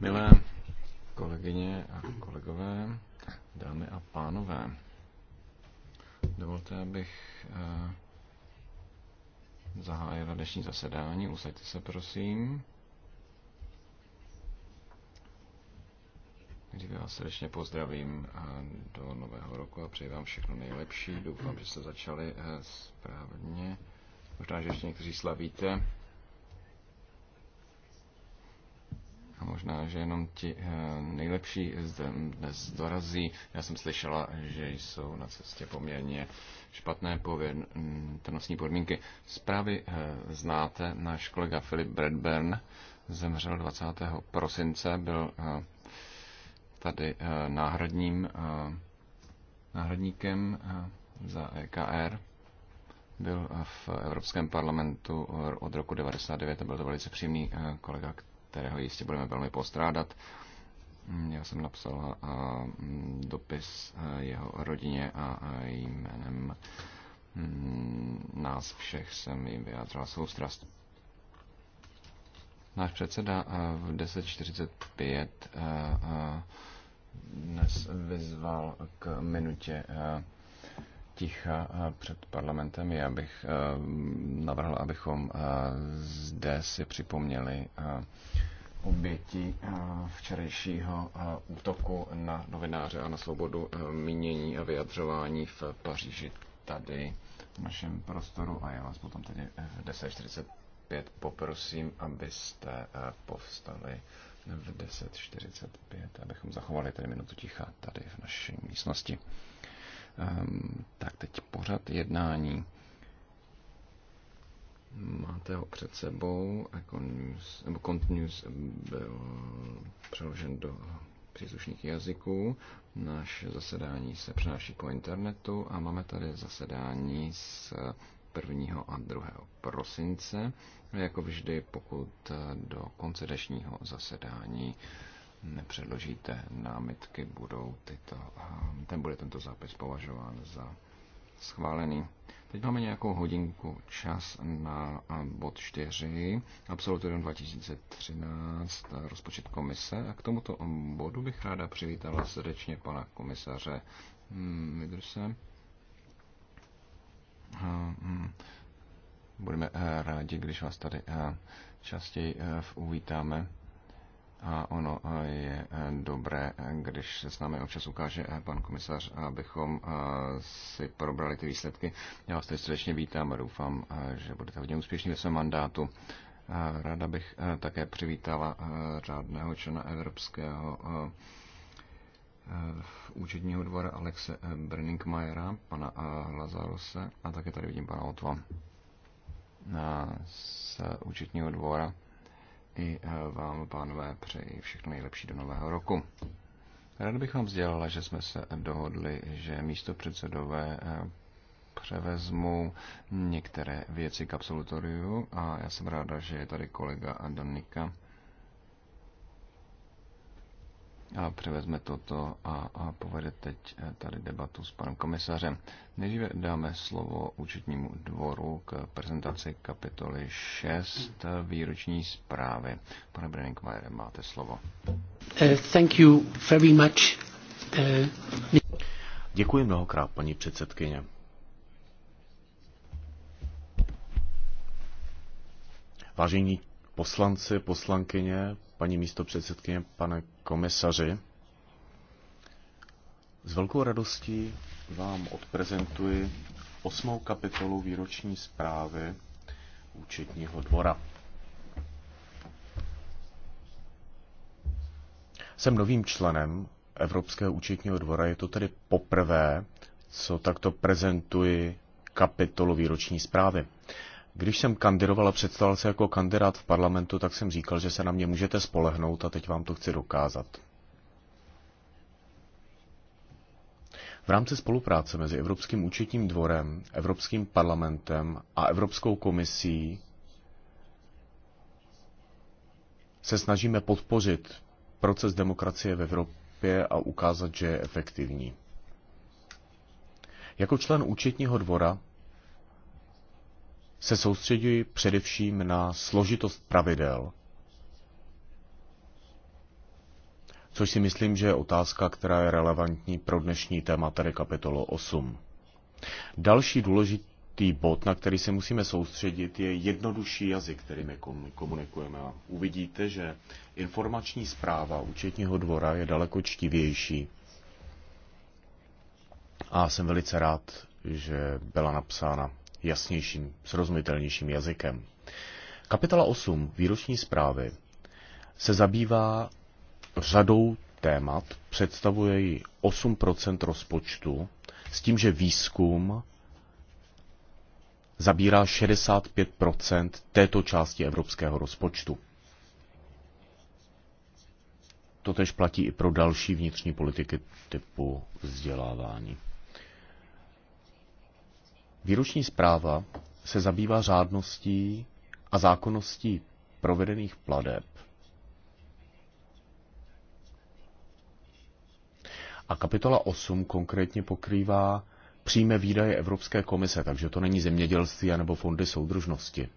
Milé kolegyně a kolegové, dámy a pánové, dovolte, abych eh, zahájila dnešní zasedání. Usaďte se, prosím. Dříve vás srdečně pozdravím eh, do nového roku a přeji vám všechno nejlepší. Doufám, že jste začali eh, správně Možná, že ještě někteří slavíte. A možná, že jenom ti eh, nejlepší zde dnes dorazí. Já jsem slyšela, že jsou na cestě poměrně špatné povětrnostní podmínky. Zprávy eh, znáte, náš kolega Filip Bradburn zemřel 20. prosince, byl eh, tady náhradním náhradníkem za EKR byl v Evropském parlamentu od roku 99 a byl to velice přímý eh, kolega, kterého jistě budeme velmi postrádat. Já jsem napsal eh, dopis eh, jeho rodině a jménem mm, nás všech jsem jim vyjádřila soustrast. Náš předseda v 10.45 dnes vyzval k minutě ticha před parlamentem, já bych eh, navrhl, abychom eh, zde si připomněli eh, oběti včerejšího útoku na novináře a na svobodu mínění a vyjadřování v Paříži tady v našem prostoru a já vás potom tedy v 10.45 poprosím, abyste povstali v 10.45, abychom zachovali tedy minutu ticha tady v naší místnosti. Ehm, tak teď pořad jednání. Máte ho před sebou. News, nebo Continuous byl přeložen do příslušných jazyků. Naše zasedání se přenáší po internetu a máme tady zasedání s 1. a 2. prosince. Jako vždy, pokud do konce dnešního zasedání nepředložíte námitky, budou tyto, ten bude tento zápis považován za schválený. Teď máme nějakou hodinku čas na bod 4, absolutorium 2013, rozpočet komise. A k tomuto bodu bych ráda přivítala srdečně pana komisaře hmm, Midrse. Hmm, budeme eh, rádi, když vás tady eh, častěji eh, uvítáme. A ono eh, je eh, dobré, eh, když se s námi občas ukáže pan komisař, abychom si probrali ty výsledky. Já vás tady srdečně vítám a doufám, že budete hodně úspěšní ve svém mandátu. Ráda bych také přivítala řádného člena Evropského účetního dvora Alexe Brninkmajera, pana Lazarose a také tady vidím pana Otva z účetního dvora i eh, vám, pánové, přeji všechno nejlepší do nového roku. Rád bych vám vzdělala, že jsme se dohodli, že místo předsedové eh, převezmu některé věci k absolutoriu a já jsem ráda, že je tady kolega Danika a převezme toto a, a povede teď eh, tady debatu s panem komisařem. Nejdříve dáme slovo účetnímu dvoru k prezentaci kapitoly 6 výroční zprávy. Pane Brenninkmajere, máte slovo. Uh, thank you very much. Uh... Děkuji mnohokrát, paní předsedkyně. Vážení poslanci, poslankyně, paní místo předsedkyně, pane komisaři. S velkou radostí vám odprezentuji osmou kapitolu výroční zprávy účetního dvora. Jsem novým členem Evropského účetního dvora. Je to tedy poprvé, co takto prezentuji kapitolu výroční zprávy. Když jsem kandidoval a představil se jako kandidát v parlamentu, tak jsem říkal, že se na mě můžete spolehnout a teď vám to chci dokázat. V rámci spolupráce mezi Evropským účetním dvorem, Evropským parlamentem a Evropskou komisí se snažíme podpořit proces demokracie v Evropě a ukázat, že je efektivní. Jako člen účetního dvora se soustředuji především na složitost pravidel, což si myslím, že je otázka, která je relevantní pro dnešní téma, tedy kapitolu 8. Další důležitý bod, na který se musíme soustředit, je jednodušší jazyk, který my komunikujeme. A uvidíte, že informační zpráva účetního dvora je daleko čtivější. A jsem velice rád, že byla napsána jasnějším, srozumitelnějším jazykem. Kapitola 8 výroční zprávy se zabývá řadou témat, představuje ji 8% rozpočtu, s tím, že výzkum zabírá 65% této části evropského rozpočtu. To tež platí i pro další vnitřní politiky typu vzdělávání. Výroční zpráva se zabývá řádností a zákonností provedených pladeb. A kapitola 8 konkrétně pokrývá přímé výdaje Evropské komise, takže to není zemědělství nebo fondy soudržnosti.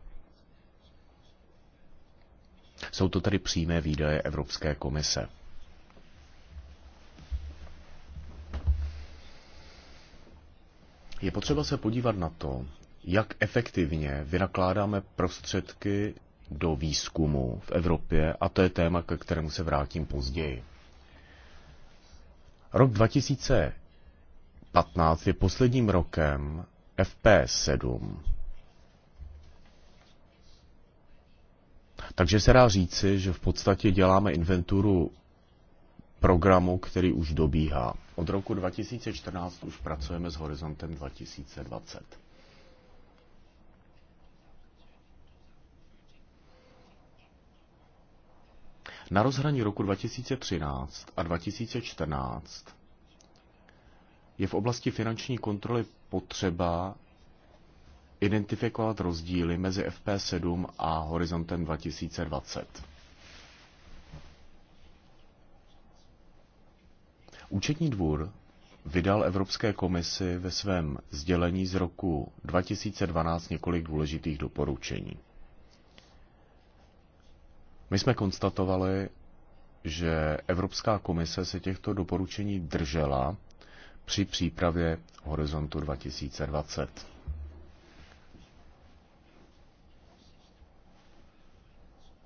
Jsou to tedy přímé výdaje Evropské komise. Je potřeba se podívat na to, jak efektivně vynakládáme prostředky do výzkumu v Evropě a to je téma, ke kterému se vrátím později. Rok 2015 je posledním rokem FP7. Takže se dá říci, že v podstatě děláme inventuru programu, který už dobíhá. Od roku 2014 už pracujeme s horizontem 2020. Na rozhraní roku 2013 a 2014 je v oblasti finanční kontroly potřeba identifikovat rozdíly mezi FP7 a horizontem 2020. Účetní dvůr vydal Evropské komisi ve svém sdělení z roku 2012 několik důležitých doporučení. My jsme konstatovali, že Evropská komise se těchto doporučení držela při přípravě Horizontu 2020.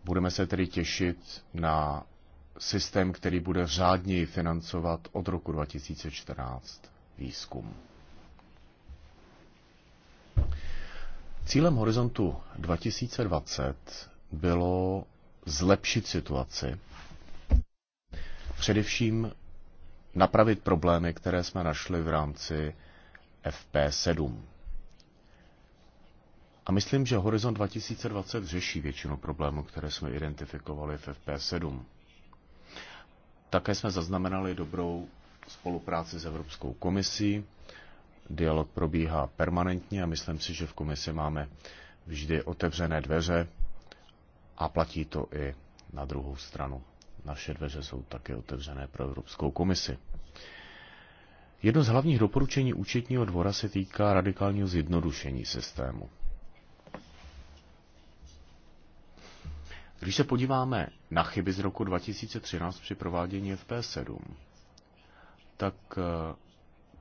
Budeme se tedy těšit na systém, který bude řádněji financovat od roku 2014 výzkum. Cílem horizontu 2020 bylo zlepšit situaci, především napravit problémy, které jsme našli v rámci FP7. A myslím, že Horizont 2020 řeší většinu problémů, které jsme identifikovali v FP7. Také jsme zaznamenali dobrou spolupráci s Evropskou komisí. Dialog probíhá permanentně a myslím si, že v komisi máme vždy otevřené dveře a platí to i na druhou stranu. Naše dveře jsou také otevřené pro Evropskou komisi. Jedno z hlavních doporučení účetního dvora se týká radikálního zjednodušení systému. Když se podíváme na chyby z roku 2013 při provádění FP7, tak eh,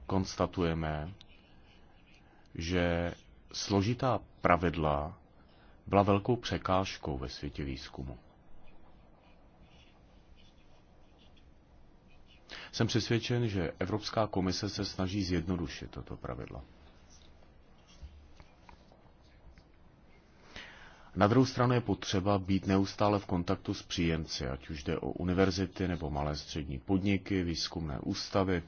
konstatujeme, že složitá pravidla byla velkou překážkou ve světě výzkumu. Jsem přesvědčen, že Evropská komise se snaží zjednodušit toto pravidlo. Na druhou stranu je potřeba být neustále v kontaktu s příjemci, ať už jde o univerzity nebo malé střední podniky, výzkumné ústavy.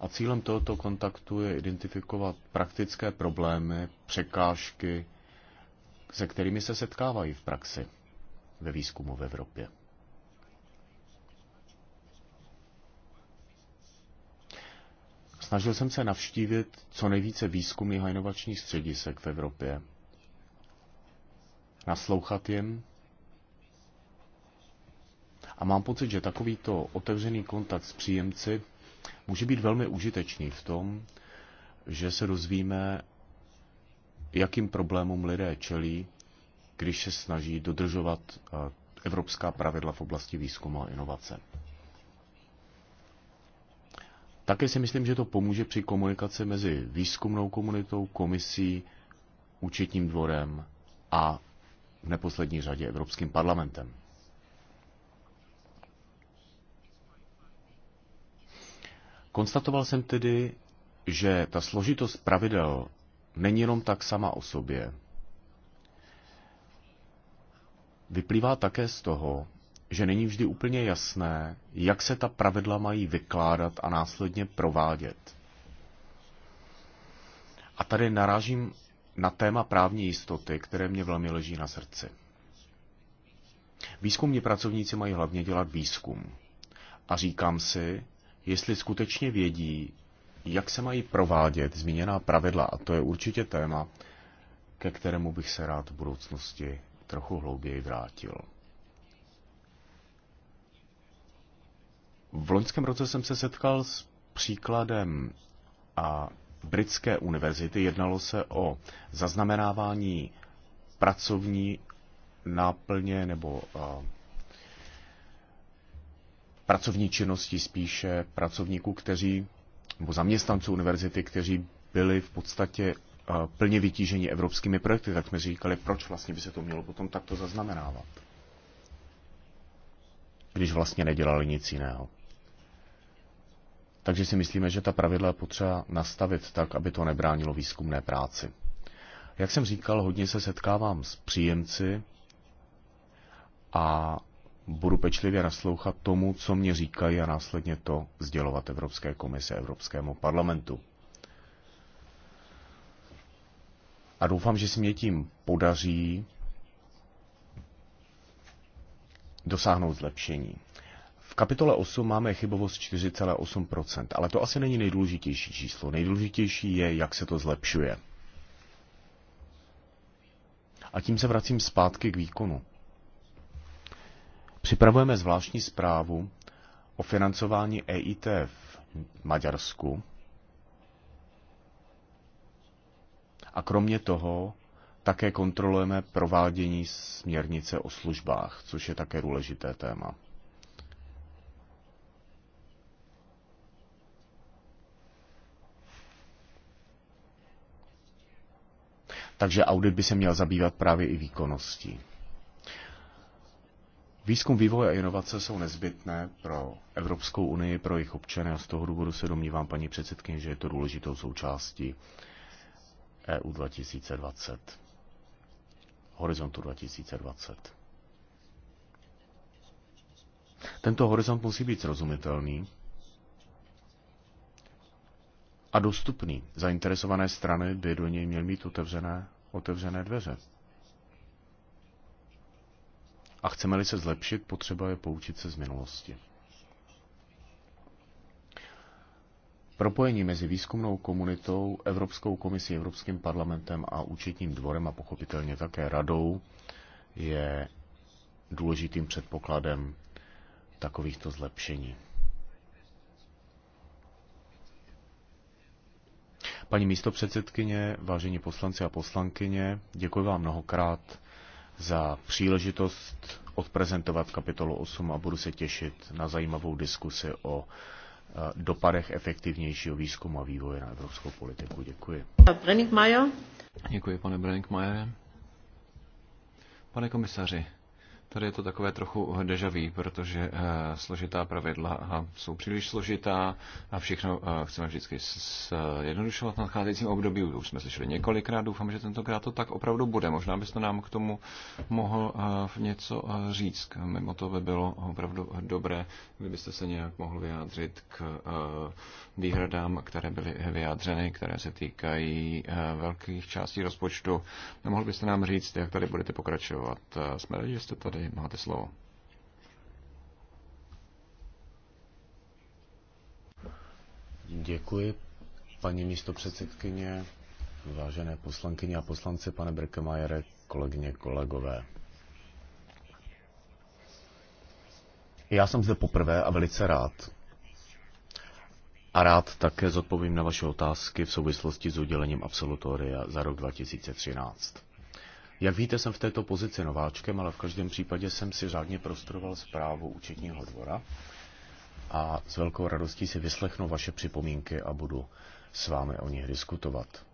A cílem tohoto kontaktu je identifikovat praktické problémy, překážky, se kterými se setkávají v praxi ve výzkumu v Evropě. Snažil jsem se navštívit co nejvíce výzkumných a inovačních středisek v Evropě naslouchat jim. A mám pocit, že takovýto otevřený kontakt s příjemci může být velmi užitečný v tom, že se dozvíme, jakým problémům lidé čelí, když se snaží dodržovat eh, evropská pravidla v oblasti výzkumu a inovace. Také si myslím, že to pomůže při komunikaci mezi výzkumnou komunitou, komisí, účetním dvorem a v neposlední řadě Evropským parlamentem. Konstatoval jsem tedy, že ta složitost pravidel není jenom tak sama o sobě. Vyplývá také z toho, že není vždy úplně jasné, jak se ta pravidla mají vykládat a následně provádět. A tady narážím na téma právní jistoty, které mě velmi leží na srdci. Výzkumní pracovníci mají hlavně dělat výzkum. A říkám si, jestli skutečně vědí, jak se mají provádět zmíněná pravidla, a to je určitě téma, ke kterému bych se rád v budoucnosti trochu hlouběji vrátil. V loňském roce jsem se setkal s příkladem a britské univerzity. Jednalo se o zaznamenávání pracovní náplně nebo eh, pracovní činnosti spíše pracovníků, kteří, nebo zaměstnanců univerzity, kteří byli v podstatě eh, plně vytíženi evropskými projekty, tak jsme říkali, proč vlastně by se to mělo potom takto zaznamenávat, když vlastně nedělali nic jiného. Takže si myslíme, že ta pravidla potřeba nastavit tak, aby to nebránilo výzkumné práci. Jak jsem říkal, hodně se setkávám s příjemci a budu pečlivě naslouchat tomu, co mě říkají a následně to sdělovat Evropské komise, Evropskému parlamentu. A doufám, že si mě tím podaří dosáhnout zlepšení kapitole 8 máme chybovost 4,8%, ale to asi není nejdůležitější číslo. Nejdůležitější je, jak se to zlepšuje. A tím se vracím zpátky k výkonu. Připravujeme zvláštní zprávu o financování EIT v Maďarsku. A kromě toho také kontrolujeme provádění směrnice o službách, což je také důležité téma. Takže audit by se měl zabývat právě i výkonností. Výzkum, vývoj a inovace jsou nezbytné pro Evropskou unii, pro jejich občany a z toho důvodu se domnívám, paní předsedkyně, že je to důležitou součástí EU 2020. Horizontu 2020. Tento horizont musí být srozumitelný a dostupný. Zainteresované strany by do něj měly mít otevřené, otevřené dveře. A chceme-li se zlepšit, potřeba je poučit se z minulosti. Propojení mezi výzkumnou komunitou, Evropskou komisí, Evropským parlamentem a účetním dvorem a pochopitelně také radou je důležitým předpokladem takovýchto zlepšení. Paní místopředsedkyně, vážení poslanci a poslankyně, děkuji vám mnohokrát za příležitost odprezentovat kapitolu 8 a budu se těšit na zajímavou diskusi o e, dopadech efektivnějšího výzkumu a vývoje na evropskou politiku. Děkuji. Brenningmeier. Děkuji, pane Brenningmeier. Pane komisaři, Tady je to takové trochu dežaví, protože eh, složitá pravidla jsou příliš složitá a všechno eh, chceme vždycky zjednodušovat v nadcházejícím období. Už jsme slyšeli několikrát, doufám, že tentokrát to tak opravdu bude. Možná byste nám k tomu mohl eh, něco říct. Mimo to by bylo opravdu dobré, kdybyste se nějak mohl vyjádřit k výhradám, které byly vyjádřeny, které se týkají velkých částí rozpočtu. Mohl byste nám říct, jak tady budete pokračovat. Jsme rádi, že jste tady minuty, máte slovo. Děkuji, paní místo předsedkyně, vážené poslankyně a poslanci, pane Brkemajere, kolegyně, kolegové. Já jsem zde poprvé a velice rád. A rád také zodpovím na vaše otázky v souvislosti s udělením absolutoria za rok 2013. Jak víte, jsem v této pozici nováčkem, ale v každém případě jsem si řádně prostudoval zprávu účetního dvora a s velkou radostí si vyslechnu vaše připomínky a budu s vámi o nich diskutovat.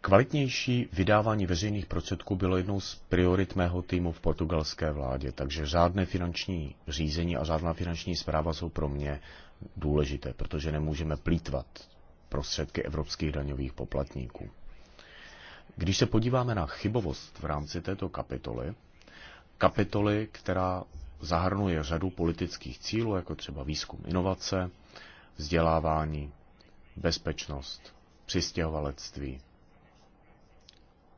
Kvalitnější vydávání veřejných prostředků bylo jednou z priorit mého týmu v portugalské vládě, takže řádné finanční řízení a řádná finanční zpráva jsou pro mě důležité, protože nemůžeme plítvat prostředky evropských daňových poplatníků. Když se podíváme na chybovost v rámci této kapitoly, kapitoly, která zahrnuje řadu politických cílů, jako třeba výzkum inovace, vzdělávání, bezpečnost, přistěhovalectví,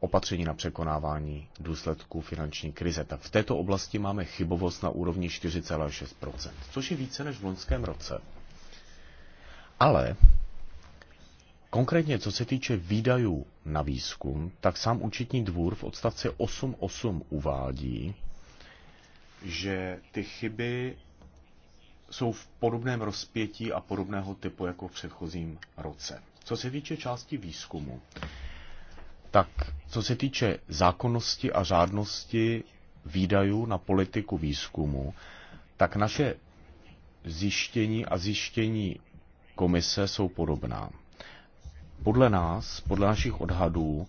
opatření na překonávání důsledků finanční krize, tak v této oblasti máme chybovost na úrovni 4,6%, což je více než v loňském roce. Ale Konkrétně co se týče výdajů na výzkum, tak sám účetní dvůr v odstavci 8.8 uvádí, že ty chyby jsou v podobném rozpětí a podobného typu jako v předchozím roce. Co se týče části výzkumu, tak co se týče zákonnosti a řádnosti výdajů na politiku výzkumu, tak naše zjištění a zjištění komise jsou podobná. Podle nás, podle našich odhadů,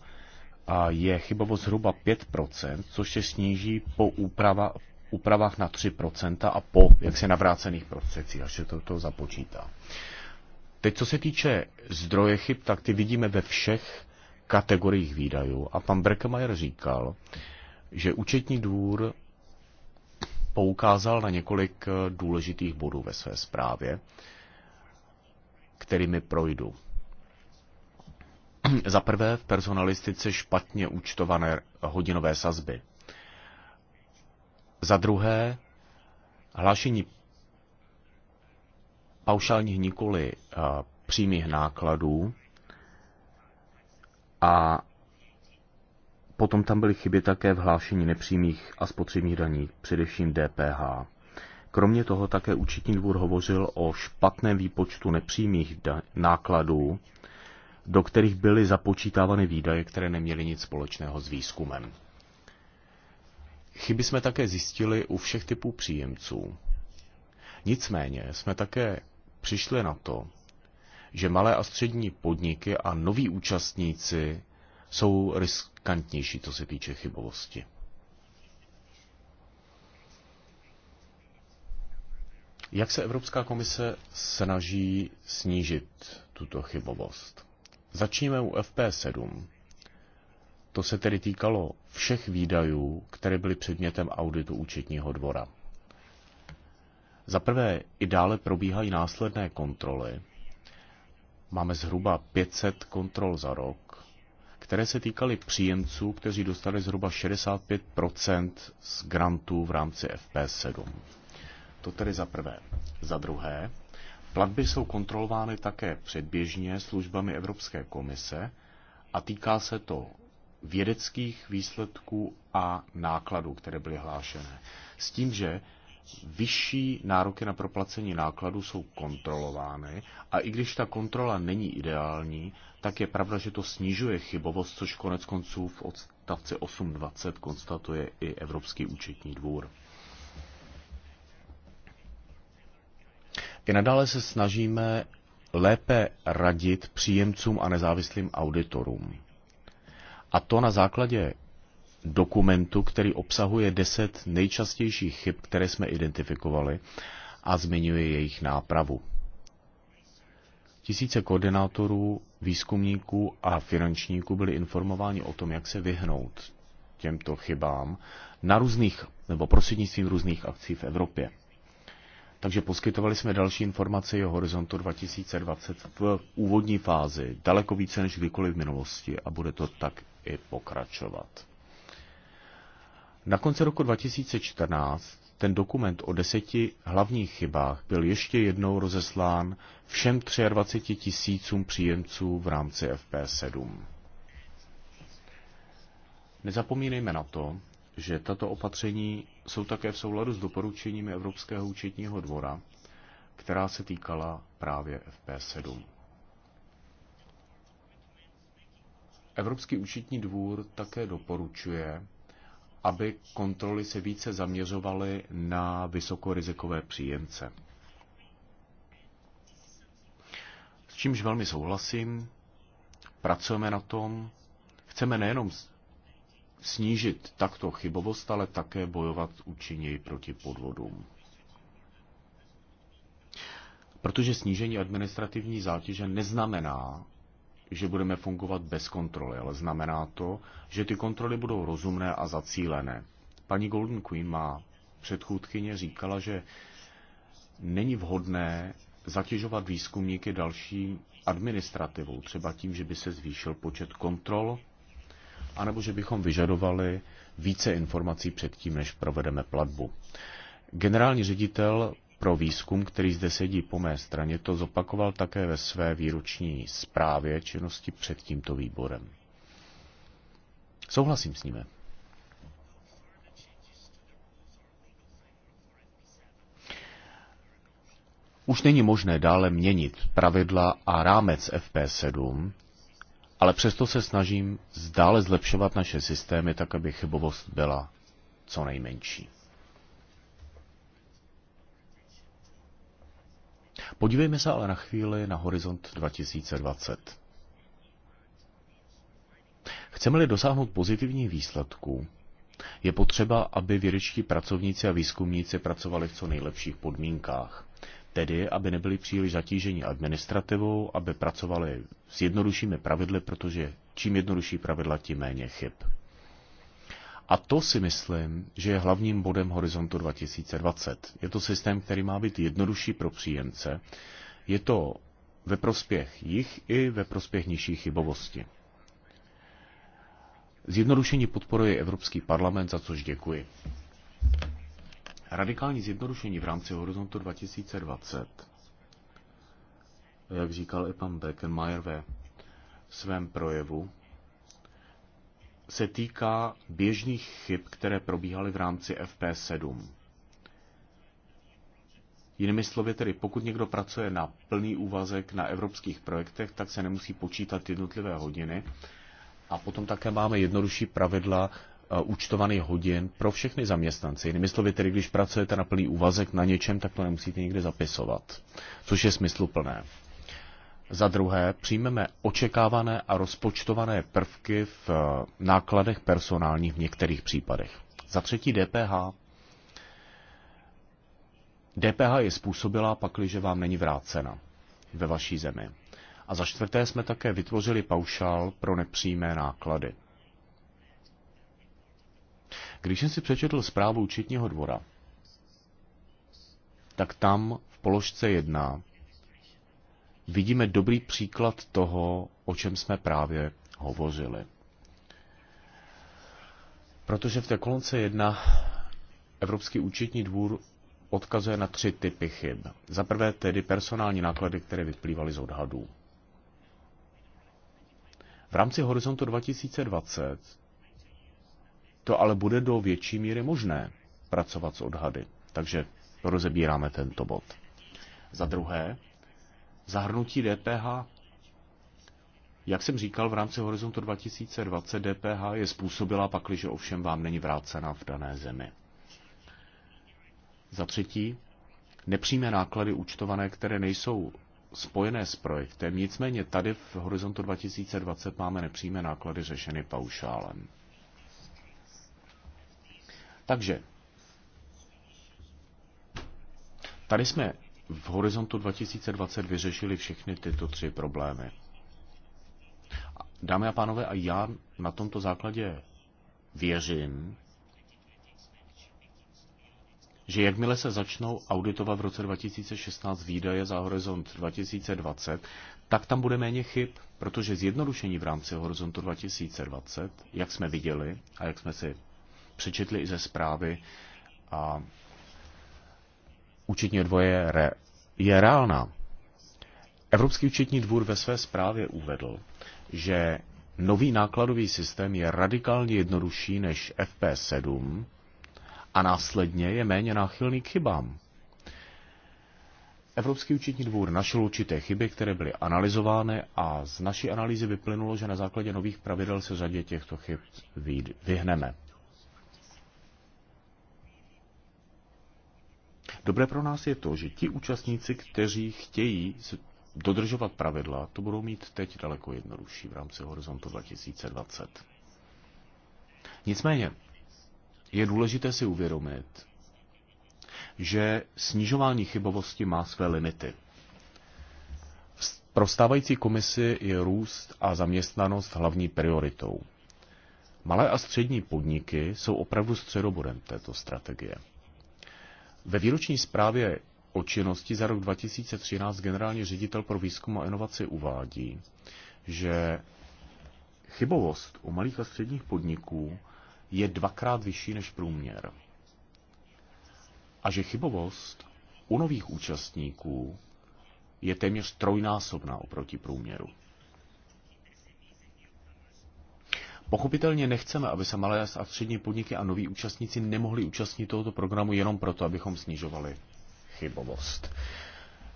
je chybovost zhruba 5%, což se sníží po úprava, úpravách na 3% a po jak se navrácených prostředcích, až se to, to započítá. Teď, co se týče zdroje chyb, tak ty vidíme ve všech kategoriích výdajů. A pan Breckmeier říkal, že účetní dvůr poukázal na několik eh, důležitých bodů ve své zprávě, kterými projdu. Za prvé v personalistice špatně účtované hodinové sazby. Za druhé hlášení paušálních nikoli přímých nákladů a potom tam byly chyby také v hlášení nepřímých a spotřebních daní, především DPH. Kromě toho také účetní dvůr hovořil o špatném výpočtu nepřímých nákladů do kterých byly započítávány výdaje, které neměly nic společného s výzkumem. Chyby jsme také zjistili u všech typů příjemců. Nicméně jsme také přišli na to, že malé a střední podniky a noví účastníci jsou riskantnější, co se týče chybovosti. Jak se Evropská komise snaží snížit tuto chybovost? Začněme u FP7. To se tedy týkalo všech výdajů, které byly předmětem auditu účetního dvora. Za prvé i dále probíhají následné kontroly. Máme zhruba 500 kontrol za rok, které se týkaly příjemců, kteří dostali zhruba 65 z grantů v rámci FP7. To tedy za prvé. Za druhé, Platby jsou kontrolovány také předběžně službami Evropské komise a týká se to vědeckých výsledků a nákladů, které byly hlášené. S tím, že vyšší nároky na proplacení nákladů jsou kontrolovány a i když ta kontrola není ideální, tak je pravda, že to snižuje chybovost, což konec konců v odstavci 8.20 konstatuje i Evropský účetní dvůr. I nadále se snažíme lépe radit příjemcům a nezávislým auditorům. A to na základě dokumentu, který obsahuje deset nejčastějších chyb, které jsme identifikovali a zmiňuje jejich nápravu. Tisíce koordinátorů, výzkumníků a finančníků byli informováni o tom, jak se vyhnout těmto chybám na různých nebo prostřednictvím různých akcí v Evropě. Takže poskytovali jsme další informaci o horizontu 2020 v úvodní fázi, daleko více než kdykoliv v minulosti a bude to tak i pokračovat. Na konci roku 2014 ten dokument o deseti hlavních chybách byl ještě jednou rozeslán všem 23 tisícům příjemců v rámci FP7. Nezapomínejme na to, že tato opatření jsou také v souladu s doporučeními Evropského účetního dvora, která se týkala právě FP7. Evropský účetní dvůr také doporučuje, aby kontroly se více zaměřovaly na vysokorizikové příjemce. S čímž velmi souhlasím, pracujeme na tom, chceme nejenom snížit takto chybovost, ale také bojovat účinněji proti podvodům. Protože snížení administrativní zátěže neznamená, že budeme fungovat bez kontroly, ale znamená to, že ty kontroly budou rozumné a zacílené. Paní Golden Queen má předchůdkyně říkala, že není vhodné zatěžovat výzkumníky další administrativou, třeba tím, že by se zvýšil počet kontrol anebo že bychom vyžadovali více informací předtím, než provedeme platbu. Generální ředitel pro výzkum, který zde sedí po mé straně, to zopakoval také ve své výroční zprávě činnosti před tímto výborem. Souhlasím s nimi. Už není možné dále měnit pravidla a rámec FP7 ale přesto se snažím zdále zlepšovat naše systémy tak, aby chybovost byla co nejmenší. Podívejme se ale na chvíli na horizont 2020. Chceme-li dosáhnout pozitivních výsledků, je potřeba, aby vědečtí pracovníci a výzkumníci pracovali v co nejlepších podmínkách tedy aby nebyli příliš zatíženi administrativou, aby pracovali s jednoduššími pravidly, protože čím jednodušší pravidla, tím méně chyb. A to si myslím, že je hlavním bodem Horizontu 2020. Je to systém, který má být jednodušší pro příjemce. Je to ve prospěch jich i ve prospěch nižší chybovosti. Zjednodušení podporuje Evropský parlament, za což děkuji. Radikální zjednodušení v rámci horizontu 2020, jak říkal i pan Beckenmayer ve svém projevu, se týká běžných chyb, které probíhaly v rámci FP7. Jinými slovy tedy, pokud někdo pracuje na plný úvazek na evropských projektech, tak se nemusí počítat jednotlivé hodiny. A potom také máme jednodušší pravidla účtovaných hodin pro všechny zaměstnance. Jinými slovy, tedy když pracujete na plný úvazek na něčem, tak to nemusíte nikde zapisovat, což je smysluplné. Za druhé, přijmeme očekávané a rozpočtované prvky v eh, nákladech personálních v některých případech. Za třetí DPH. DPH je způsobila, pakliže vám není vrácena ve vaší zemi. A za čtvrté jsme také vytvořili paušál pro nepřímé náklady. Když jsem si přečetl zprávu účetního dvora, tak tam v položce 1 vidíme dobrý příklad toho, o čem jsme právě hovořili. Protože v té kolonce 1 Evropský účetní dvůr odkazuje na tři typy chyb. Za prvé tedy personální náklady, které vyplývaly z odhadů. V rámci Horizontu 2020 to ale bude do větší míry možné pracovat s odhady. Takže rozebíráme tento bod. Za druhé, zahrnutí DPH. Jak jsem říkal, v rámci Horizontu 2020 DPH je způsobila, pakliže ovšem vám není vrácena v dané zemi. Za třetí, nepřímé náklady účtované, které nejsou spojené s projektem, nicméně tady v Horizontu 2020 máme nepřímé náklady řešeny paušálem. Takže tady jsme v horizontu 2020 vyřešili všechny tyto tři problémy. Dámy a pánové, a já na tomto základě věřím, že jakmile se začnou auditovat v roce 2016 výdaje za horizont 2020, tak tam bude méně chyb, protože zjednodušení v rámci horizontu 2020, jak jsme viděli a jak jsme si přečetli i ze zprávy a účetní odvoje je, re, je reálná. Evropský účetní dvůr ve své zprávě uvedl, že nový nákladový systém je radikálně jednodušší než FP7 a následně je méně náchylný k chybám. Evropský účetní dvůr našel určité chyby, které byly analyzovány a z naší analýzy vyplynulo, že na základě nových pravidel se řadě těchto chyb vyhneme. Dobré pro nás je to, že ti účastníci, kteří chtějí dodržovat pravidla, to budou mít teď daleko jednodušší v rámci horizontu 2020. Nicméně je důležité si uvědomit, že snižování chybovosti má své limity. Pro stávající komisi je růst a zaměstnanost hlavní prioritou. Malé a střední podniky jsou opravdu středobodem této strategie. Ve výroční zprávě o činnosti za rok 2013 generální ředitel pro výzkum a inovaci uvádí, že chybovost u malých a středních podniků je dvakrát vyšší než průměr. A že chybovost u nových účastníků je téměř trojnásobná oproti průměru. Pochopitelně nechceme, aby se malé a střední podniky a noví účastníci nemohli účastnit tohoto programu jenom proto, abychom snižovali chybovost.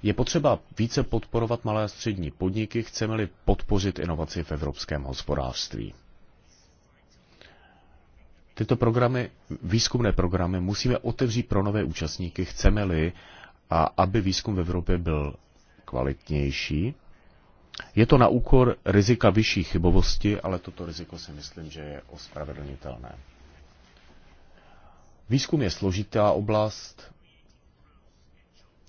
Je potřeba více podporovat malé a střední podniky, chceme-li podpořit inovaci v evropském hospodářství. Tyto programy, výzkumné programy musíme otevřít pro nové účastníky, chceme-li, a aby výzkum v Evropě byl kvalitnější, je to na úkor rizika vyšší chybovosti, ale toto riziko si myslím, že je ospravedlnitelné. Výzkum je složitá oblast,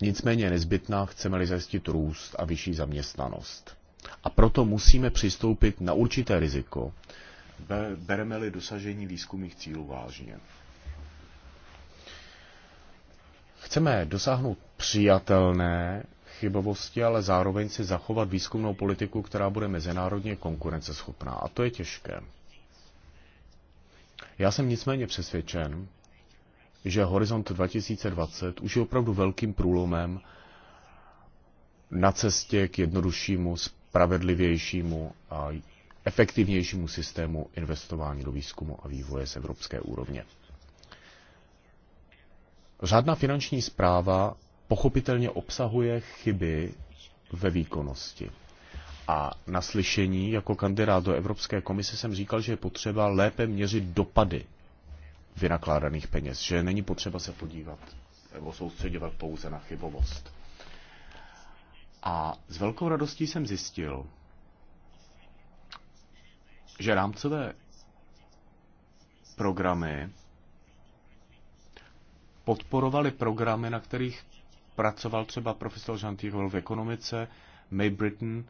nicméně nezbytná, chceme-li zajistit růst a vyšší zaměstnanost. A proto musíme přistoupit na určité riziko, bereme-li dosažení výzkumných cílů vážně. Chceme dosáhnout přijatelné chybovosti, ale zároveň si zachovat výzkumnou politiku, která bude mezinárodně konkurenceschopná. A to je těžké. Já jsem nicméně přesvědčen, že Horizont 2020 už je opravdu velkým průlomem na cestě k jednoduššímu, spravedlivějšímu a efektivnějšímu systému investování do výzkumu a vývoje z evropské úrovně. Řádná finanční zpráva pochopitelně obsahuje chyby ve výkonnosti. A na slyšení jako kandidát do Evropské komise jsem říkal, že je potřeba lépe měřit dopady vynakládaných peněz, že není potřeba se podívat nebo soustředovat pouze na chybovost. A s velkou radostí jsem zjistil, že rámcové programy podporovaly programy, na kterých pracoval třeba profesor Jean Tirol v ekonomice, May Britton,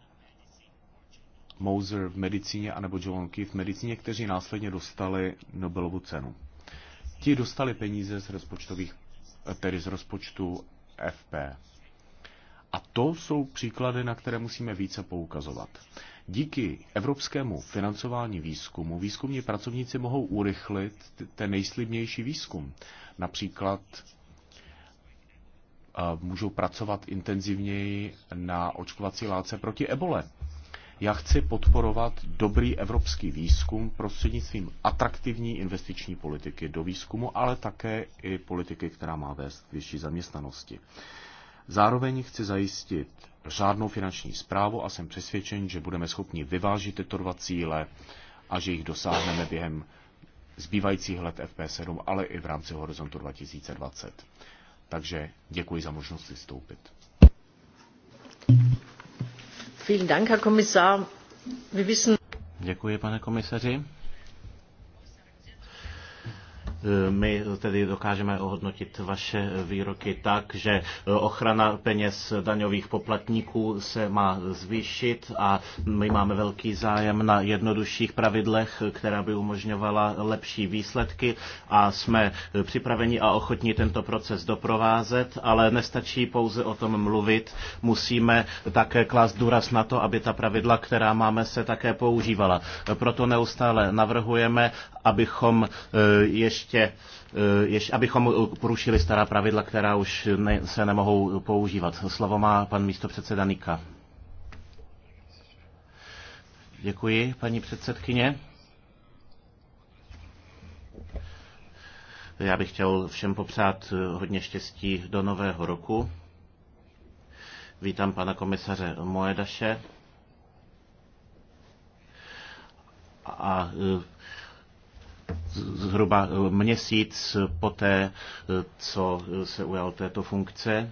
Moser v medicíně, anebo John Key v medicíně, kteří následně dostali Nobelovu cenu. Ti dostali peníze z rozpočtových, tedy z rozpočtu FP. A to jsou příklady, na které musíme více poukazovat. Díky evropskému financování výzkumu výzkumní pracovníci mohou urychlit ten nejslibnější výzkum. Například můžou pracovat intenzivněji na očkovací látce proti ebole. Já chci podporovat dobrý evropský výzkum prostřednictvím atraktivní investiční politiky do výzkumu, ale také i politiky, která má vést k vyšší zaměstnanosti. Zároveň chci zajistit řádnou finanční zprávu a jsem přesvědčen, že budeme schopni vyvážit tyto dva cíle a že jich dosáhneme během zbývajících let FP7, ale i v rámci horizontu 2020. Takže děkuji za možnost vystoupit. Vielen Dank, Herr Kommissar. Wir wissen... Děkuji, pane komisaři. My tedy dokážeme ohodnotit vaše výroky tak, že ochrana peněz daňových poplatníků se má zvýšit a my máme velký zájem na jednodušších pravidlech, která by umožňovala lepší výsledky a jsme připraveni a ochotní tento proces doprovázet, ale nestačí pouze o tom mluvit, musíme také klást důraz na to, aby ta pravidla, která máme, se také používala. Proto neustále navrhujeme, abychom eh, ještě ještě, eh, ještě abychom eh, porušili stará pravidla, která už ne, se nemohou používat. Slovo má pan místopředseda Nika. Děkuji, paní předsedkyně. Já bych chtěl všem popřát eh, hodně štěstí do nového roku. Vítám pana komisaře Moedaše. A zhruba eh, měsíc poté, eh, co se ujal této funkce.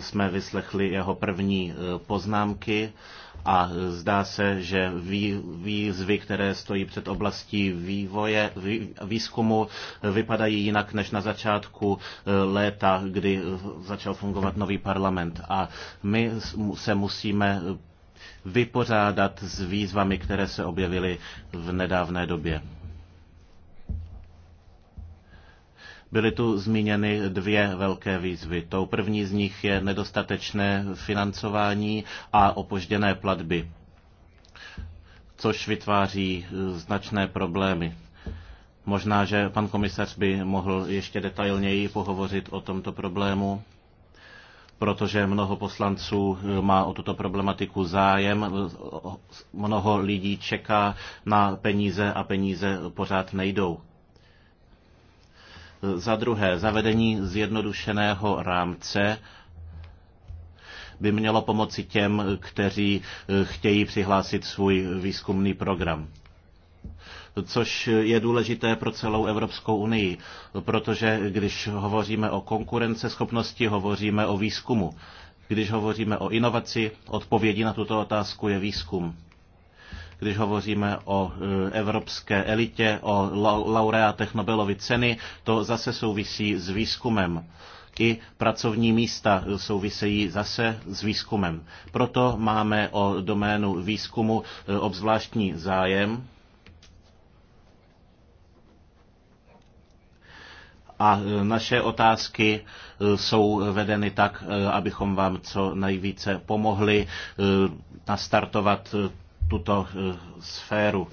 Jsme vyslechli jeho první eh, poznámky a zdá se, že výzvy, které stojí před oblastí vývoje, výzkumu, vypadají jinak než na začátku léta, kdy začal fungovat nový parlament. A my se musíme vypořádat s výzvami, které se objevily v nedávné době. Byly tu zmíněny dvě velké výzvy. Tou první z nich je nedostatečné financování a opožděné platby, což vytváří značné problémy. Možná, že pan komisař by mohl ještě detailněji pohovořit o tomto problému protože mnoho poslanců má o tuto problematiku zájem. Mnoho lidí čeká na peníze a peníze pořád nejdou. Za druhé, zavedení zjednodušeného rámce by mělo pomoci těm, kteří eh, chtějí přihlásit svůj výzkumný program což je důležité pro celou Evropskou unii, protože když hovoříme o konkurenceschopnosti, hovoříme o výzkumu. Když hovoříme o inovaci, odpovědí na tuto otázku je výzkum když hovoříme o e, evropské elitě, o laureátech Nobelovy ceny, to zase souvisí s výzkumem i pracovní místa e, souvisejí zase s výzkumem. Proto máme o doménu výzkumu e, obzvláštní zájem. A naše otázky jsou vedeny tak, abychom vám co nejvíce pomohli nastartovat tuto eh, sféru.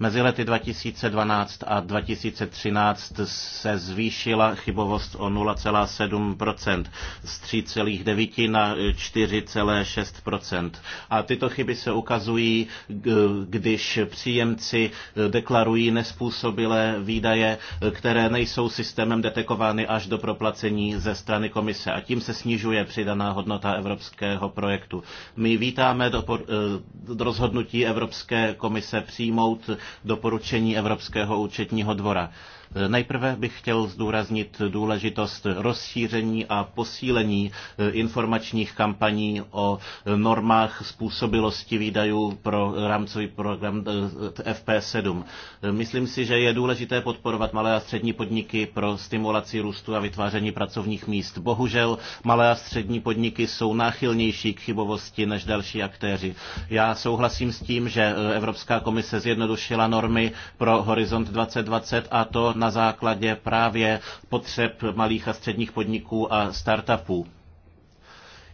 Mezi lety 2012 a 2013 se zvýšila chybovost o 0,7 z 3,9 na 4,6 A tyto chyby se ukazují, když příjemci deklarují nespůsobilé výdaje, které nejsou systémem detekovány až do proplacení ze strany komise. A tím se snižuje přidaná hodnota evropského projektu. My vítáme do, eh, rozhodnutí Evropské komise přijmout doporučení Evropského účetního dvora. Nejprve bych chtěl zdůraznit důležitost rozšíření a posílení eh, informačních kampaní o eh, normách způsobilosti výdajů pro rámcový program eh, FP7. Myslím si, že je důležité podporovat malé a střední podniky pro stimulaci růstu a vytváření pracovních míst. Bohužel malé a střední podniky jsou náchylnější k chybovosti než další aktéři. Já souhlasím s tím, že Evropská komise zjednodušila normy pro Horizont 2020 a to na základě právě potřeb malých a středních podniků a startupů.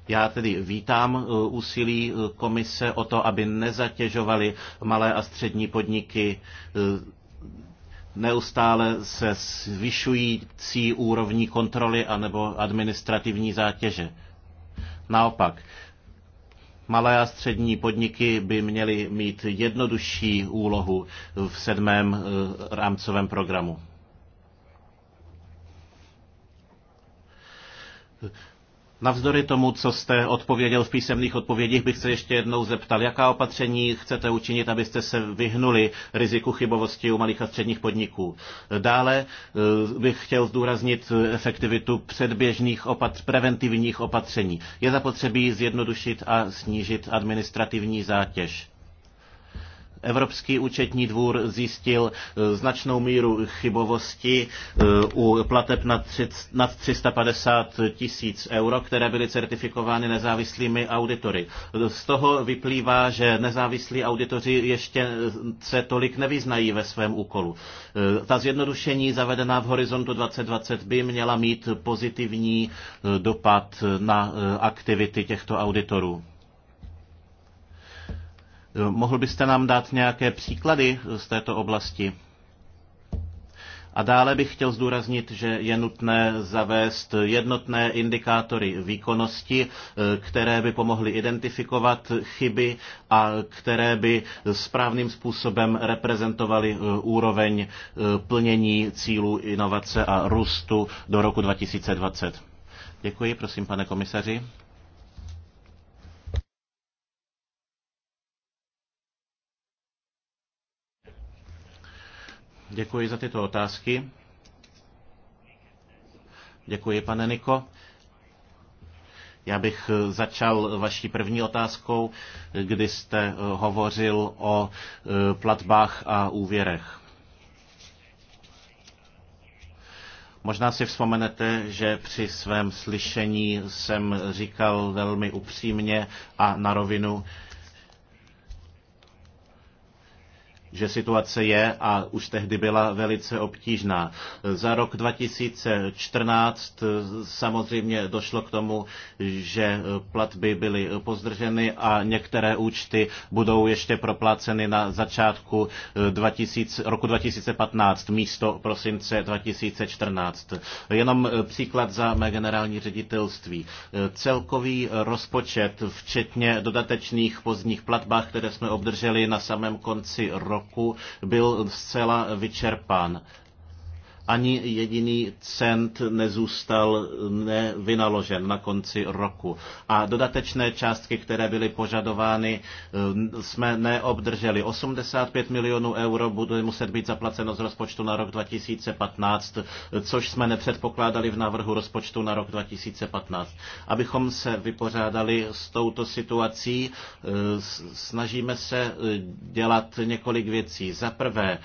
Já tedy vítám uh, úsilí uh, komise o to, aby nezatěžovali malé a střední podniky uh, neustále se zvyšující úrovní kontroly anebo administrativní zátěže. Naopak, malé a střední podniky by měly mít jednodušší úlohu v sedmém rámcovém programu. Navzdory tomu, co jste odpověděl v písemných odpovědích, bych se ještě jednou zeptal, jaká opatření chcete učinit, abyste se vyhnuli riziku chybovosti u malých a středních podniků. Dále eh, bych chtěl zdůraznit efektivitu předběžných opat- preventivních opatření. Je zapotřebí zjednodušit a snížit administrativní zátěž. Evropský účetní dvůr zjistil e, značnou míru chybovosti e, u plateb nad 350 tisíc euro, které byly certifikovány nezávislými auditory. Z toho vyplývá, že nezávislí auditoři ještě se tolik nevyznají ve svém úkolu. E, ta zjednodušení zavedená v horizontu 2020 by měla mít pozitivní dopad na aktivity těchto auditorů. Mohl byste nám dát nějaké příklady z této oblasti? A dále bych chtěl zdůraznit, že je nutné zavést jednotné indikátory výkonnosti, eh, které by pomohly identifikovat chyby a které by správným způsobem reprezentovaly eh, úroveň eh, plnění cílů inovace a růstu do roku 2020. Děkuji, prosím, pane komisaři. Děkuji za tyto otázky. Děkuji, pane Niko. Já bych začal vaší první otázkou, kdy jste hovořil o e, platbách a úvěrech. Možná si vzpomenete, že při svém slyšení jsem říkal velmi upřímně a na rovinu, že situace je a už tehdy byla velice obtížná. Za rok 2014 eh, samozřejmě došlo k tomu, že eh, platby byly pozdrženy a některé účty budou ještě propláceny na začátku 2000, eh, roku 2015 místo prosince 2014. Jenom příklad za mé generální ředitelství. Celkový rozpočet, včetně dodatečných pozdních platbách, které jsme obdrželi na samém konci roku, roku byl zcela vyčerpán ani jediný cent nezůstal nevynaložen na konci roku. A dodatečné částky, které byly požadovány, eh, jsme neobdrželi. 85 milionů euro bude muset být zaplaceno z rozpočtu na rok 2015, což jsme nepředpokládali v návrhu rozpočtu na rok 2015. Abychom se vypořádali s touto situací, eh, snažíme se eh, dělat několik věcí. Za prvé,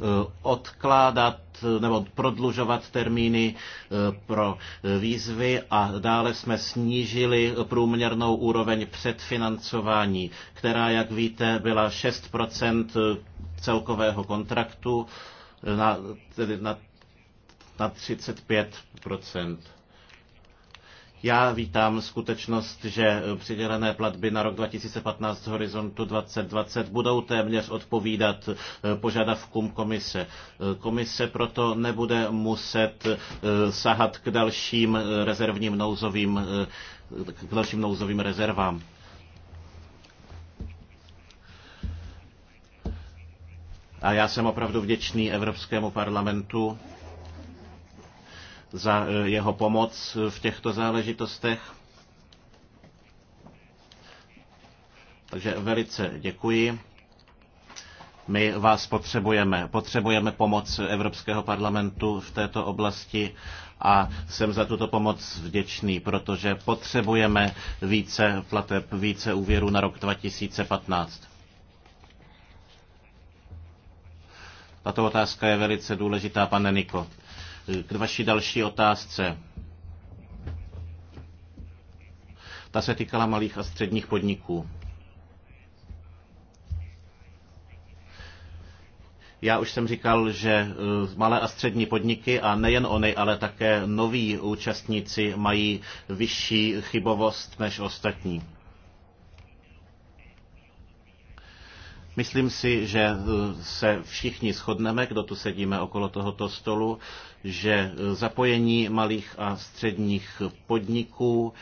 Eh, odkládat eh, nebo prodlužovat termíny eh, pro výzvy a dále jsme snížili průměrnou úroveň předfinancování, která, jak víte, byla 6 celkového kontraktu, na, tedy na, na 35 já vítám skutečnost, že přidělené platby na rok 2015 z horizontu 2020 budou téměř odpovídat eh, požadavkům komise. Eh, komise proto nebude muset eh, sahat k dalším rezervním nouzovým, k dalším nouzovým rezervám. A já jsem opravdu vděčný Evropskému parlamentu za eh, jeho pomoc v těchto záležitostech. Takže velice děkuji. My vás potřebujeme. Potřebujeme pomoc Evropského parlamentu v této oblasti a jsem za tuto pomoc vděčný, protože potřebujeme více plateb, více úvěru na rok 2015. Tato otázka je velice důležitá, pane Niko. K vaší další otázce. Ta se týkala malých a středních podniků. Já už jsem říkal, že eh, malé a střední podniky a nejen oni, ale také noví účastníci mají vyšší chybovost než ostatní. Myslím si, že eh, se všichni shodneme, kdo tu sedíme okolo tohoto stolu, že eh, zapojení malých a středních podniků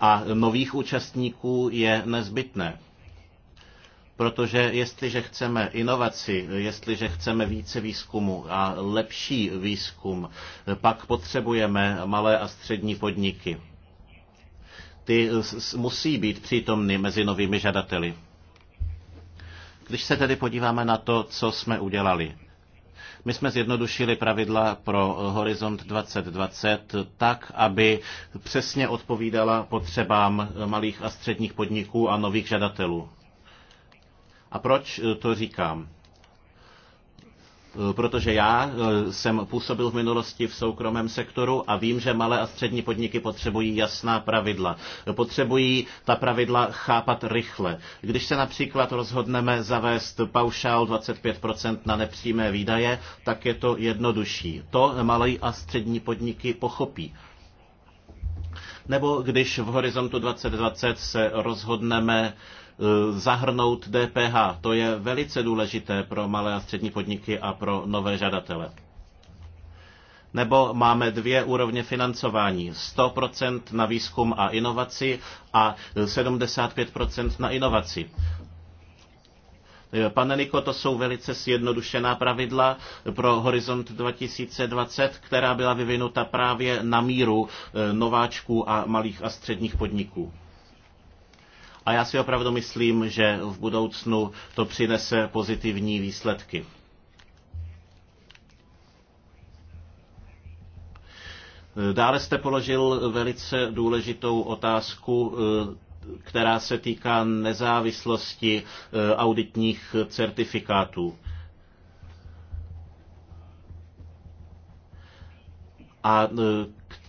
a nových účastníků je nezbytné. Protože jestliže chceme inovaci, jestliže chceme více výzkumu a lepší výzkum, eh, pak potřebujeme malé a střední podniky. Ty musí být přítomny mezi novými žadateli. Když se tedy podíváme na to, co jsme udělali, my jsme zjednodušili pravidla pro eh, Horizont 2020 tak, aby přesně odpovídala potřebám eh, malých a středních podniků a nových žadatelů. A proč eh, to říkám? Eh, protože já eh, jsem působil v minulosti v soukromém sektoru a vím, že malé a střední podniky potřebují jasná pravidla. Eh, potřebují ta pravidla chápat rychle. Když se například rozhodneme zavést paušál 25% na nepřímé výdaje, tak je to jednodušší. To malé a střední podniky pochopí nebo když v horizontu 2020 se rozhodneme Eh, zahrnout DPH. To je velice důležité pro malé a střední podniky a pro nové žadatele. Nebo máme dvě úrovně financování. 100% na výzkum a inovaci a 75% na inovaci. Eh, pane Niko, to jsou velice sjednodušená pravidla pro Horizont 2020, která byla vyvinuta právě na míru eh, nováčků a malých a středních podniků. A já si opravdu myslím, že v budoucnu to přinese pozitivní výsledky. Dále jste položil velice důležitou otázku, která se týká nezávislosti eh, auditních certifikátů. A eh,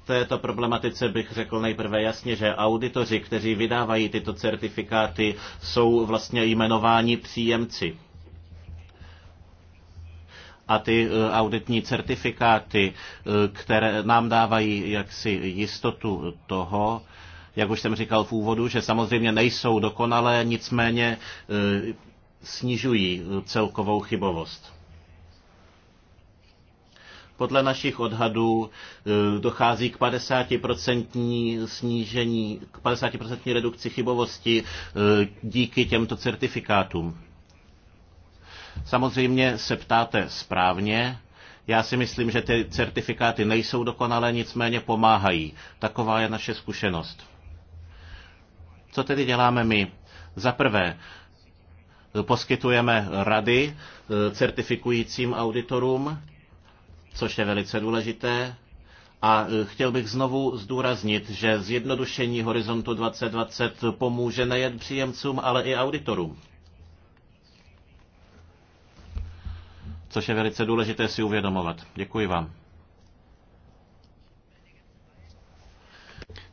této problematice bych řekl nejprve jasně, že auditoři, kteří vydávají tyto certifikáty, jsou vlastně jmenováni příjemci a ty e, auditní certifikáty, e, které nám dávají jaksi jistotu toho, jak už jsem říkal v úvodu, že samozřejmě nejsou dokonalé, nicméně e, snižují celkovou chybovost. Podle našich odhadů e, dochází k 50% snížení, k 50% redukci chybovosti e, díky těmto certifikátům. Samozřejmě se ptáte správně, já si myslím, že ty certifikáty nejsou dokonalé, nicméně pomáhají. Taková je naše zkušenost. Co tedy děláme my? Za prvé, e, poskytujeme rady certifikujícím auditorům, což je velice důležité. A e, chtěl bych znovu zdůraznit, že zjednodušení Horizontu 2020 pomůže nejen příjemcům, ale i auditorům. Což je velice důležité si uvědomovat. Děkuji vám.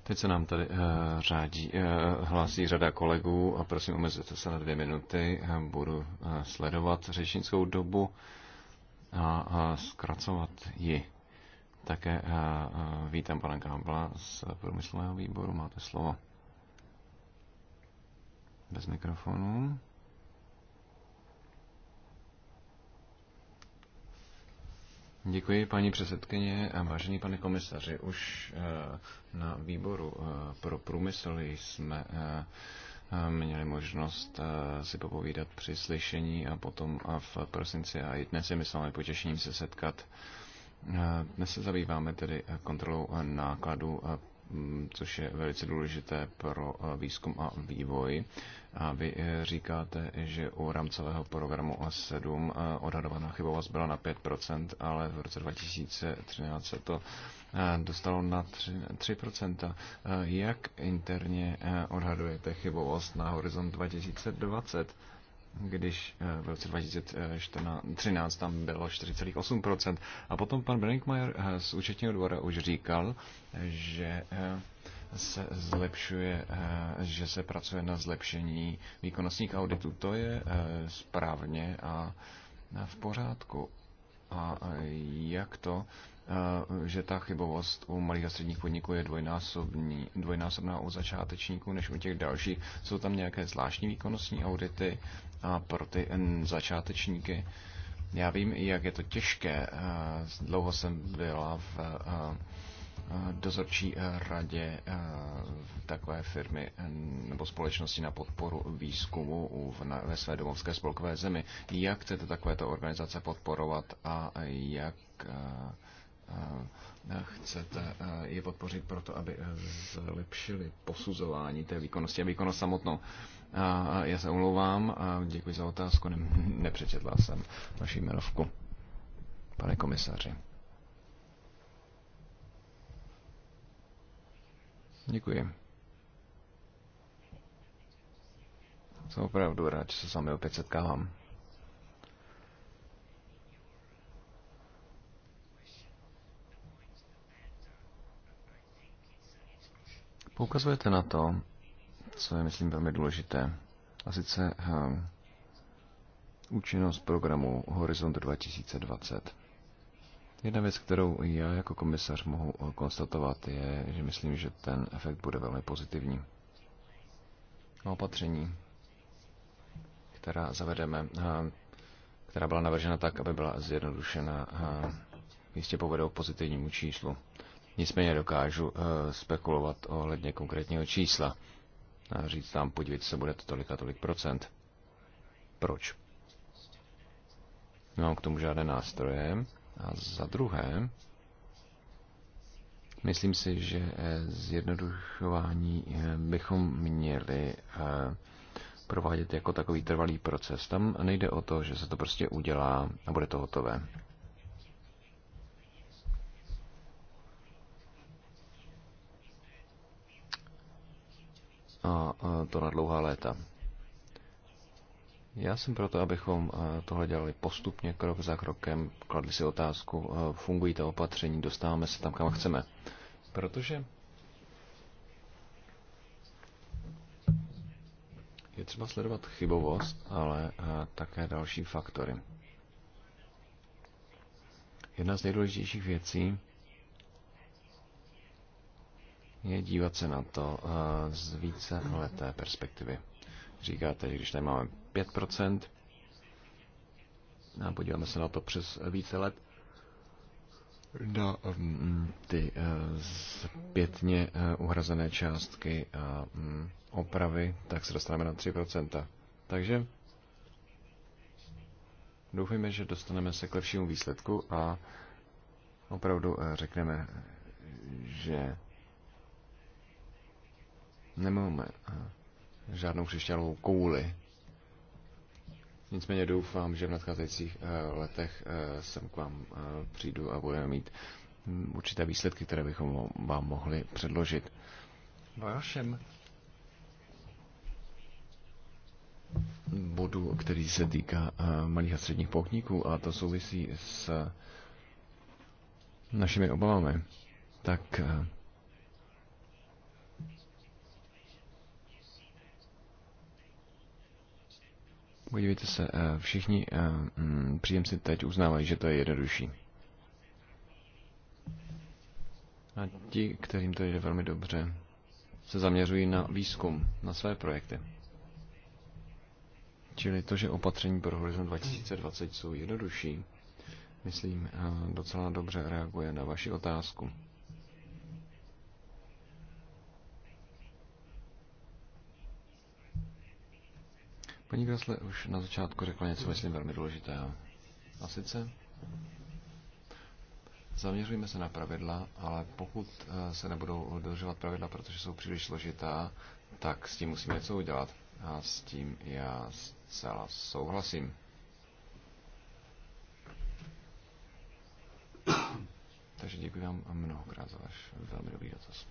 Teď se nám tady uh, řádí, uh, hlásí řada kolegů a prosím omezujte se na dvě minuty. Budu uh, sledovat řečnickou dobu. Uh, a, zkracovat ji. Také vítám pana Gábla z průmyslového výboru. Máte slovo. Bez mikrofonu. Děkuji, paní předsedkyně a vážený pane komisaři. Už e, na výboru e, pro průmysl jsme e, měli možnost eh, si popovídat při slyšení a potom a v prosinci a i dnes je myslíme potěšením se setkat. Eh, dnes se zabýváme tedy eh, kontrolou nákladů, mm, což je velice důležité pro výzkum a vývoj. A vy říkáte, že u rámcového programu a 7 odhadovaná chybovost byla na 5%, ale v roce 2013 se to dostalo na 3, 3%. Jak interně e, odhadujete chybovost na horizont 2020? když e, v roce 2013 tam bylo 4,8%. A potom pan Brinkmeier e, z účetního dvora už říkal, že se zlepšuje, že se pracuje na zlepšení výkonnostních auditů. To je správně a v pořádku. A jak to Eh, že ta chybovost u malých a středních podniků je dvojnásobní, dvojnásobná u začátečníků než u těch dalších. Jsou tam nějaké zvláštní výkonnostní audity a pro ty začátečníky. Já vím, jak je to těžké. Eh, dlouho jsem byla v eh, dozorčí radě takové firmy nebo společnosti na podporu výzkumu ve své domovské spolkové zemi. Jak chcete takovéto organizace podporovat a jak Eh, chcete eh, je podpořit proto, aby eh, zlepšili posuzování té výkonnosti a výkonnost samotnou. Já se omlouvám a děkuji za otázku, ne, nepřečetla jsem vaši jmenovku, pane komisaři. Děkuji. Jsem opravdu rád, že se sami opět setkávám. Poukazujete na to, co je, myslím, velmi důležité, a sice um, účinnost programu Horizont 2020. Jedna věc, kterou já jako komisař mohu eh, konstatovat, je, že myslím, že ten efekt bude velmi pozitivní. A opatření, která zavedeme, eh, která byla navržena tak, aby byla zjednodušena, jistě povedou k pozitivnímu číslu. Nicméně dokážu eh, spekulovat ohledně konkrétního čísla a říct tam, podívejte se, bude to tolik a tolik procent. Proč? Nemám k tomu žádné nástroje. A za druhé, myslím si, že eh, zjednodušování eh, bychom měli provádět jako takový trvalý proces. Tam nejde o to, že se to prostě udělá a bude to hotové. a to na dlouhá léta. Já jsem proto, abychom tohle dělali postupně, krok za krokem, kladli si otázku, fungují ta opatření, dostáváme se tam, kam chceme. Protože je třeba sledovat chybovost, ale také další faktory. Jedna z nejdůležitějších věcí je dívat se na to eh, z více leté perspektivy. Říkáte, že když tady máme 5%, a podíváme se na to přes více let, na mm, ty eh, zpětně eh, uhrazené částky a mm, opravy, tak se dostaneme na 3%. Takže doufejme, že dostaneme se k lepšímu výsledku a opravdu řekneme, že Nemáme eh, žádnou křišťálovou kouli. Nicméně doufám, že v nadcházejících eh, letech eh, sem k vám přijdu a budeme mít hm, určité výsledky, které bychom vám mohli předložit. Vašem bodu, který se týká malých a středních pochníků a to souvisí s našimi obavami, tak Podívejte se, eh, všichni eh, mm, příjemci teď uznávají, že to je jednodušší. A ti, kterým to jde velmi dobře, se zaměřují na výzkum, na své projekty. Čili to, že opatření pro Horizon 2020 jsou jednodušší, myslím, eh, docela dobře reaguje na vaši otázku. Paní Grasle už na začátku řekla něco, myslím, velmi důležitého. A sice zaměřujeme se na pravidla, ale pokud eh, se nebudou dodržovat pravidla, protože jsou příliš složitá, tak s tím musíme něco udělat. A s tím já zcela souhlasím. Takže děkuji vám mnohokrát za váš velmi dobrý dotaz.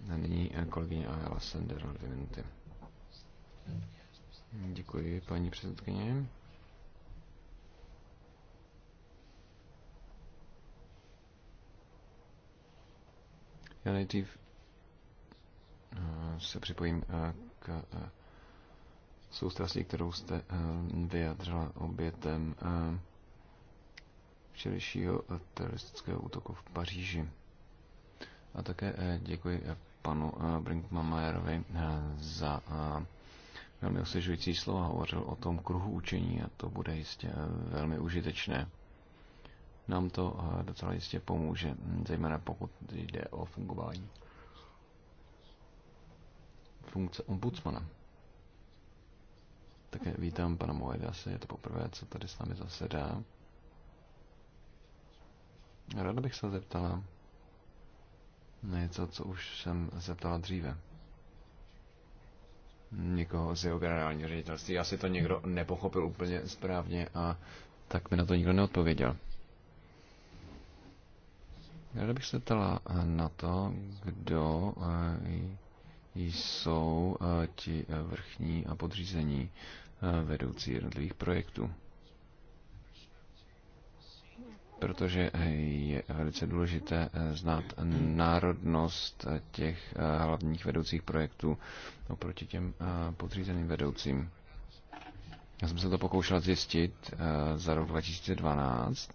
Na nyní eh, kolegyně Ahela Sender na dvě minuty. Děkuji, paní předsedkyně. Já nejdřív eh, se připojím eh, k eh, soustrasti, kterou jste vyjadřila obětem včerejšího teroristického útoku v Paříži. A také děkuji panu Brinkmanmajerovi za velmi osvěžující slova. Hovořil o tom kruhu učení a to bude jistě eh, velmi užitečné. Nám to eh, docela jistě pomůže, hm, zejména pokud jde o fungování funkce ombudsmana. Také vítám pana asi je to poprvé, co tady s námi zasedá. Ráda bych se zeptala něco, co už jsem zeptala dříve někoho z jeho generálního ředitelství. Asi to někdo nepochopil úplně správně a tak mi na to nikdo neodpověděl. Já bych se ptala eh, na to, kdo eh, jsou eh, ti vrchní a podřízení vedoucí jednotlivých projektů protože je velice důležité eh, znát národnost eh, těch eh, hlavních vedoucích projektů oproti těm podřízeným vedoucím. Já jsem se to pokoušel zjistit za rok 2012,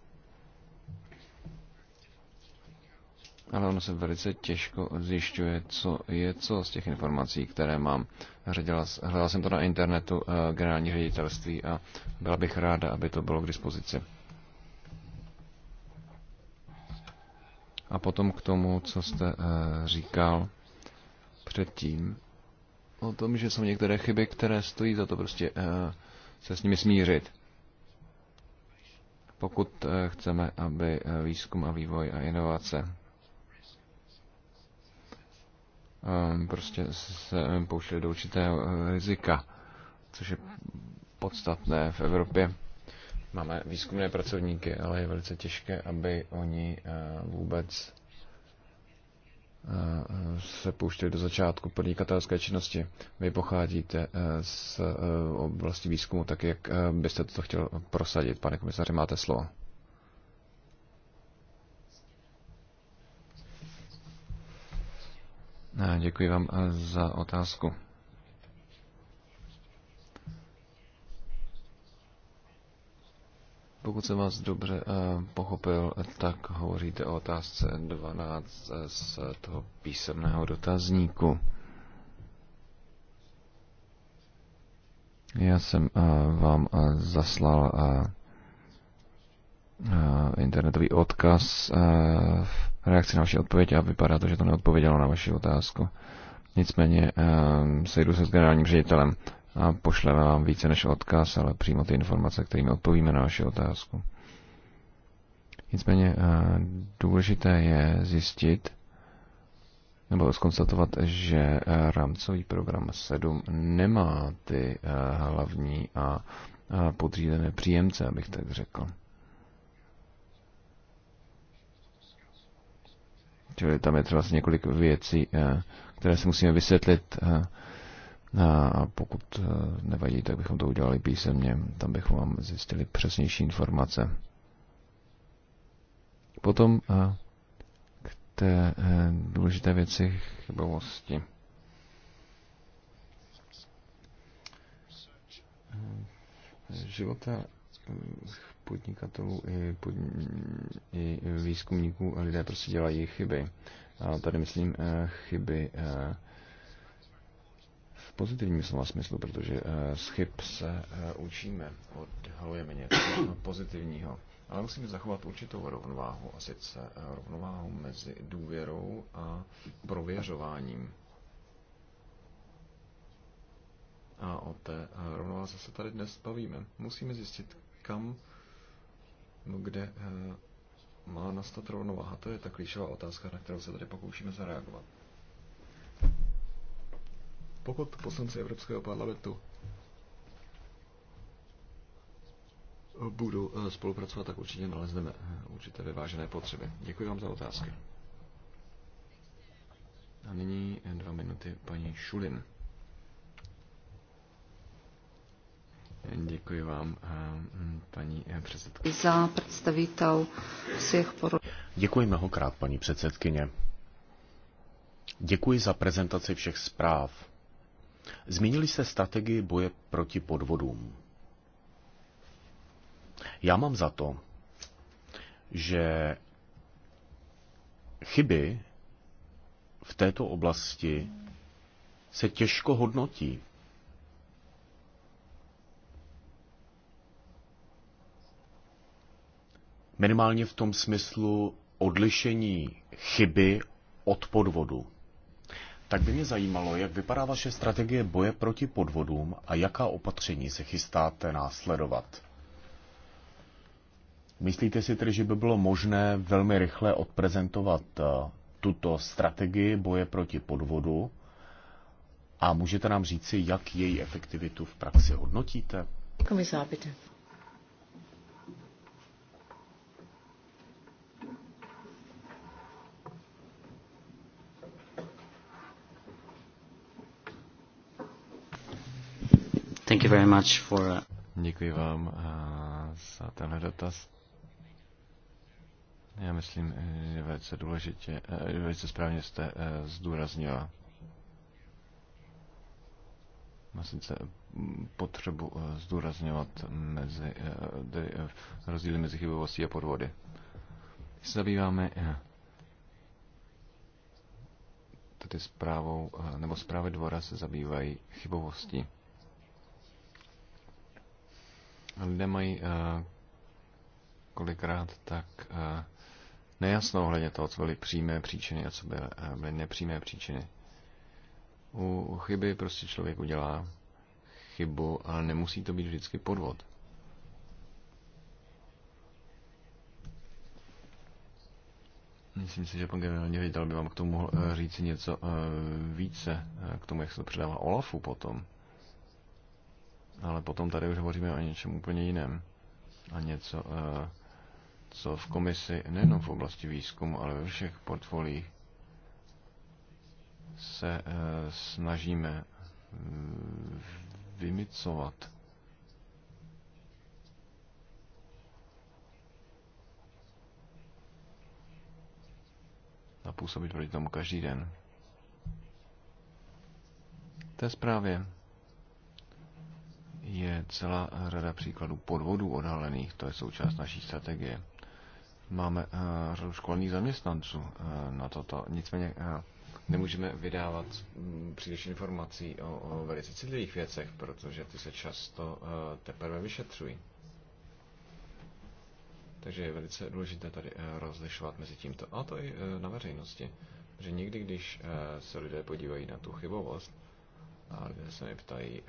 ale ono se velice těžko zjišťuje, co je co z těch informací, které mám. Hledala, hledala jsem to na internetu generální ředitelství a byla bych ráda, aby to bylo k dispozici. A potom k tomu, co jste eh, říkal předtím, o tom, že jsou některé chyby, které stojí za to prostě eh, se s nimi smířit. Pokud eh, chceme, aby výzkum a vývoj a inovace prostě se pouštěly do určitého rizika, což je podstatné v Evropě. Máme výzkumné pracovníky, ale je velice těžké, aby oni eh, vůbec eh, se pouštěli do začátku podnikatelské činnosti. Vy pocházíte eh, z oblasti výzkumu, tak jak byste to chtěl prosadit, pane komisaři, máte slovo. Děkuji vám za otázku. Pokud jsem vás dobře eh, pochopil, tak hovoříte o otázce 12 eh, z toho písemného dotazníku. Já jsem eh, vám zaslal internetový odkaz v reakci na vaši odpověď a vypadá to, že to neodpovědělo na vaši otázku. Nicméně sejdu se s generálním ředitelem a pošleme vám více než odkaz, ale přímo ty informace, kterými odpovíme na vaši otázku. Nicméně eh, důležité je zjistit nebo skonstatovat, že eh, rámcový program 7 nemá ty eh, hlavní a podřízené příjemce, abych tak řekl. Čili tam je třeba několik věcí, které si musíme vysvětlit a pokud e, nevadí, tak bychom to udělali písemně. Tam bychom vám zjistili přesnější informace. Potom e, k té e, důležité věci chybovosti. Života podnikatelů i, pod, i výzkumníků lidé prostě dělají chyby. A tady myslím chyby pozitivním slova smyslu, protože eh, z chyb se eh, učíme, odhalujeme něco pozitivního. Ale musíme zachovat určitou rovnováhu, a sice eh, rovnováhu mezi důvěrou a prověřováním. A o té rovnováze se tady dnes bavíme. Musíme zjistit, kam, no, kde má nastat rovnováha. To je ta klíčová otázka, na kterou se tady pokoušíme zareagovat. Pokud poslanci Evropského parlamentu budou eh, spolupracovat, tak určitě nalezneme eh, určité vyvážené potřeby. Děkuji vám za otázky. A nyní eh, dva minuty paní Šulin. Děkuji vám, paní předsedkyně. Za představitel všech porod. Děkuji mnohokrát, paní předsedkyně. Děkuji za prezentaci všech zpráv. Zmínili se strategii boje proti podvodům. Já mám za to, že chyby v této oblasti se těžko hodnotí. Minimálně v tom smyslu odlišení chyby od podvodu tak by mě zajímalo, jak vypadá vaše strategie boje proti podvodům a jaká opatření se chystáte následovat. Myslíte si tedy, že by bylo možné velmi rychle odprezentovat eh, tuto strategii boje proti podvodu a můžete nám říci, jak její efektivitu v praxi hodnotíte? Komisár, bitte. you very much for... Uh, Děkuji vám uh, za tenhle dotaz. Já myslím, eh, že velice důležitě, eh, velice správně jste eh, zdůraznila sice potřebu zdůrazňovat mezi, rozdíly mezi chybovostí a podvody. Když se zabýváme tedy zprávou, nebo zprávy dvora se zabývají chybovostí lidé mají eh, kolikrát tak eh, nejasnou ohledně toho, co byly přímé příčiny a co byly, eh, byly nepřímé příčiny. U chyby prostě člověk udělá chybu, ale nemusí to být vždycky podvod. Myslím si, že pan generální ředitel by vám k tomu mohl říct něco více, k tomu, jak se to předává Olafu potom. Ale potom tady už hovoříme o něčem úplně jiném. A něco, eh, co v komisi, nejenom v oblasti výzkumu, ale ve všech portfoliích, se eh, snažíme mm, vymicovat. A působit proti tomu každý den. je správně je celá řada příkladů podvodů odhalených, to je součást naší strategie. Máme eh, řadu školních zaměstnanců eh, na toto, nicméně eh, nemůžeme vydávat mm, příliš informací o, o velice citlivých věcech, protože ty se často teprve vyšetřují. Takže je velice důležité tady rozlišovat mezi tímto, a to i na veřejnosti, že někdy, když se lidé podívají na tu chybovost, a lidé se mi ptají,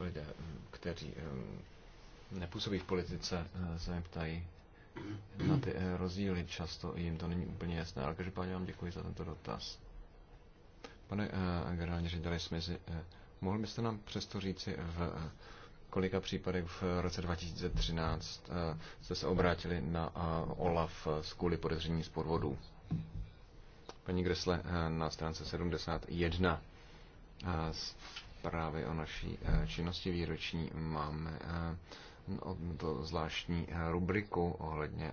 lidé, kteří eh, nepůsobí v politice, eh, se ptají na ty eh, rozdíly. Často jim to není úplně jasné, ale každopádně vám děkuji za tento dotaz. Pane generální řediteli Smizi, mohl byste nám přesto říci v kolika případech v roce 2013 jste se obrátili na OLAF z kvůli podezření z podvodů? Paní Gresle na stránce 71 zprávy o naší eh, činnosti výroční máme eh, to zvláštní eh, rubriku ohledně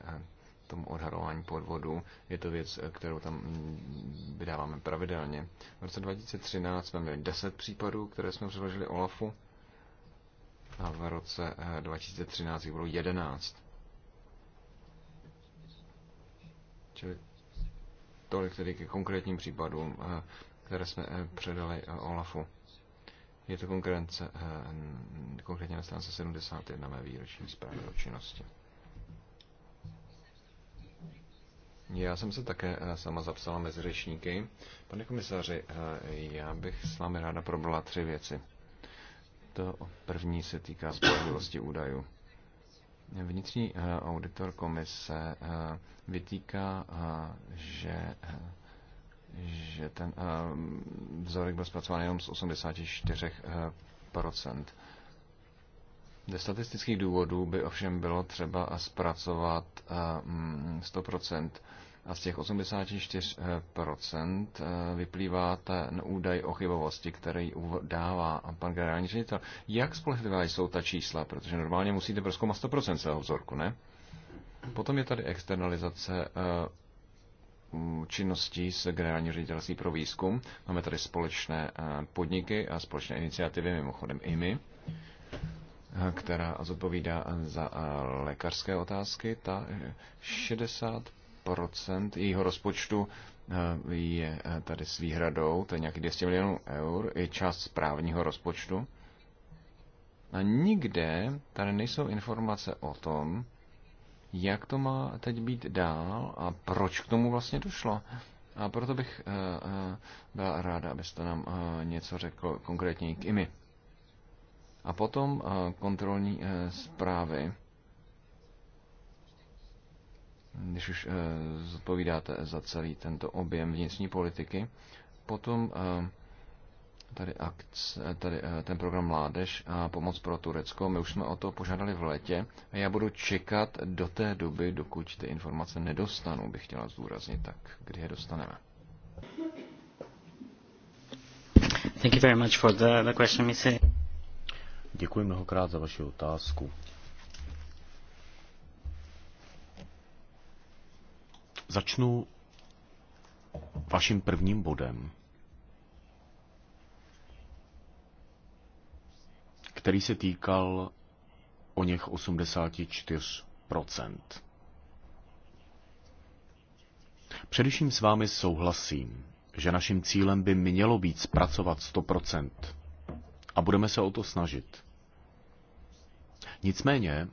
tomu odhadování podvodu. Je to věc, kterou tam mm, vydáváme pravidelně. V roce 2013 jsme měli 10 případů, které jsme předložili OLAFu a v roce 2013 jich bylo 11. Čili tolik tedy ke konkrétním případům, které jsme předali OLAFu. Je to konkurence, eh, konkrétně na stránce 71 mé výroční zprávy o činnosti. Já jsem se také eh, sama zapsala mezi řečníky. Pane komisaři, eh, já bych s vámi ráda probrala tři věci. To první se týká spolehlivosti údajů. Vnitřní auditor komise vytýká, že že ten eh, vzorek byl zpracován jenom z 84%. Eh, Ze statistických důvodů by ovšem bylo třeba zpracovat 100%. Eh, A z těch 84% vyplývá ten údaj o chybovosti, který dává pan generální ředitel. Jak spolehlivá jsou ta čísla? Protože normálně musíte proskoumat 100% celého vzorku, ne? Potom je tady externalizace Mm, činností s generální ředitelství pro výzkum. Máme tady společné eh, podniky a společné iniciativy, mimochodem i my, eh, která zodpovídá za eh, lékařské otázky. Ta 60% jejího rozpočtu je tady s výhradou, to je nějakých 200 milionů eur, i část správního rozpočtu. A nikde tady nejsou informace o tom, jak to má teď být dál a proč k tomu vlastně došlo. A proto bych eh, eh, byla ráda, abyste nám eh, něco řekl konkrétně k IMI. A potom kontrolní zprávy. Když už zodpovídáte za celý tento objem vnitřní politiky, potom tady, akc, eh, tady eh, ten program Mládež a pomoc pro Turecko. My už jsme o to požádali v létě a já budu čekat do té doby, dokud ty informace nedostanu, bych chtěla zdůraznit, tak kdy je dostaneme. Thank you very much for the, the question, Miss. Děkuji mnohokrát za vaši otázku. Začnu vaším prvním bodem. který se týkal o něch 84 Především s vámi souhlasím, že naším cílem by mělo být zpracovat 100 a budeme se o to snažit. Nicméně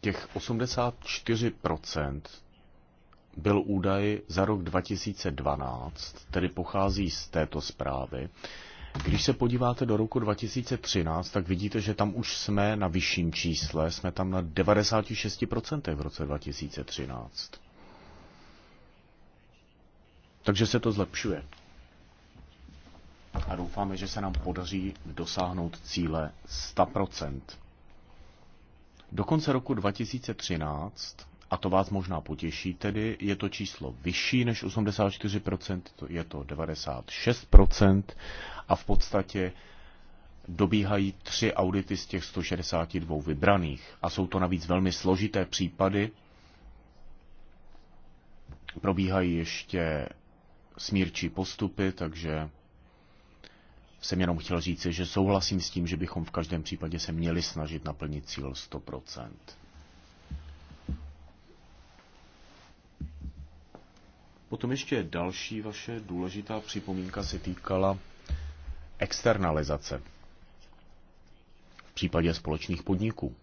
těch 84 byl údaj za rok 2012, tedy pochází z této zprávy, když se podíváte do roku 2013, tak vidíte, že tam už jsme na vyšším čísle, jsme tam na 96% v roce 2013. Takže se to zlepšuje. A doufáme, že se nám podaří dosáhnout cíle 100%. Do konce roku 2013 a to vás možná potěší tedy, je to číslo vyšší než 84%, je to 96% a v podstatě dobíhají tři audity z těch 162 vybraných. A jsou to navíc velmi složité případy. Probíhají ještě smírčí postupy, takže jsem jenom chtěl říci, že souhlasím s tím, že bychom v každém případě se měli snažit naplnit cíl 100%. Potom ještě další vaše důležitá připomínka se týkala externalizace v případě společných podniků.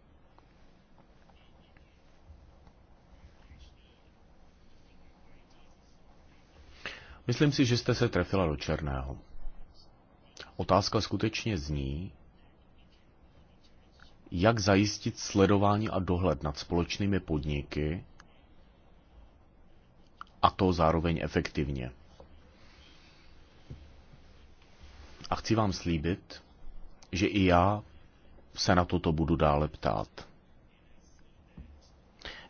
Myslím si, že jste se trefila do černého. Otázka skutečně zní, jak zajistit sledování a dohled nad společnými podniky, a to zároveň efektivně. A chci vám slíbit, že i já se na toto budu dále ptát.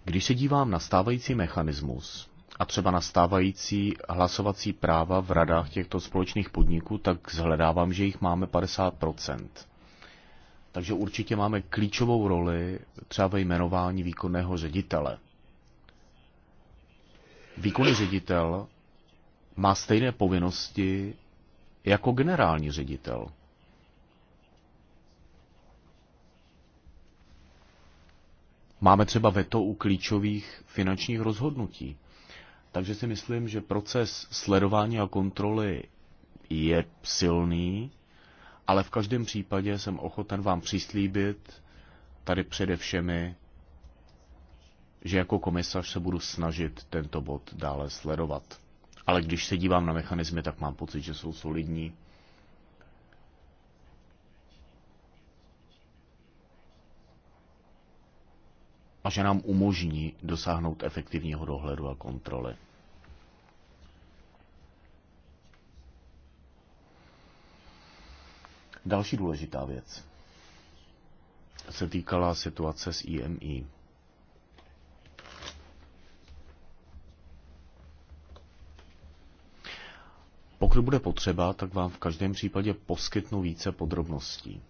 Když se dívám na stávající mechanismus a třeba na stávající hlasovací práva v radách těchto společných podniků, tak zhledávám, že jich máme 50%. Takže určitě máme klíčovou roli třeba ve jmenování výkonného ředitele výkonný ředitel má stejné povinnosti jako generální ředitel. Máme třeba veto u klíčových finančních rozhodnutí. Takže si myslím, že proces sledování a kontroly je silný, ale v každém případě jsem ochoten vám přislíbit tady přede všemi že jako komisař se budu snažit tento bod dále sledovat. Ale když se dívám na mechanizmy, tak mám pocit, že jsou solidní. A že nám umožní dosáhnout efektivního dohledu a kontroly. Další důležitá věc se týkala situace s IMI. Pokud bude potřeba, tak vám v každém případě poskytnu více podrobností.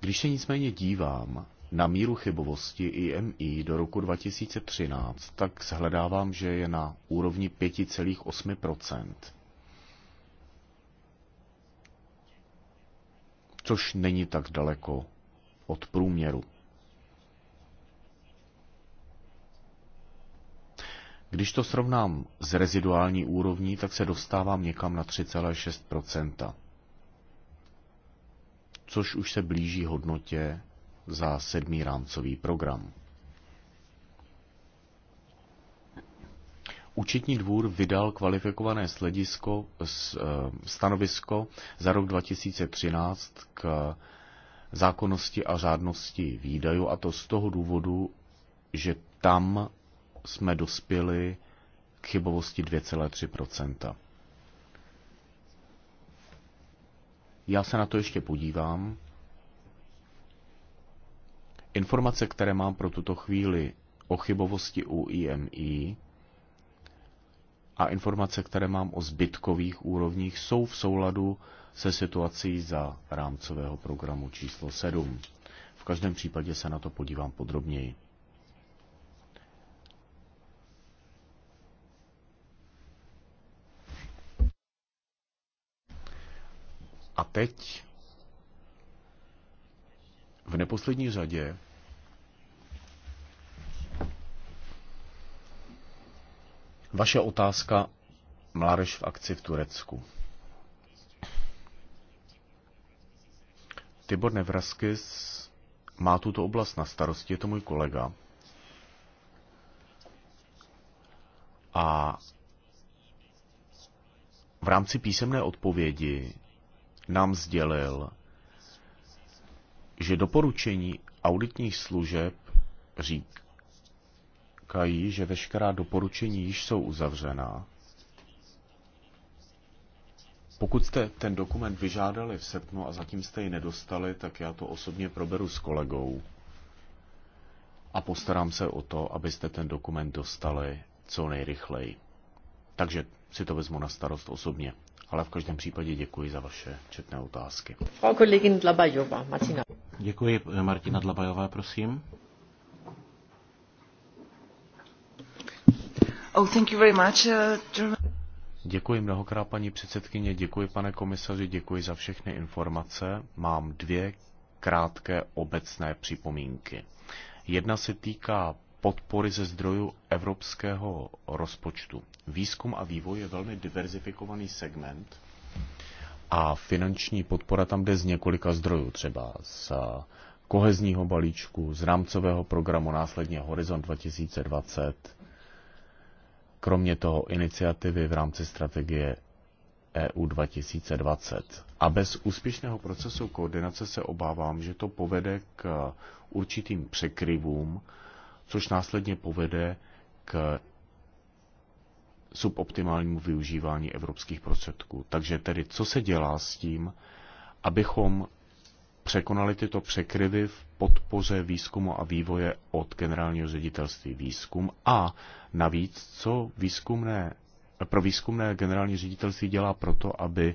Když se nicméně dívám na míru chybovosti IMI do roku 2013, tak shledávám, že je na úrovni 5,8 což není tak daleko od průměru. Když to srovnám s reziduální úrovní, tak se dostávám někam na 3,6%, což už se blíží hodnotě za sedmý rámcový program. Účetní dvůr vydal kvalifikované sledisko, eh, stanovisko za rok 2013 k zákonnosti a řádnosti výdajů, a to z toho důvodu, že tam jsme dospěli k chybovosti 2,3 Já se na to ještě podívám. Informace, které mám pro tuto chvíli o chybovosti u IMI a informace, které mám o zbytkových úrovních, jsou v souladu se situací za rámcového programu číslo 7. V každém případě se na to podívám podrobněji. A teď v neposlední řadě vaše otázka Mládež v akci v Turecku. Tibor Nevraskis má tuto oblast na starosti, je to můj kolega. A v rámci písemné odpovědi nám sdělil, že doporučení auditních služeb říkají, že veškerá doporučení již jsou uzavřená. Pokud jste ten dokument vyžádali v srpnu a zatím jste ji nedostali, tak já to osobně proberu s kolegou a postarám se o to, abyste ten dokument dostali co nejrychleji. Takže si to vezmu na starost osobně ale v každém případě děkuji za vaše četné otázky. Dlabajová, Martina. Děkuji, eh, Martina Dlabajová, prosím. Oh, thank you very much. Eh, děkuji mnohokrát, paní předsedkyně, děkuji, pane komisaři, děkuji za všechny informace. Mám dvě krátké obecné připomínky. Jedna se týká podpory ze zdrojů evropského rozpočtu. Výzkum a vývoj je velmi diverzifikovaný segment a finanční podpora tam jde z několika zdrojů, třeba z eh, kohezního balíčku, z rámcového programu, následně Horizon 2020, kromě toho iniciativy v rámci strategie EU 2020. A bez úspěšného procesu koordinace se obávám, že to povede k určitým překryvům což následně povede k suboptimálnímu využívání evropských prostředků. Takže tedy, co se dělá s tím, abychom překonali tyto překryvy v podpoře výzkumu a vývoje od generálního ředitelství výzkum a navíc, co výzkumné, pro výzkumné generální ředitelství dělá proto, aby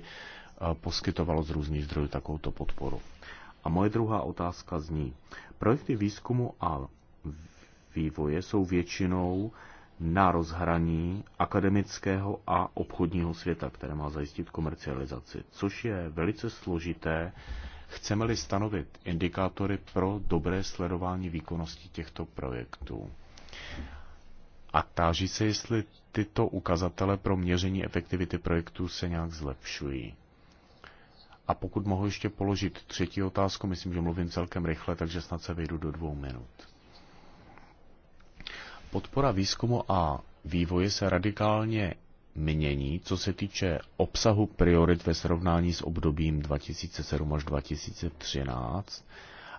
eh, poskytovalo z různých zdrojů takovouto podporu. A moje druhá otázka zní, projekty výzkumu a vývoje jsou většinou na rozhraní akademického a obchodního světa, které má zajistit komercializaci, což je velice složité, chceme-li stanovit indikátory pro dobré sledování výkonnosti těchto projektů. A táží se, jestli tyto ukazatele pro měření efektivity projektů se nějak zlepšují. A pokud mohu ještě položit třetí otázku, myslím, že mluvím celkem rychle, takže snad se vejdu do dvou minut podpora výzkumu a vývoje se radikálně mění, co se týče obsahu priorit ve srovnání s obdobím 2007 až 2013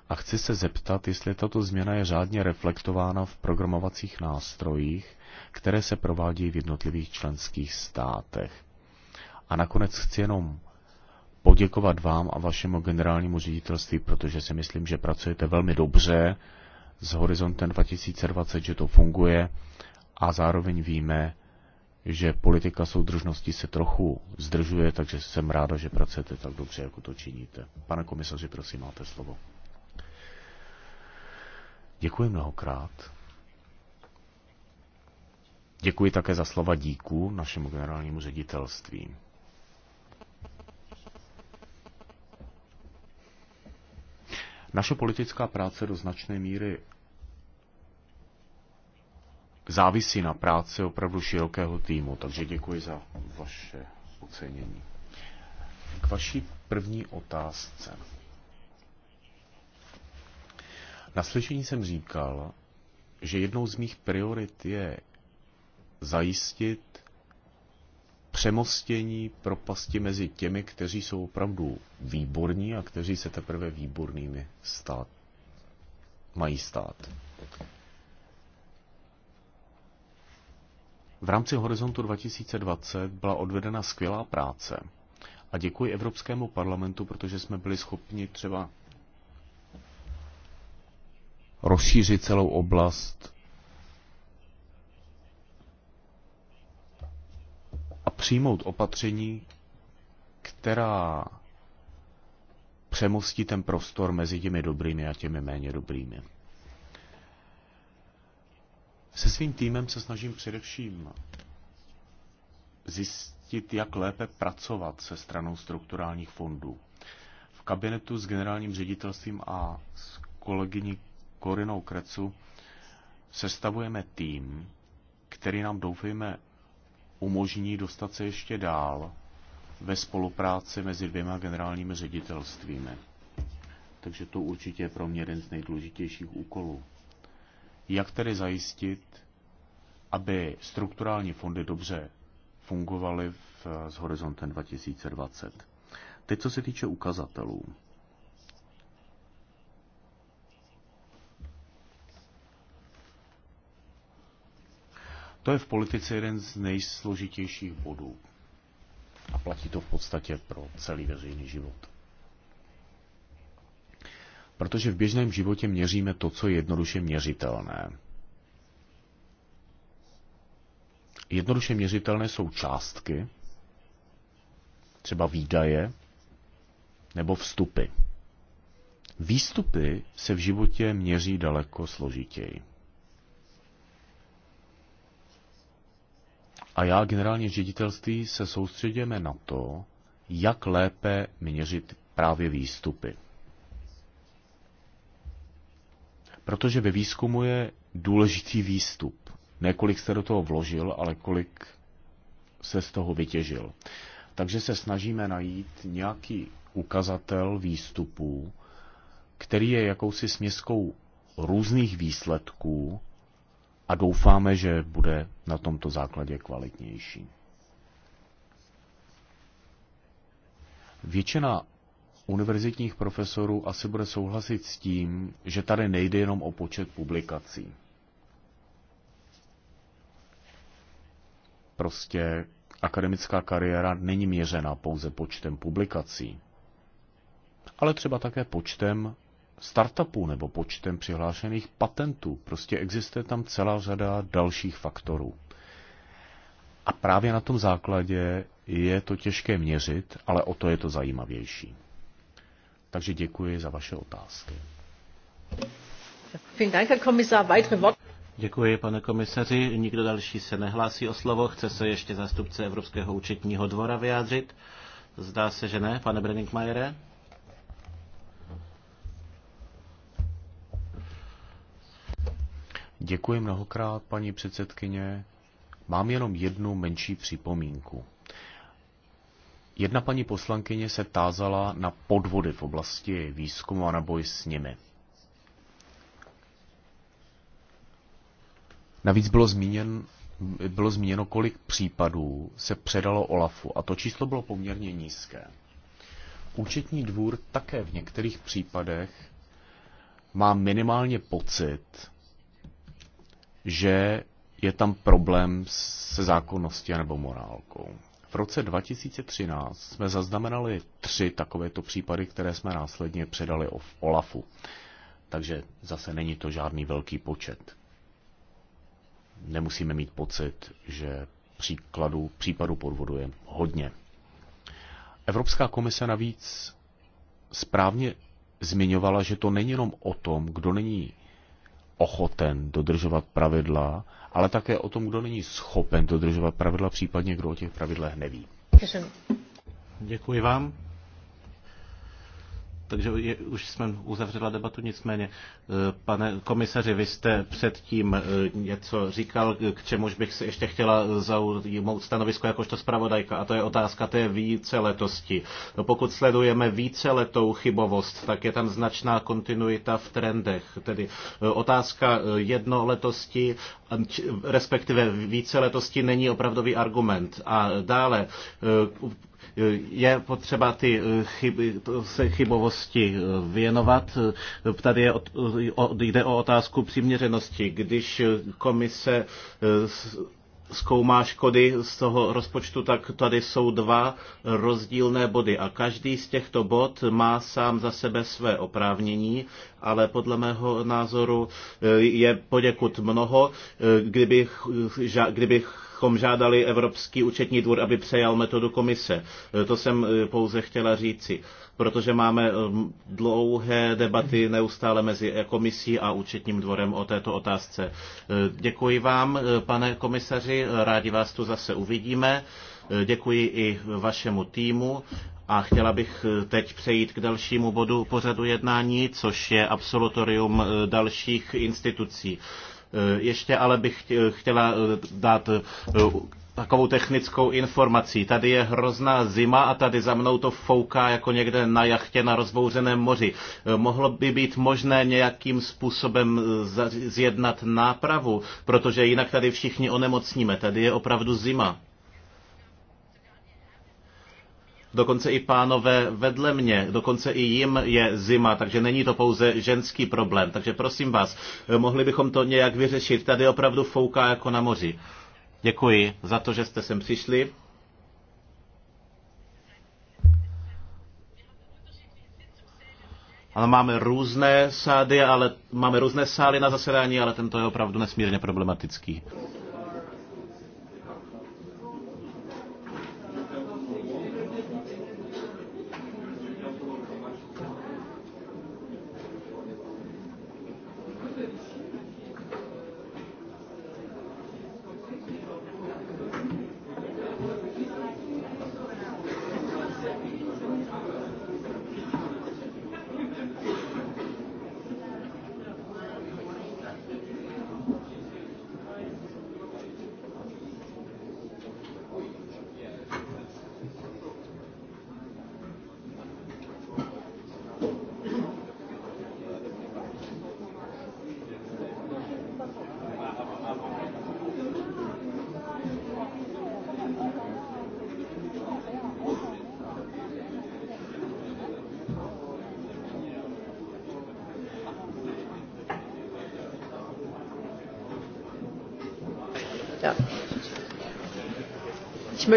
a chci se zeptat, jestli tato změna je řádně reflektována v programovacích nástrojích, které se provádějí v jednotlivých členských státech. A nakonec chci jenom poděkovat vám a vašemu generálnímu ředitelství, protože si myslím, že pracujete velmi dobře s horizontem 2020, že to funguje a zároveň víme, že politika soudržnosti se trochu zdržuje, takže jsem ráda, že pracujete tak dobře, jako to činíte. Pane komisaři, prosím, máte slovo. Děkuji mnohokrát. Děkuji také za slova díků našemu generálnímu ředitelství. Naše politická práce do značné míry závisí na práci opravdu širokého týmu, takže děkuji za vaše ocenění. K vaší první otázce. Na slyšení jsem říkal, že jednou z mých priorit je zajistit přemostění propasti mezi těmi, kteří jsou opravdu výborní a kteří se teprve výbornými stát, mají stát. V rámci Horizontu 2020 byla odvedena skvělá práce a děkuji Evropskému parlamentu, protože jsme byli schopni třeba rozšířit celou oblast přijmout opatření, která přemostí ten prostor mezi těmi dobrými a těmi méně dobrými. Se svým týmem se snažím především zjistit, jak lépe pracovat se stranou strukturálních fondů. V kabinetu s generálním ředitelstvím a s kolegyní Korinou Krecu sestavujeme tým, který nám doufejme umožní dostat se ještě dál ve spolupráci mezi dvěma generálními ředitelstvími. Takže to určitě je pro mě jeden z nejdůležitějších úkolů. Jak tedy zajistit, aby strukturální fondy dobře fungovaly v, s horizontem 2020? Teď, co se týče ukazatelů. To je v politice jeden z nejsložitějších bodů. A platí to v podstatě pro celý veřejný život. Protože v běžném životě měříme to, co je jednoduše měřitelné. Jednoduše měřitelné jsou částky, třeba výdaje nebo vstupy. Výstupy se v životě měří daleko složitěji. A já, generální ředitelství, se soustředíme na to, jak lépe měřit právě výstupy. Protože ve výzkumu je důležitý výstup. Nekolik jste do toho vložil, ale kolik se z toho vytěžil. Takže se snažíme najít nějaký ukazatel výstupů, který je jakousi směskou různých výsledků, a doufáme, že bude na tomto základě kvalitnější. Většina univerzitních profesorů asi bude souhlasit s tím, že tady nejde jenom o počet publikací. Prostě akademická kariéra není měřena pouze počtem publikací, ale třeba také počtem startupů nebo počtem přihlášených patentů. Prostě existuje tam celá řada dalších faktorů. A právě na tom základě je to těžké měřit, ale o to je to zajímavější. Takže děkuji za vaše otázky. Děkuji, pane komisaři. Nikdo další se nehlásí o slovo. Chce se ještě zástupce Evropského účetního dvora vyjádřit? Zdá se, že ne, pane Brenningmajere. Děkuji mnohokrát, paní předsedkyně. Mám jenom jednu menší připomínku. Jedna paní poslankyně se tázala na podvody v oblasti výzkumu a na boj s nimi. Navíc bylo, zmíněn, bylo zmíněno, kolik případů se předalo Olafu a to číslo bylo poměrně nízké. Účetní dvůr také v některých případech má minimálně pocit, že je tam problém se zákonností nebo morálkou. V roce 2013 jsme zaznamenali tři takovéto případy, které jsme následně předali o Olafu. Takže zase není to žádný velký počet. Nemusíme mít pocit, že příkladů, případů podvodu je hodně. Evropská komise navíc správně zmiňovala, že to není jenom o tom, kdo není ochoten dodržovat pravidla, ale také o tom, kdo není schopen dodržovat pravidla, případně kdo o těch pravidlech neví. Děkuji vám takže je, už jsme uzavřela debatu, nicméně, e, pane komisaři, vy jste předtím e, něco říkal, k čemuž bych se ještě chtěla zaujmout stanovisko jakožto zpravodajka, a to je otázka té víceletosti. No, pokud sledujeme víceletou chybovost, tak je tam značná kontinuita v trendech, tedy e, otázka jednoletosti, respektive víceletosti není opravdový argument. A dále, je potřeba ty eh, chyby, se chybovosti eh, věnovat. Eh, tady je, jde o otázku přiměřenosti. Když komise zkoumá škody z toho rozpočtu, tak tady jsou dva rozdílné body a každý z těchto bod má sám za sebe své oprávnění, ale podle mého názoru je poděkud mnoho, kdybych, kdybych bychom žádali Evropský účetní dvůr, aby přejal metodu komise. E, to jsem e, pouze chtěla říci, protože máme e, dlouhé debaty neustále mezi komisí a účetním dvorem o této otázce. Děkuji vám, pane komisaři, rádi vás tu zase uvidíme. Děkuji i vašemu týmu a chtěla bych teď přejít k dalšímu bodu pořadu jednání, což je absolutorium dalších institucí. Eh, ještě ale bych chtěla eh, dát eh, takovou technickou informací. Tady je hrozná zima a tady za mnou to fouká jako někde na jachtě na rozbouřeném moři. Mohlo by být možné nějakým způsobem zjednat nápravu, protože jinak tady všichni onemocníme. Tady je opravdu zima dokonce i pánové vedle mě, dokonce i jim je zima, takže není to pouze ženský problém. Takže prosím vás, mohli bychom to nějak vyřešit. Tady opravdu fouká jako na moři. Děkuji za to, že jste sem přišli. Ale máme různé sády, ale máme různé sály na zasedání, ale tento je opravdu nesmírně problematický.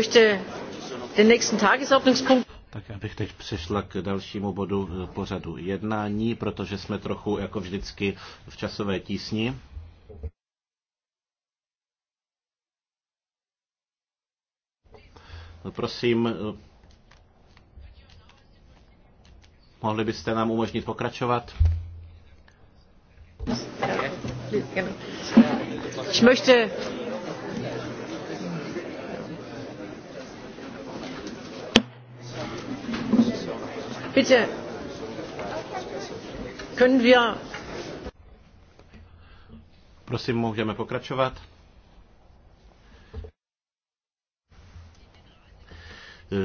möchte den nächsten Tagesordnungspunkt. Tak já bych teď přešla k dalšímu bodu pořadu jednání, protože jsme trochu jako vždycky v časové tísni. No prosím, mohli byste nám umožnit pokračovat? Ich möchte Bitte, können wir... Prosím, můžeme pokračovat.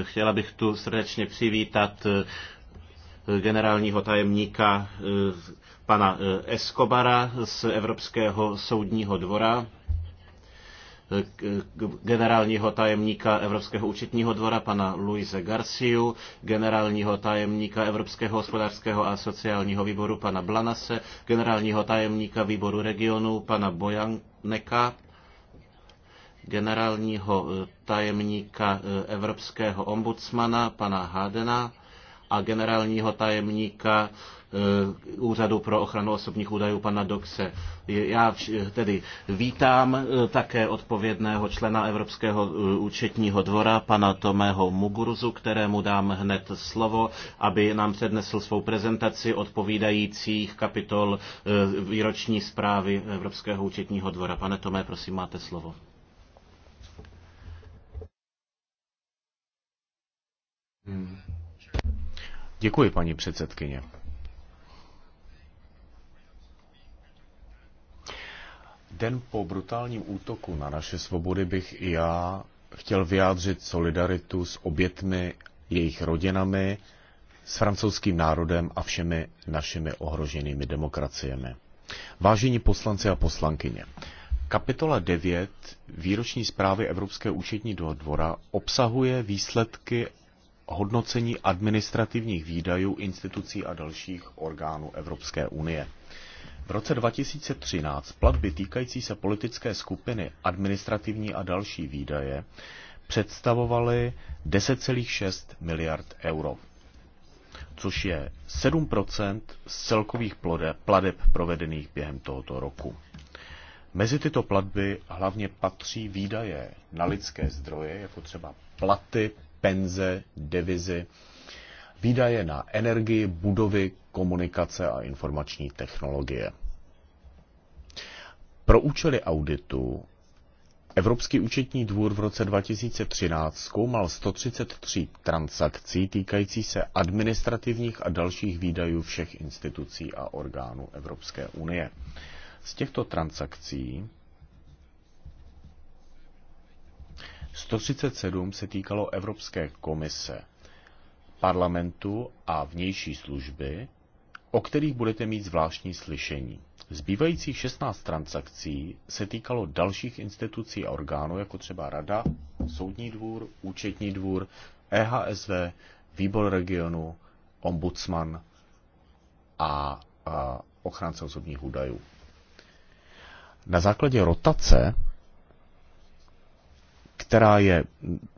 Chtěla bych tu srdečně přivítat eh, generálního tajemníka eh, pana eh, Escobara z Evropského soudního dvora generálního tajemníka Evropského účetního dvora pana Luise Garciu, generálního tajemníka Evropského hospodářského a sociálního výboru pana Blanase, generálního tajemníka výboru regionu pana Bojaneka, generálního e, tajemníka e, Evropského ombudsmana pana Hádena a generálního tajemníka Eh, Úřadu pro ochranu osobních údajů pana Doxe. Já tedy vítám eh, také odpovědného člena Evropského eh, účetního dvora, pana Tomého Muguruzu, kterému dám hned slovo, aby nám přednesl svou prezentaci odpovídajících kapitol výroční zprávy Evropského účetního dvora. Pane Tomé, prosím, máte slovo. Děkuji, paní předsedkyně. Den po brutálním útoku na naše svobody bych i já chtěl vyjádřit solidaritu s obětmi, jejich rodinami, s francouzským národem a všemi našimi ohroženými demokraciemi. Vážení poslanci a poslankyně, kapitola 9 výroční zprávy Evropské účetní dvora obsahuje výsledky hodnocení administrativních výdajů institucí a dalších orgánů Evropské unie. V roce 2013 platby týkající se politické skupiny, administrativní a další výdaje představovaly 10,6 miliard euro, což je 7 z celkových pladeb provedených během tohoto roku. Mezi tyto platby hlavně patří výdaje na lidské zdroje, jako třeba platy, penze, devizy, výdaje na energii, budovy, komunikace a informační technologie. Pro účely auditu Evropský účetní dvůr v roce 2013 zkoumal 133 transakcí týkající se administrativních a dalších výdajů všech institucí a orgánů Evropské unie. Z těchto transakcí 137 se týkalo Evropské komise, parlamentu a vnější služby o kterých budete mít zvláštní slyšení. Zbývajících 16 transakcí se týkalo dalších institucí a orgánů, jako třeba Rada, Soudní dvůr, Účetní dvůr, EHSV, Výbor regionu, Ombudsman a, a ochránce osobních údajů. Na základě rotace která je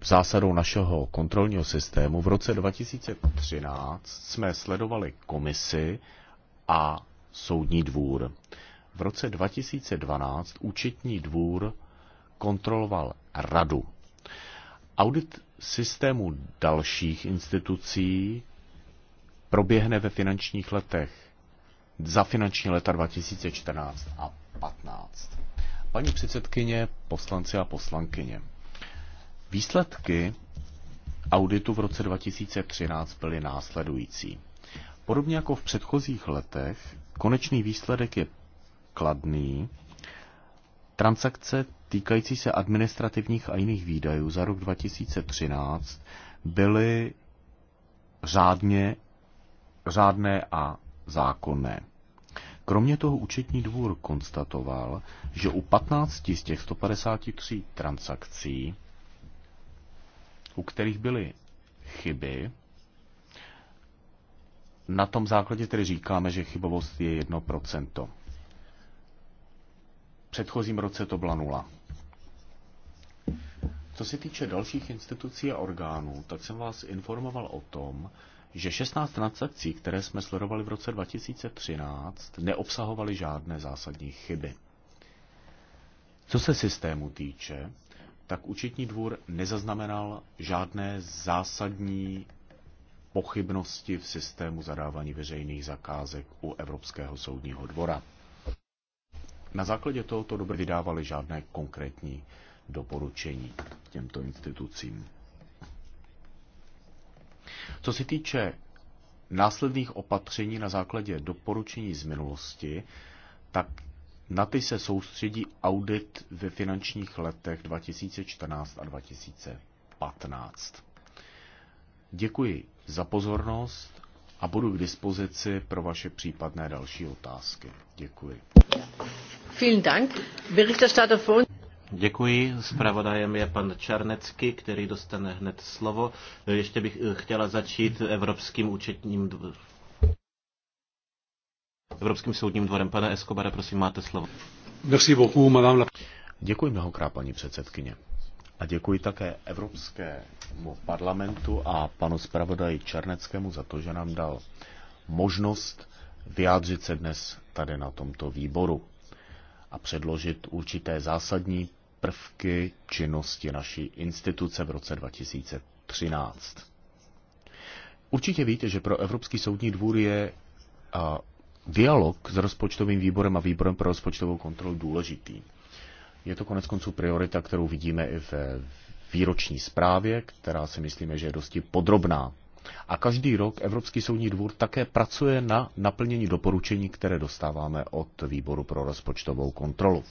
zásadou našeho kontrolního systému, v roce 2013 jsme sledovali komisi a soudní dvůr. V roce 2012 účetní dvůr kontroloval radu. Audit systému dalších institucí proběhne ve finančních letech za finanční leta 2014 a 15. Paní předsedkyně, poslanci a poslankyně, Výsledky auditu v roce 2013 byly následující. Podobně jako v předchozích letech, konečný výsledek je kladný. Transakce týkající se administrativních a jiných výdajů za rok 2013 byly řádně, řádné a zákonné. Kromě toho účetní dvůr konstatoval, že u 15 z těch 153 transakcí u kterých byly chyby, na tom základě tedy říkáme, že chybovost je 1%. procento. předchozím roce to byla nula. Co se týče dalších institucí a orgánů, tak jsem vás informoval o tom, že 16 transakcí, které jsme sledovali v roce 2013, neobsahovaly žádné zásadní chyby. Co se systému týče, tak účetní dvůr nezaznamenal žádné zásadní pochybnosti v systému zadávání veřejných zakázek u Evropského soudního dvora. Na základě tohoto dobře vydávali žádné konkrétní doporučení těmto institucím. Co se týče následných opatření na základě doporučení z minulosti, tak na ty se soustředí audit ve finančních letech 2014 a 2015. Děkuji za pozornost a budu k dispozici pro vaše případné další otázky. Děkuji. Děkuji. Zpravodajem je pan Čarnecký, který dostane hned slovo. Ještě bych eh, chtěla začít Evropským účetním Evropským soudním dvorem. Pane Escobare, prosím, máte slovo. Merci beaucoup, madame Děkuji mnohokrát, paní předsedkyně. A děkuji také Evropskému parlamentu a panu zpravodaji Černeckému za to, že nám dal možnost vyjádřit se dnes tady na tomto výboru a předložit určité zásadní prvky činnosti naší instituce v roce 2013. Určitě víte, že pro Evropský soudní dvůr je dialog s rozpočtovým výborem a výborem pro rozpočtovou kontrolu důležitý. Je to konec konců priorita, kterou vidíme i v výroční zprávě, která si myslíme, že je dosti podrobná. A každý rok Evropský soudní dvůr také pracuje na naplnění doporučení, které dostáváme od Výboru pro rozpočtovou kontrolu.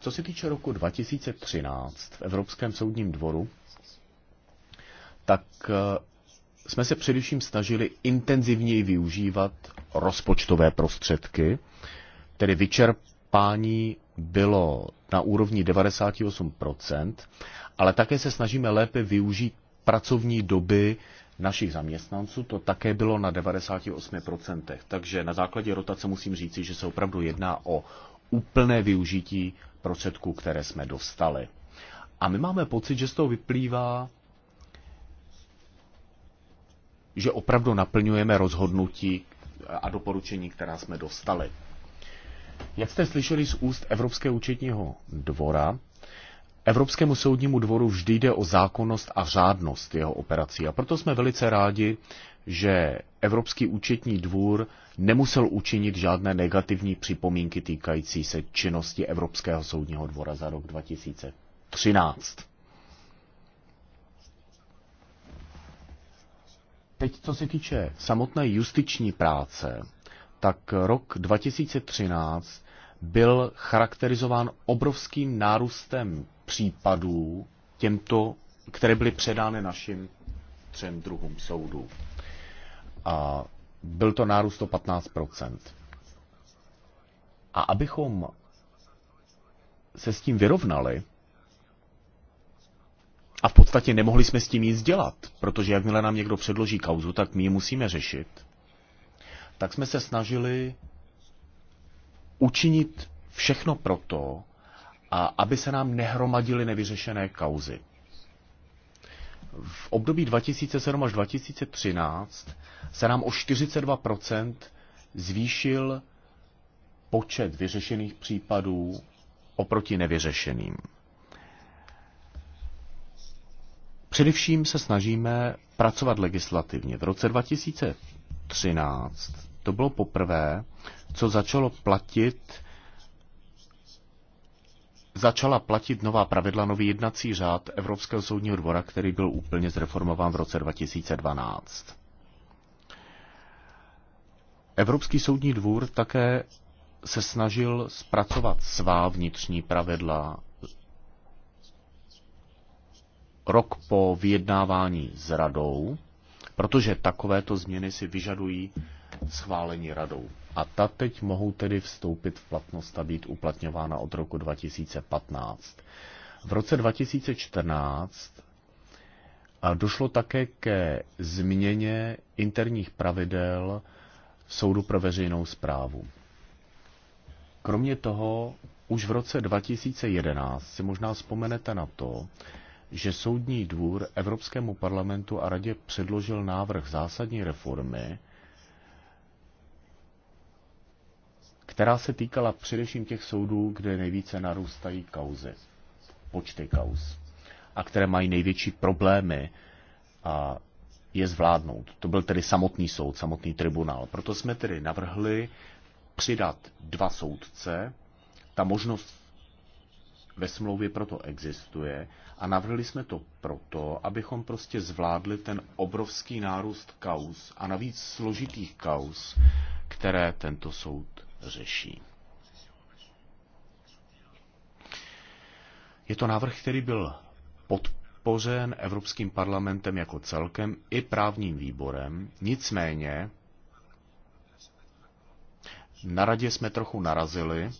Co se týče roku 2013 v Evropském soudním dvoru, tak jsme se především snažili intenzivněji využívat rozpočtové prostředky, tedy vyčerpání bylo na úrovni 98%, ale také se snažíme lépe využít pracovní doby našich zaměstnanců, to také bylo na 98%. Takže na základě rotace musím říci, že se opravdu jedná o úplné využití prostředků, které jsme dostali. A my máme pocit, že z toho vyplývá že opravdu naplňujeme rozhodnutí a doporučení, která jsme dostali. Jak jste slyšeli z úst Evropského účetního dvora, Evropskému soudnímu dvoru vždy jde o zákonnost a řádnost jeho operací a proto jsme velice rádi, že Evropský účetní dvůr nemusel učinit žádné negativní připomínky týkající se činnosti Evropského soudního dvora za rok 2013. Teď, co se týče samotné justiční práce, tak rok 2013 byl charakterizován obrovským nárůstem případů těmto, které byly předány našim třem druhům soudů. A byl to nárůst o 15 A abychom se s tím vyrovnali, a v podstatě nemohli jsme s tím nic dělat, protože jakmile nám někdo předloží kauzu, tak my ji musíme řešit. Tak jsme se snažili učinit všechno proto, a aby se nám nehromadily nevyřešené kauzy. V období 2007 až 2013 se nám o 42% zvýšil počet vyřešených případů oproti nevyřešeným. Především se snažíme pracovat legislativně. V roce 2013 to bylo poprvé, co začalo platit začala platit nová pravidla, nový jednací řád Evropského soudního dvora, který byl úplně zreformován v roce 2012. Evropský soudní dvůr také se snažil zpracovat svá vnitřní pravidla rok po vyjednávání s radou, protože takovéto změny si vyžadují schválení radou. A ta teď mohou tedy vstoupit v platnost a být uplatňována od roku 2015. V roce 2014 došlo také ke změně interních pravidel Soudu pro veřejnou zprávu. Kromě toho, už v roce 2011 si možná vzpomenete na to, že Soudní dvůr Evropskému parlamentu a radě předložil návrh zásadní reformy, která se týkala především těch soudů, kde nejvíce narůstají kauzy, počty kauz, a které mají největší problémy a je zvládnout. To byl tedy samotný soud, samotný tribunál. Proto jsme tedy navrhli přidat dva soudce. Ta možnost ve smlouvě proto existuje a navrhli jsme to proto, abychom prostě zvládli ten obrovský nárůst kaus a navíc složitých kaus, které tento soud řeší. Je to návrh, který byl podpořen Evropským parlamentem jako celkem i právním výborem, nicméně na radě jsme trochu narazili,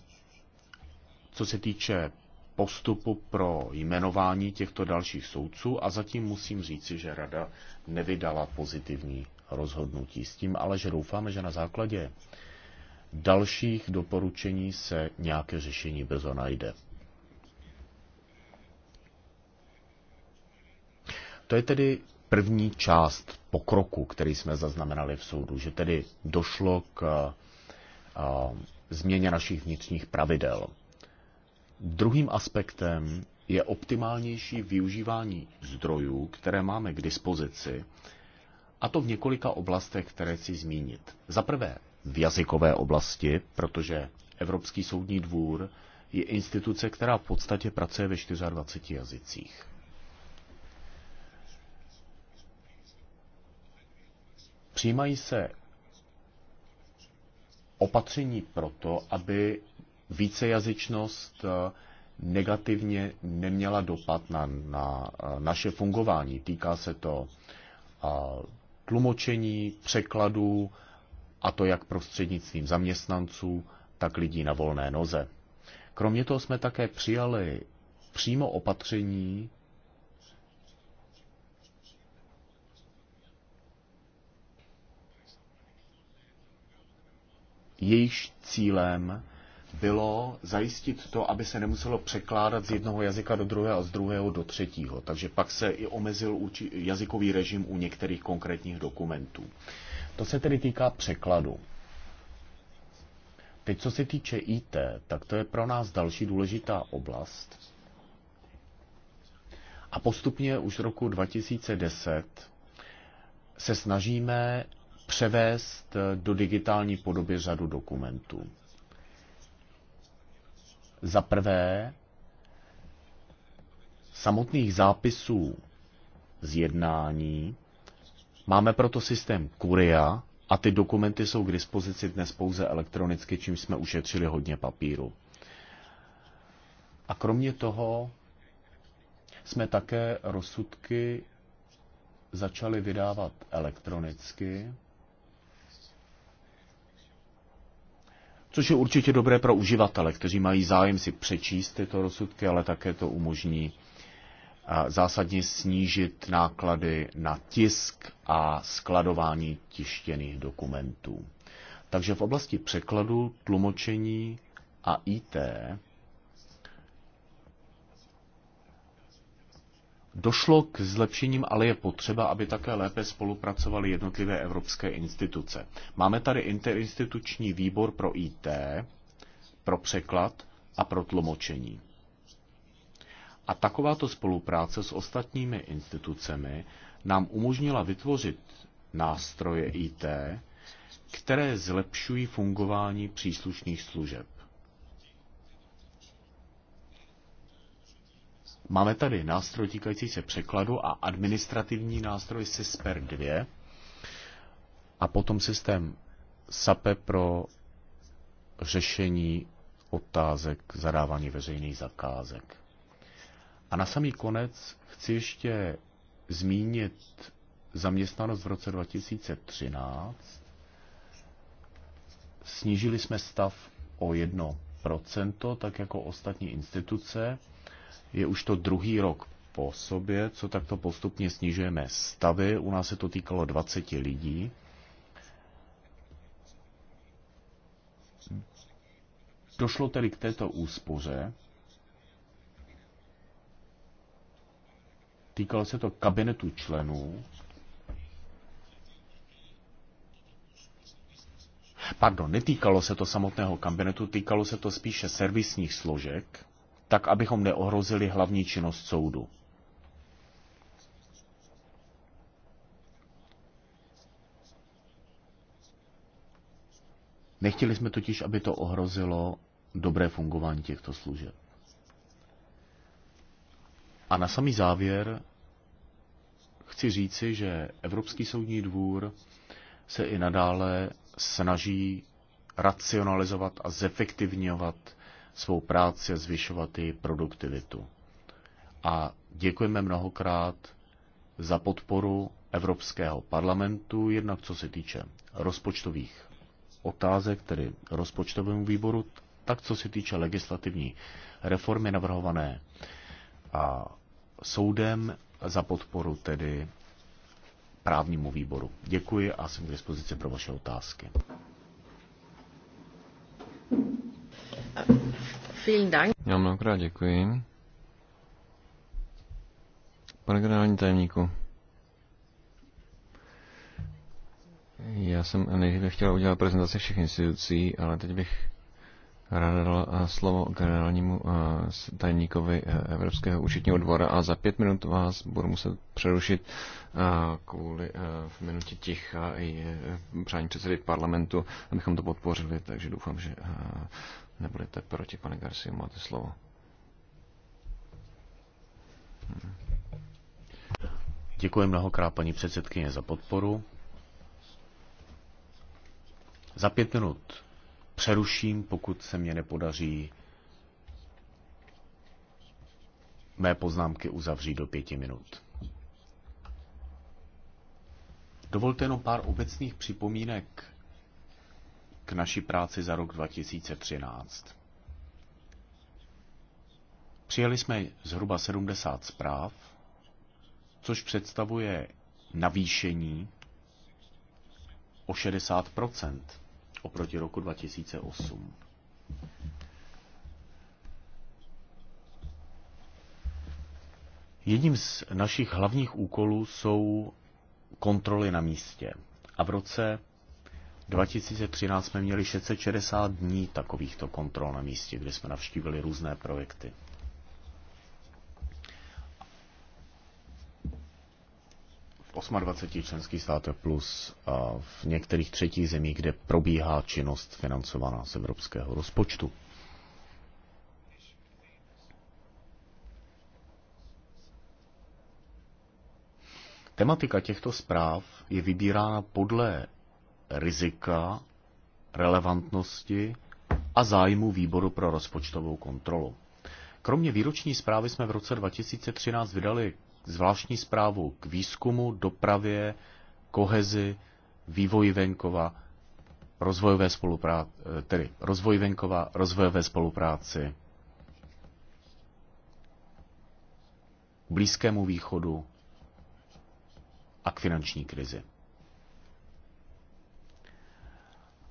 co se týče postupu pro jmenování těchto dalších soudců a zatím musím říci, že rada nevydala pozitivní rozhodnutí. S tím ale, že doufáme, že na základě dalších doporučení se nějaké řešení brzo najde. To je tedy první část pokroku, který jsme zaznamenali v soudu, že tedy došlo k a, změně našich vnitřních pravidel. Druhým aspektem je optimálnější využívání zdrojů, které máme k dispozici, a to v několika oblastech, které chci zmínit. Za prvé v jazykové oblasti, protože Evropský soudní dvůr je instituce, která v podstatě pracuje ve 24 jazycích. Přijímají se opatření proto, aby vícejazyčnost eh, negativně neměla dopad na, na eh, naše fungování. Týká se to eh, tlumočení, překladů, a to jak prostřednictvím zaměstnanců, tak lidí na volné noze. Kromě toho jsme také přijali přímo opatření jejich cílem bylo zajistit to, aby se nemuselo překládat z jednoho jazyka do druhého a z druhého do třetího. Takže pak se i omezil jazykový režim u některých konkrétních dokumentů. To se tedy týká překladu. Teď, co se týče IT, tak to je pro nás další důležitá oblast. A postupně už roku 2010 se snažíme převést do digitální podoby řadu dokumentů. Za prvé, samotných zápisů z jednání. Máme proto systém Kuria a ty dokumenty jsou k dispozici dnes pouze elektronicky, čím jsme ušetřili hodně papíru. A kromě toho jsme také rozsudky začali vydávat elektronicky což je určitě dobré pro uživatele, kteří mají zájem si přečíst tyto rozsudky, ale také to umožní zásadně snížit náklady na tisk a skladování tištěných dokumentů. Takže v oblasti překladu, tlumočení a IT Došlo k zlepšením, ale je potřeba, aby také lépe spolupracovaly jednotlivé evropské instituce. Máme tady interinstituční výbor pro IT, pro překlad a pro tlumočení. A takováto spolupráce s ostatními institucemi nám umožnila vytvořit nástroje IT, které zlepšují fungování příslušných služeb. Máme tady nástroj týkající se překladu a administrativní nástroj SISPER 2 a potom systém SAPE pro řešení otázek zadávání veřejných zakázek. A na samý konec chci ještě zmínit zaměstnanost v roce 2013. Snížili jsme stav o 1%, tak jako ostatní instituce. Je už to druhý rok po sobě, co takto postupně snižujeme stavy. U nás se to týkalo 20 lidí. Došlo tedy k této úspoře. Týkalo se to kabinetu členů. Pardon, netýkalo se to samotného kabinetu, týkalo se to spíše servisních složek tak abychom neohrozili hlavní činnost soudu. Nechtěli jsme totiž, aby to ohrozilo dobré fungování těchto služeb. A na samý závěr chci říci, že Evropský soudní dvůr se i nadále snaží racionalizovat a zefektivňovat svou práci a zvyšovat její produktivitu. A děkujeme mnohokrát za podporu Evropského parlamentu, jednak co se týče rozpočtových otázek, tedy rozpočtovému výboru, tak co se týče legislativní reformy navrhované a soudem za podporu tedy právnímu výboru. Děkuji a jsem k dispozici pro vaše otázky. Vielen Dank. Já mnohokrát děkuji. Pane generální tajemníku, já jsem nejdříve chtěl udělat prezentaci všech institucí, ale teď bych ráda dal eh, slovo generálnímu eh, tajemníkovi eh, Evropského účetního dvora a za pět minut vás budu muset přerušit kvůli v minutě ticha i přání předsedy parlamentu, abychom to podpořili, takže doufám, že nebudete proti, pane Garcia, máte slovo. Děkuji mnohokrát paní předsedkyně za podporu. Za pět minut přeruším, pokud se mě nepodaří mé poznámky uzavřít do pěti minut. Dovolte jenom pár obecných připomínek k naší práci za rok 2013. Přijeli jsme zhruba 70 zpráv, což představuje navýšení o 60 oproti roku 2008. Jedním z našich hlavních úkolů jsou kontroly na místě. A v roce 2013 jsme měli 660 dní takovýchto kontrol na místě, kde jsme navštívili různé projekty. V 28 členských státech plus a v některých třetích zemích, kde probíhá činnost financovaná z evropského rozpočtu. Tematika těchto zpráv je vybírána podle rizika, relevantnosti a zájmu výboru pro rozpočtovou kontrolu. Kromě výroční zprávy jsme v roce 2013 vydali zvláštní zprávu k výzkumu, dopravě, kohezi, vývoji venkova, rozvojové spolupráci, tedy rozvoj venkova, rozvojové spolupráci, Blízkému východu a k finanční krizi.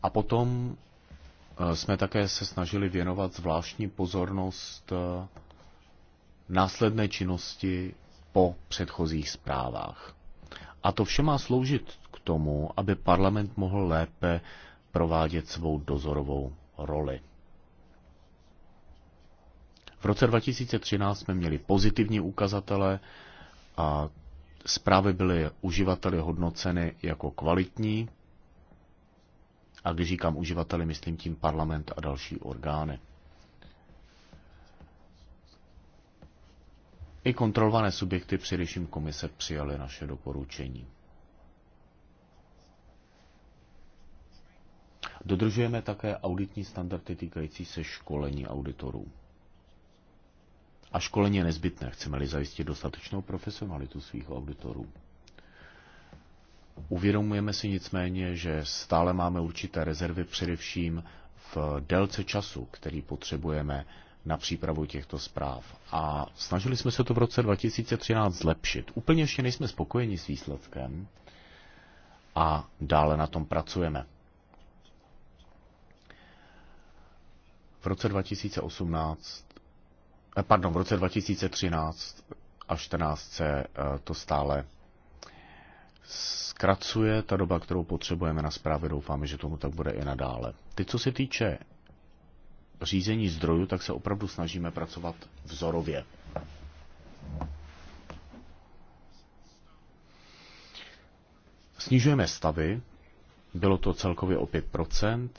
A potom eh, jsme také se snažili věnovat zvláštní pozornost eh, následné činnosti po předchozích zprávách. A to vše má sloužit k tomu, aby parlament mohl lépe provádět svou dozorovou roli. V roce 2013 jsme měli pozitivní ukazatele a zprávy byly uživateli hodnoceny jako kvalitní, a když říkám uživateli, myslím tím parlament a další orgány. I kontrolované subjekty, především komise, přijaly naše doporučení. Dodržujeme také auditní standardy týkající se školení auditorů. A školení je nezbytné, chceme-li zajistit dostatečnou profesionalitu svých auditorů. Uvědomujeme si nicméně, že stále máme určité rezervy především v délce času, který potřebujeme na přípravu těchto zpráv. A snažili jsme se to v roce 2013 zlepšit. Úplně ještě nejsme spokojeni s výsledkem a dále na tom pracujeme. V roce 2018, eh, pardon, v roce 2013 a 14 se eh, to stále zkracuje ta doba, kterou potřebujeme na zprávy. Doufáme, že tomu tak bude i nadále. Teď, co se týče řízení zdrojů, tak se opravdu snažíme pracovat vzorově. Snižujeme stavy, bylo to celkově o 5%,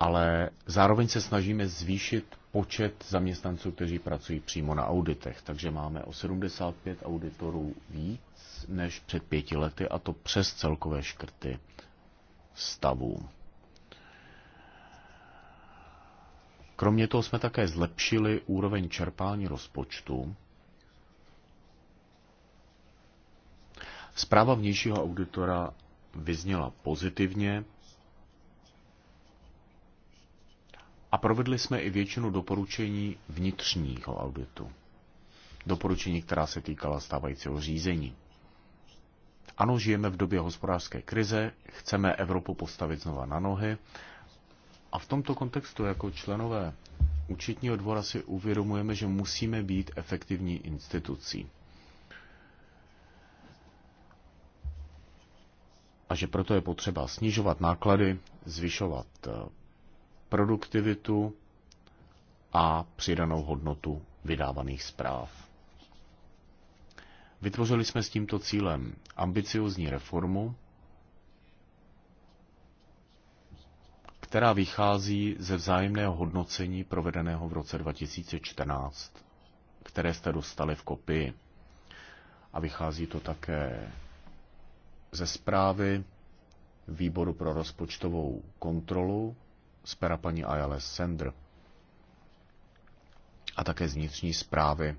ale zároveň se snažíme zvýšit počet zaměstnanců, kteří pracují přímo na auditech. Takže máme o 75 auditorů víc než před pěti lety, a to přes celkové škrty stavů. Kromě toho jsme také zlepšili úroveň čerpání rozpočtu. Zpráva vnějšího auditora vyzněla pozitivně a provedli jsme i většinu doporučení vnitřního auditu. Doporučení, která se týkala stávajícího řízení. Ano, žijeme v době hospodářské krize, chceme Evropu postavit znova na nohy. A v tomto kontextu jako členové účetního dvora si uvědomujeme, že musíme být efektivní institucí. A že proto je potřeba snižovat náklady, zvyšovat eh, produktivitu a přidanou hodnotu vydávaných zpráv. Vytvořili jsme s tímto cílem ambiciozní reformu, která vychází ze vzájemného hodnocení provedeného v roce 2014, které jste dostali v kopii. A vychází to také ze zprávy Výboru pro rozpočtovou kontrolu z pera paní ILS Sender a také z vnitřní zprávy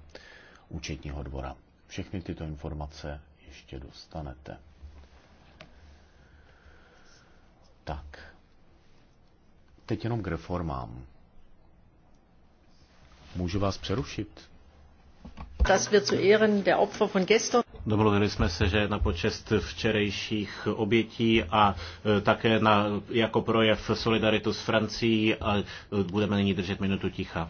účetního dvora. Všechny tyto informace ještě dostanete. Tak. Teď jenom k reformám. Můžu vás přerušit? wir zu Ehren der Opfer von gestern Domluvili jsme se, že na počest včerejších obětí a e, také na, jako projev solidaritu s Francií a e, budeme nyní držet minutu ticha.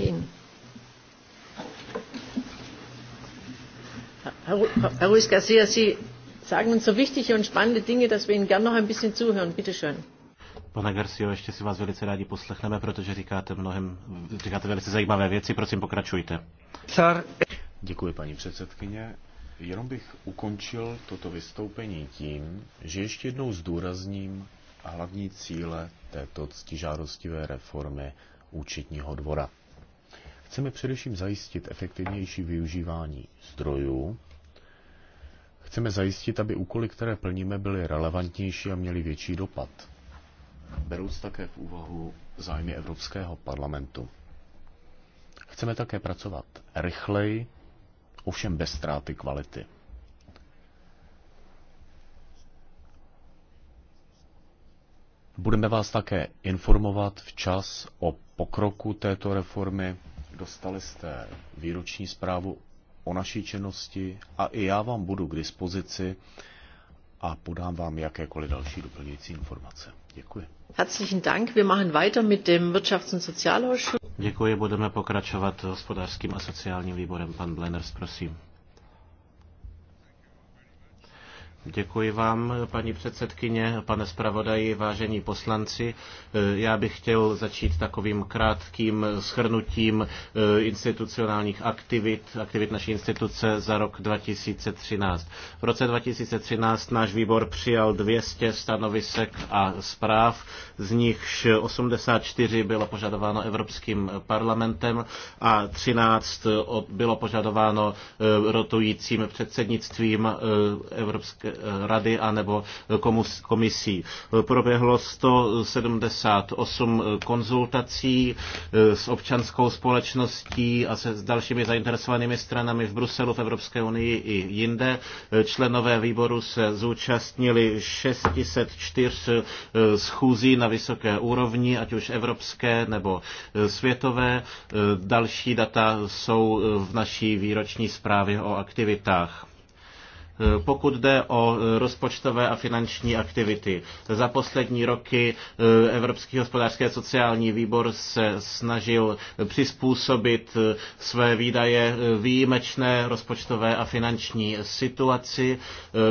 danke Ihnen. Herr Ruiz Garcia, Sie sagen uns so wichtige und spannende Dinge, dass wir Ihnen gerne noch ein bisschen zuhören. Bitte schön. Pane Garcio, ještě si vás velice rádi poslechneme, protože říkáte mnohem, říkáte velice zajímavé věci, prosím pokračujte. Sir. Děkuji, paní předsedkyně. Jenom bych ukončil toto vystoupení tím, že ještě jednou zdůrazním hlavní cíle této ctižádostivé reformy účetního dvora. Chceme především zajistit efektivnější využívání zdrojů. Chceme zajistit, aby úkoly, které plníme, byly relevantnější a měly větší dopad. Berouc také v úvahu zájmy Evropského parlamentu. Chceme také pracovat rychleji, ovšem bez ztráty kvality. Budeme vás také informovat včas o pokroku této reformy dostali jste výroční zprávu o naší činnosti a i já vám budu k dispozici a podám vám jakékoliv další doplňující informace. Děkuji. Herzlichen Dank. Wir machen weiter mit dem Wirtschafts- und Sozialausschuss. Děkuji, budeme pokračovat hospodářským a sociálním výborem. Pan Blenners, prosím. Děkuji vám, paní předsedkyně, pane zpravodaji, vážení poslanci. Já bych chtěl začít takovým krátkým schrnutím eh, institucionálních aktivit, aktivit naší instituce za rok 2013. V roce 2013 náš výbor přijal 200 stanovisek a zpráv, z nichž 84 bylo požadováno Evropským parlamentem a 13 bylo požadováno eh, rotujícím předsednictvím eh, Evropské rady anebo komisí. Proběhlo 178 konzultací eh, s občanskou společností a se s dalšími zainteresovanými stranami v Bruselu, v Evropské unii i jinde. Eh, členové výboru se zúčastnili 604 eh, schůzí na vysoké úrovni, ať už evropské nebo světové. Další data jsou v naší výroční zprávě o aktivitách. Eh, pokud jde o eh, rozpočtové a finanční aktivity, za poslední roky eh, Evropský hospodářský a sociální výbor se snažil přizpůsobit své výdaje výjimečné rozpočtové a finanční situaci,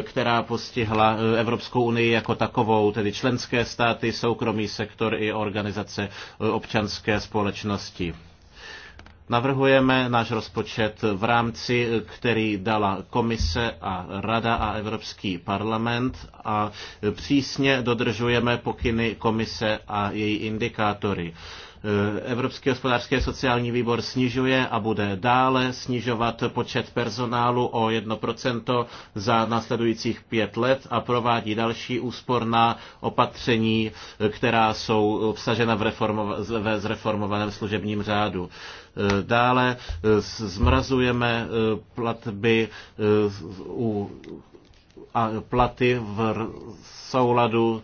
která postihla Evropskou unii jako takovou, tedy členské státy, soukromý sektor i organizace občanské společnosti. Navrhujeme náš rozpočet v rámci, který dala komise a rada a Evropský parlament a přísně dodržujeme pokyny komise a její indikátory. Evropský hospodářský a sociální výbor snižuje a bude dále snižovat počet personálu o 1% za následujících pět let a provádí další úsporná opatření, která jsou obsažena v, reformova- v zreformovaném služebním řádu. Dále eh, zmrazujeme eh, platby eh, u, a platy v souladu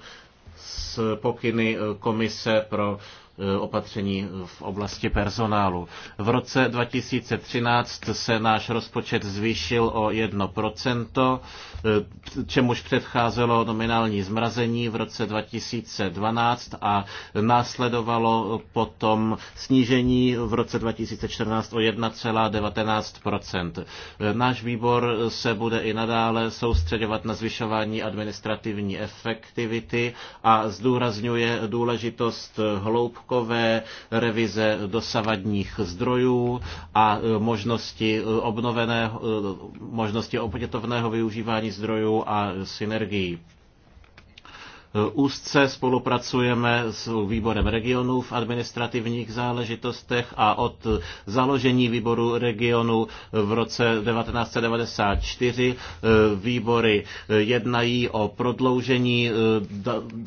s pokyny Komise pro E, opatření v oblasti personálu. V roce 2013 se náš rozpočet zvýšil o 1%, e, čemuž předcházelo nominální zmrazení v roce 2012 a následovalo potom snížení v roce 2014 o 1,19%. E, náš výbor se bude i nadále soustředovat na zvyšování administrativní efektivity a zdůrazňuje důležitost hloubku dávkové revize dosavadních zdrojů a e, možnosti e, obnoveného, e, možnosti opětovného využívání zdrojů a synergií. Eh, úzce spolupracujeme s výborem regionů v administrativních záležitostech a od založení výboru regionu v roce 1994 eh, výbory eh, jednají o prodloužení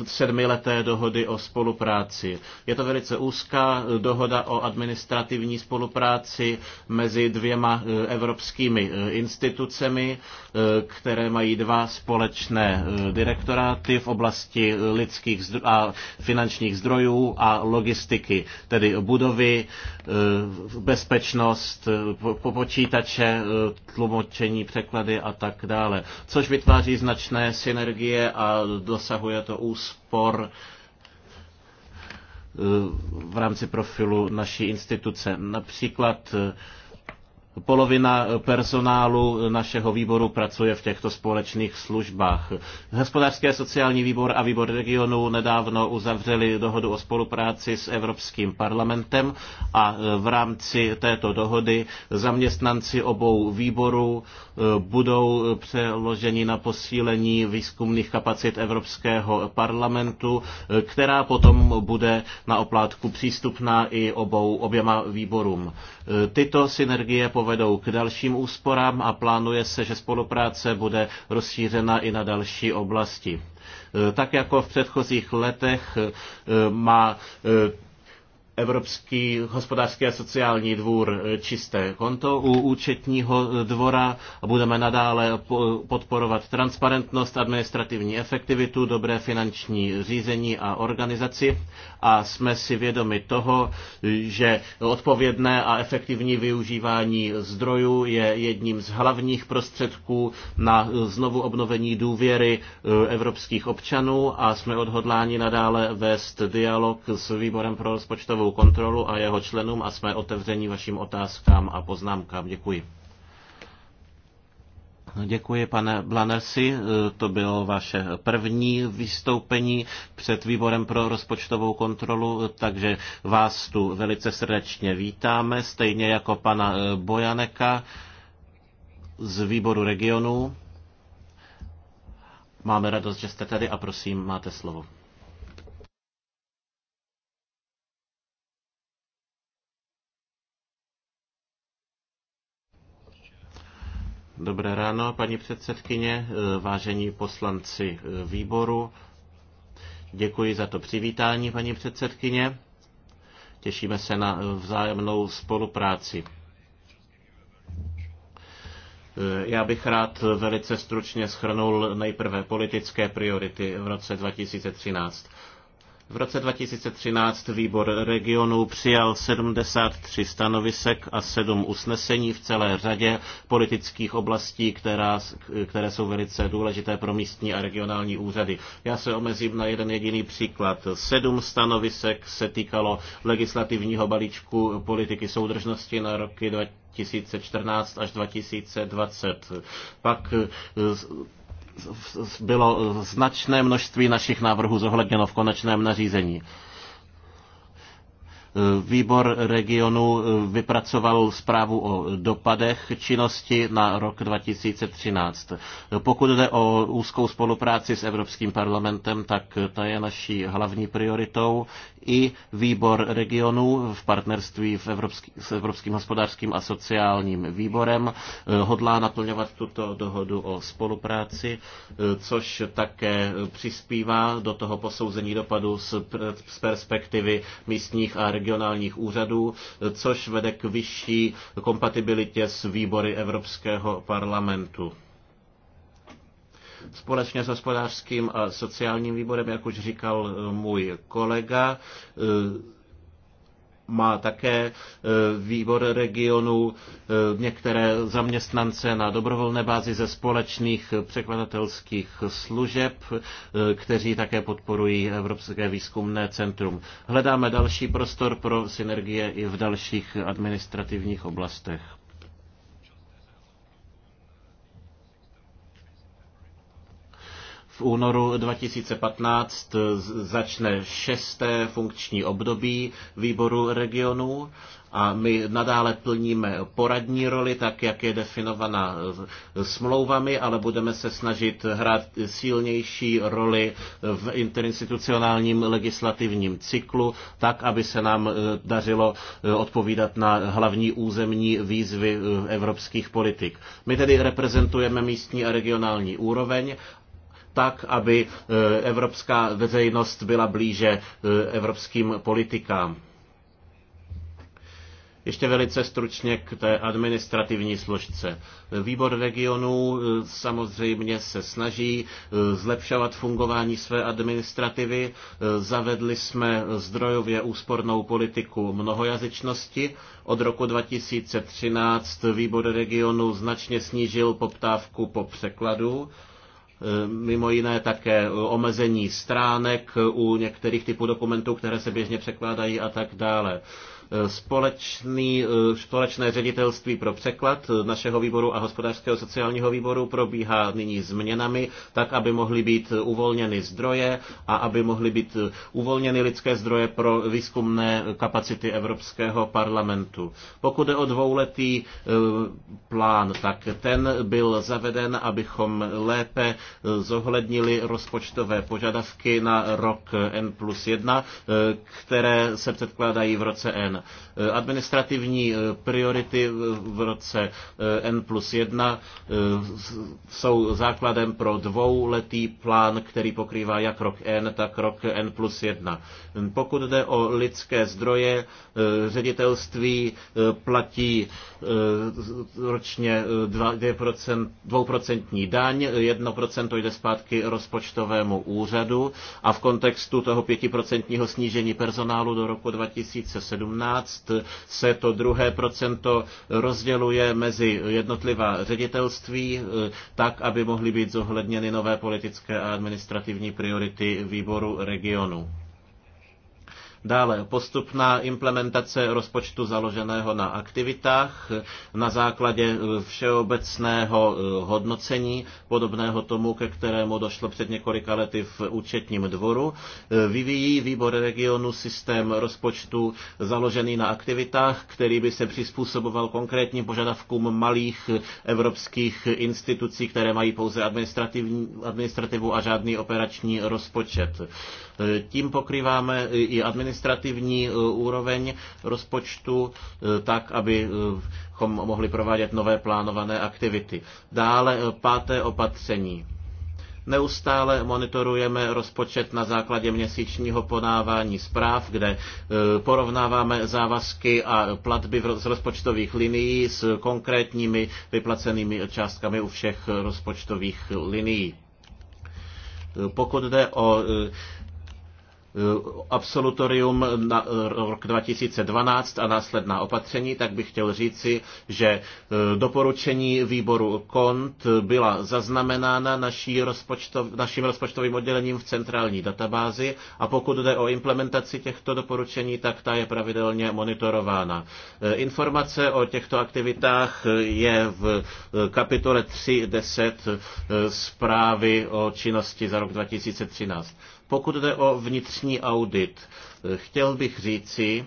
sedmileté dohody o spolupráci. Je to velice úzká dohoda o administrativní spolupráci mezi dvěma evropskými institucemi, které mají dva společné direktoráty v oblasti oblasti lidských a finančních zdrojů a logistiky, tedy budovy, e, bezpečnost, e, počítače, e, tlumočení, překlady a tak dále, což vytváří značné synergie a dosahuje to úspor v rámci profilu naší instituce. Například Polovina personálu našeho výboru pracuje v těchto společných službách. Hospodářský a sociální výbor a výbor regionů nedávno uzavřeli dohodu o spolupráci s Evropským parlamentem a v rámci této dohody zaměstnanci obou výborů eh, budou přeloženi na posílení výzkumných kapacit Evropského parlamentu, eh, která potom bude na oplátku přístupná i obou oběma výborům. Eh, tyto synergie považuji povedou k dalším úsporám a plánuje se, že spolupráce bude rozšířena i na další oblasti. E, tak jako v předchozích letech e, má e, Evropský hospodářský a sociální dvůr eh, čisté konto u účetního eh, dvora a budeme nadále podporovat transparentnost, administrativní efektivitu, dobré finanční řízení a organizaci a jsme si vědomi toho, že odpovědné a efektivní využívání zdrojů je jedním z hlavních prostředků na eh, znovu obnovení důvěry evropských občanů a jsme odhodláni nadále vést dialog s výborem pro rozpočtovou rozpočtovou kontrolu a jeho členům a jsme otevření vašim otázkám a poznámkám. Děkuji. Děkuji, pane Blanersi. To bylo vaše první vystoupení před výborem pro rozpočtovou kontrolu, takže vás tu velice srdečně vítáme, stejně jako pana eh, Bojaneka z výboru regionů. Máme radost, že jste tady a prosím, máte slovo. Dobré ráno, paní předsedkyně, eh, vážení poslanci eh, výboru. Děkuji za to přivítání, paní předsedkyně. Těšíme se na eh, vzájemnou spolupráci. Já bych rád velice stručně schrnul nejprve politické priority v roce 2013. V roce 2013 výbor regionů přijal 73 stanovisek a 7 usnesení v celé řadě politických oblastí, která, které jsou velice důležité pro místní a regionální úřady. Já se omezím na jeden jediný příklad. Sedm stanovisek se týkalo legislativního balíčku politiky soudržnosti na roky 2014 až 2020. Pak eh, bylo značné množství našich návrhů zohledněno v konečném nařízení. Eh, výbor regionu eh, vypracoval zprávu o dopadech činnosti na rok 2013. Eh, pokud jde o úzkou spolupráci s Evropským parlamentem, tak ta je naší hlavní prioritou. I výbor regionu v partnerství v Evropský, s Evropským hospodářským a sociálním výborem hodlá naplňovat tuto dohodu o spolupráci, což také přispívá do toho posouzení dopadu z perspektivy místních a regionálních regionálních úřadů, což vede k vyšší kompatibilitě s výbory Evropského parlamentu. Společně s hospodářským a sociálním výborem, jak už říkal můj kolega, má také e, výbor regionů e, některé zaměstnance na dobrovolné bázi ze společných překladatelských služeb, e, kteří také podporují Evropské výzkumné centrum. Hledáme další prostor pro synergie i v dalších administrativních oblastech. V únoru 2015 začne šesté funkční období výboru regionů a my nadále plníme poradní roli, tak jak je definovaná smlouvami, ale budeme se snažit hrát silnější roli v interinstitucionálním legislativním cyklu, tak, aby se nám eh, dařilo eh, odpovídat na hlavní územní výzvy eh, evropských politik. My tedy reprezentujeme místní a regionální úroveň tak, aby eh, evropská veřejnost byla blíže eh, evropským politikám. Ještě velice stručně k té administrativní složce. Výbor regionů eh, samozřejmě se snaží zlepšovat fungování své administrativy. Zavedli jsme zdrojově úspornou politiku mnohojazyčnosti. Od roku 2013 výbor regionů značně snížil poptávku po překladu Eh, mimo jiné také eh, omezení stránek u některých typů dokumentů, které se běžně překládají a tak dále. Společný, eh, společné ředitelství pro překlad našeho výboru a hospodářského sociálního výboru probíhá nyní změnami, tak aby mohly být uvolněny zdroje a aby mohly být uvolněny lidské zdroje pro výzkumné kapacity Evropského parlamentu. Pokud je o dvouletý eh, plán, tak ten byl zaveden, abychom lépe eh, zohlednili rozpočtové požadavky na rok N plus 1, které se předkládají v roce N. Eh, administrativní eh, priority v roce eh, N plus 1 jsou základem pro dvouletý plán, který pokrývá jak rok N, tak rok N plus 1. Hm, pokud jde o lidské zdroje, ředitelství platí ročně 2%, daň, 1% jde zpátky rozpočtovému úřadu a v kontextu toho 5% snížení personálu do roku 2017 2012 se to druhé procento rozděluje mezi jednotlivá ředitelství, eh, tak, aby mohly být zohledněny nové politické a administrativní priority výboru regionu. Dále postupná implementace rozpočtu založeného na aktivitách na základě eh, všeobecného eh, hodnocení, podobného tomu, ke kterému došlo před několika lety v účetním dvoru. Eh, vyvíjí výbor regionu systém rozpočtu založený na aktivitách, který by se přizpůsoboval konkrétním požadavkům malých evropských institucí, které mají pouze administrativní, administrativu a žádný operační rozpočet. Tím pokrýváme i administrativní e, úroveň rozpočtu e, tak, aby e, mohli provádět nové plánované aktivity. Dále páté opatření. Neustále monitorujeme rozpočet na základě měsíčního podávání zpráv, kde porovnáváme závazky a platby z rozpočtových linií s konkrétními vyplacenými částkami u všech rozpočtových linií. Pokud jde o Eh, absolutorium na eh, rok 2012 a následná opatření, tak bych chtěl říci, že eh, doporučení výboru KONT byla zaznamenána naší rozpočtov, naším rozpočtovým oddělením v centrální databázi a pokud jde o implementaci těchto doporučení, tak ta je pravidelně monitorována. Informace o těchto aktivitách je v kapitole 3.10 zprávy o činnosti za rok 2013. Pokud jde o vnitřní audit, eh, chtěl bych říci,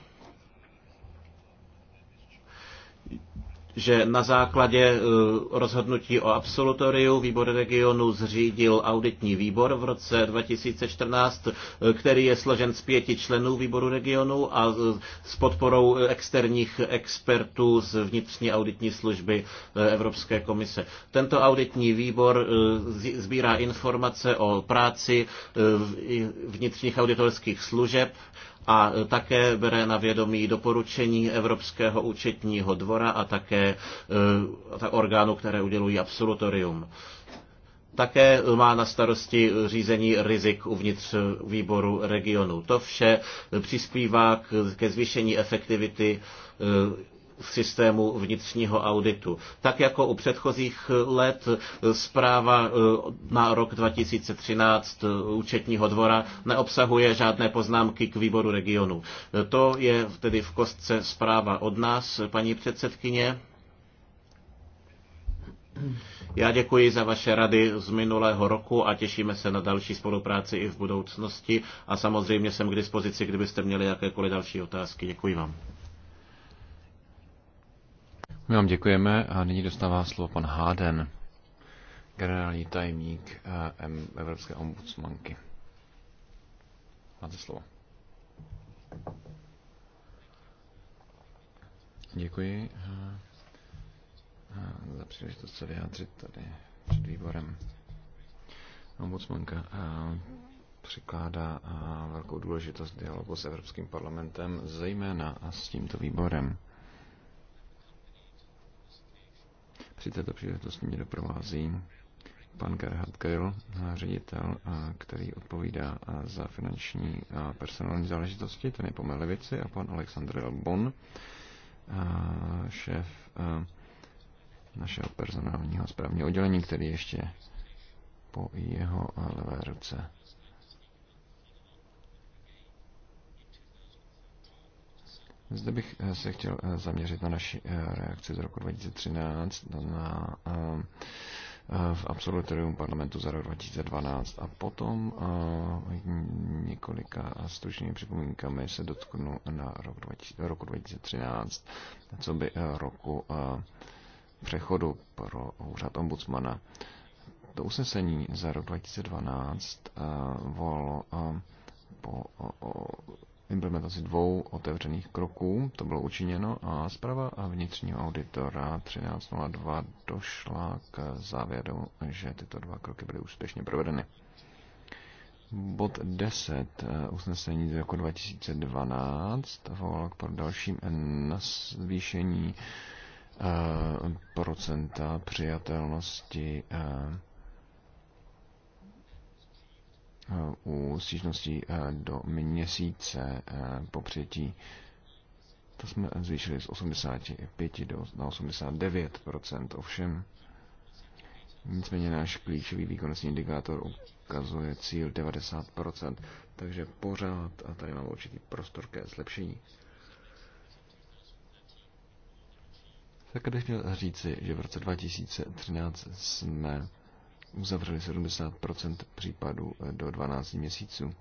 že na základě eh, rozhodnutí o absolutoriu výbor regionu zřídil auditní výbor v roce 2014, eh, který je složen z pěti členů výboru regionu a eh, s podporou externích expertů z vnitřní auditní služby Evropské komise. Tento auditní výbor sbírá informace o práci vnitřních auditorských služeb a také bere na vědomí doporučení Evropského účetního dvora a také e, orgánů, které udělují absolutorium. Také má na starosti řízení rizik uvnitř výboru regionu. To vše přispívá ke zvýšení efektivity e, v systému vnitřního auditu. Tak jako u předchozích let zpráva eh, na rok 2013 eh, účetního dvora neobsahuje žádné poznámky k výboru regionu. Eh, to je tedy v kostce zpráva od nás, paní předsedkyně. Já děkuji za vaše rady z minulého roku a těšíme se na další spolupráci i v budoucnosti a samozřejmě jsem k dispozici, kdybyste měli jakékoliv další otázky. Děkuji vám. My vám děkujeme a nyní dostává slovo pan Háden, generální tajemník eh, Evropské ombudsmanky. Máte slovo. Děkuji eh, eh, za příležitost se vyjádřit tady před výborem. Ombudsmanka přikládá velkou důležitost dialogu s Evropským parlamentem, zejména a s tímto výborem. Při této příležitosti mě doprovází pan Gerhard Geil, ředitel, který odpovídá za finanční a personální záležitosti, ten je po Melevici, a pan Aleksandr Elbon, šéf našeho personálního správního oddělení, který ještě po jeho levé ruce Zde bych eh, se chtěl eh, zaměřit na naši eh, reakci z roku 2013 na v absolutorium parlamentu za rok 2012 a potom několika stručnými připomínkami se dotknu na rok 20, roku 2013, co by roku přechodu pro úřad ombudsmana. To usnesení za rok 2012 volalo po implementaci dvou otevřených kroků. To bylo učiněno a zpráva vnitřního auditora 13.02 došla k závěru, že tyto dva kroky byly úspěšně provedeny. Bod 10 eh, usnesení z roku 2012 volalo pro dalším zvýšení eh, procenta přijatelnosti eh, u stížnosti eh, do měsíce eh, po přijetí. To jsme zvýšili z 85 do, na 89 ovšem. Nicméně náš klíčový výkonnostní indikátor ukazuje cíl 90 takže pořád, a tady máme určitý prostor ke zlepšení. Tak bych měl říci, že v roce 2013 jsme uzavřeli 70% případů eh, do 12 měsíců.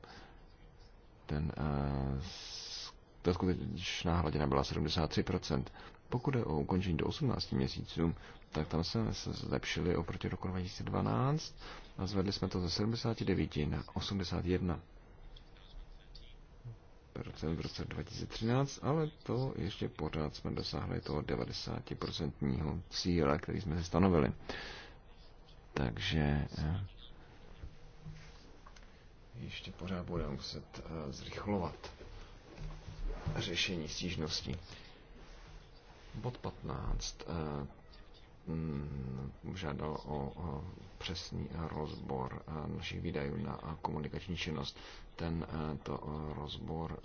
Ten, eh, ta skutečná hladina byla 73%. Pokud je o ukončení do 18 měsíců, tak tam jsme se zlepšili oproti roku 2012 a zvedli jsme to ze 79 na 81 v roce 2013, ale to ještě pořád jsme dosáhli toho 90% cíle, který jsme si stanovili. Takže eh, ještě pořád budeme muset eh, zrychlovat řešení stížnosti. Bod 15 eh, mm, žádal o přesný rozbor našich výdajů na komunikační činnost. Tento rozbor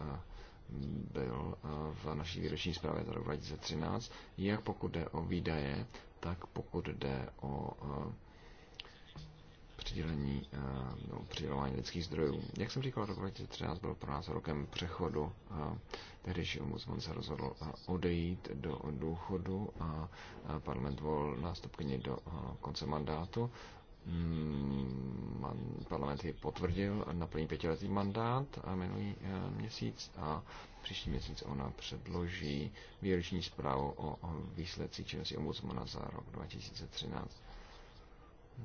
byl v naší výroční zprávě za rok 2013, jak pokud jde o výdaje, tak pokud jde o přidělení eh, nebo přidělování lidských zdrojů. Jak jsem říkal, rok 2013 byl pro nás rokem přechodu. Eh, tehdejší ombudsman se rozhodl eh, odejít do důchodu a parlament volil nástupkyni do konce mandátu. Mm, parlament ji potvrdil, plný pětiletý mandát a minulý měsíc a příští měsíc ona předloží výroční zprávu o výsledcích činnosti ombudsmana za rok 2013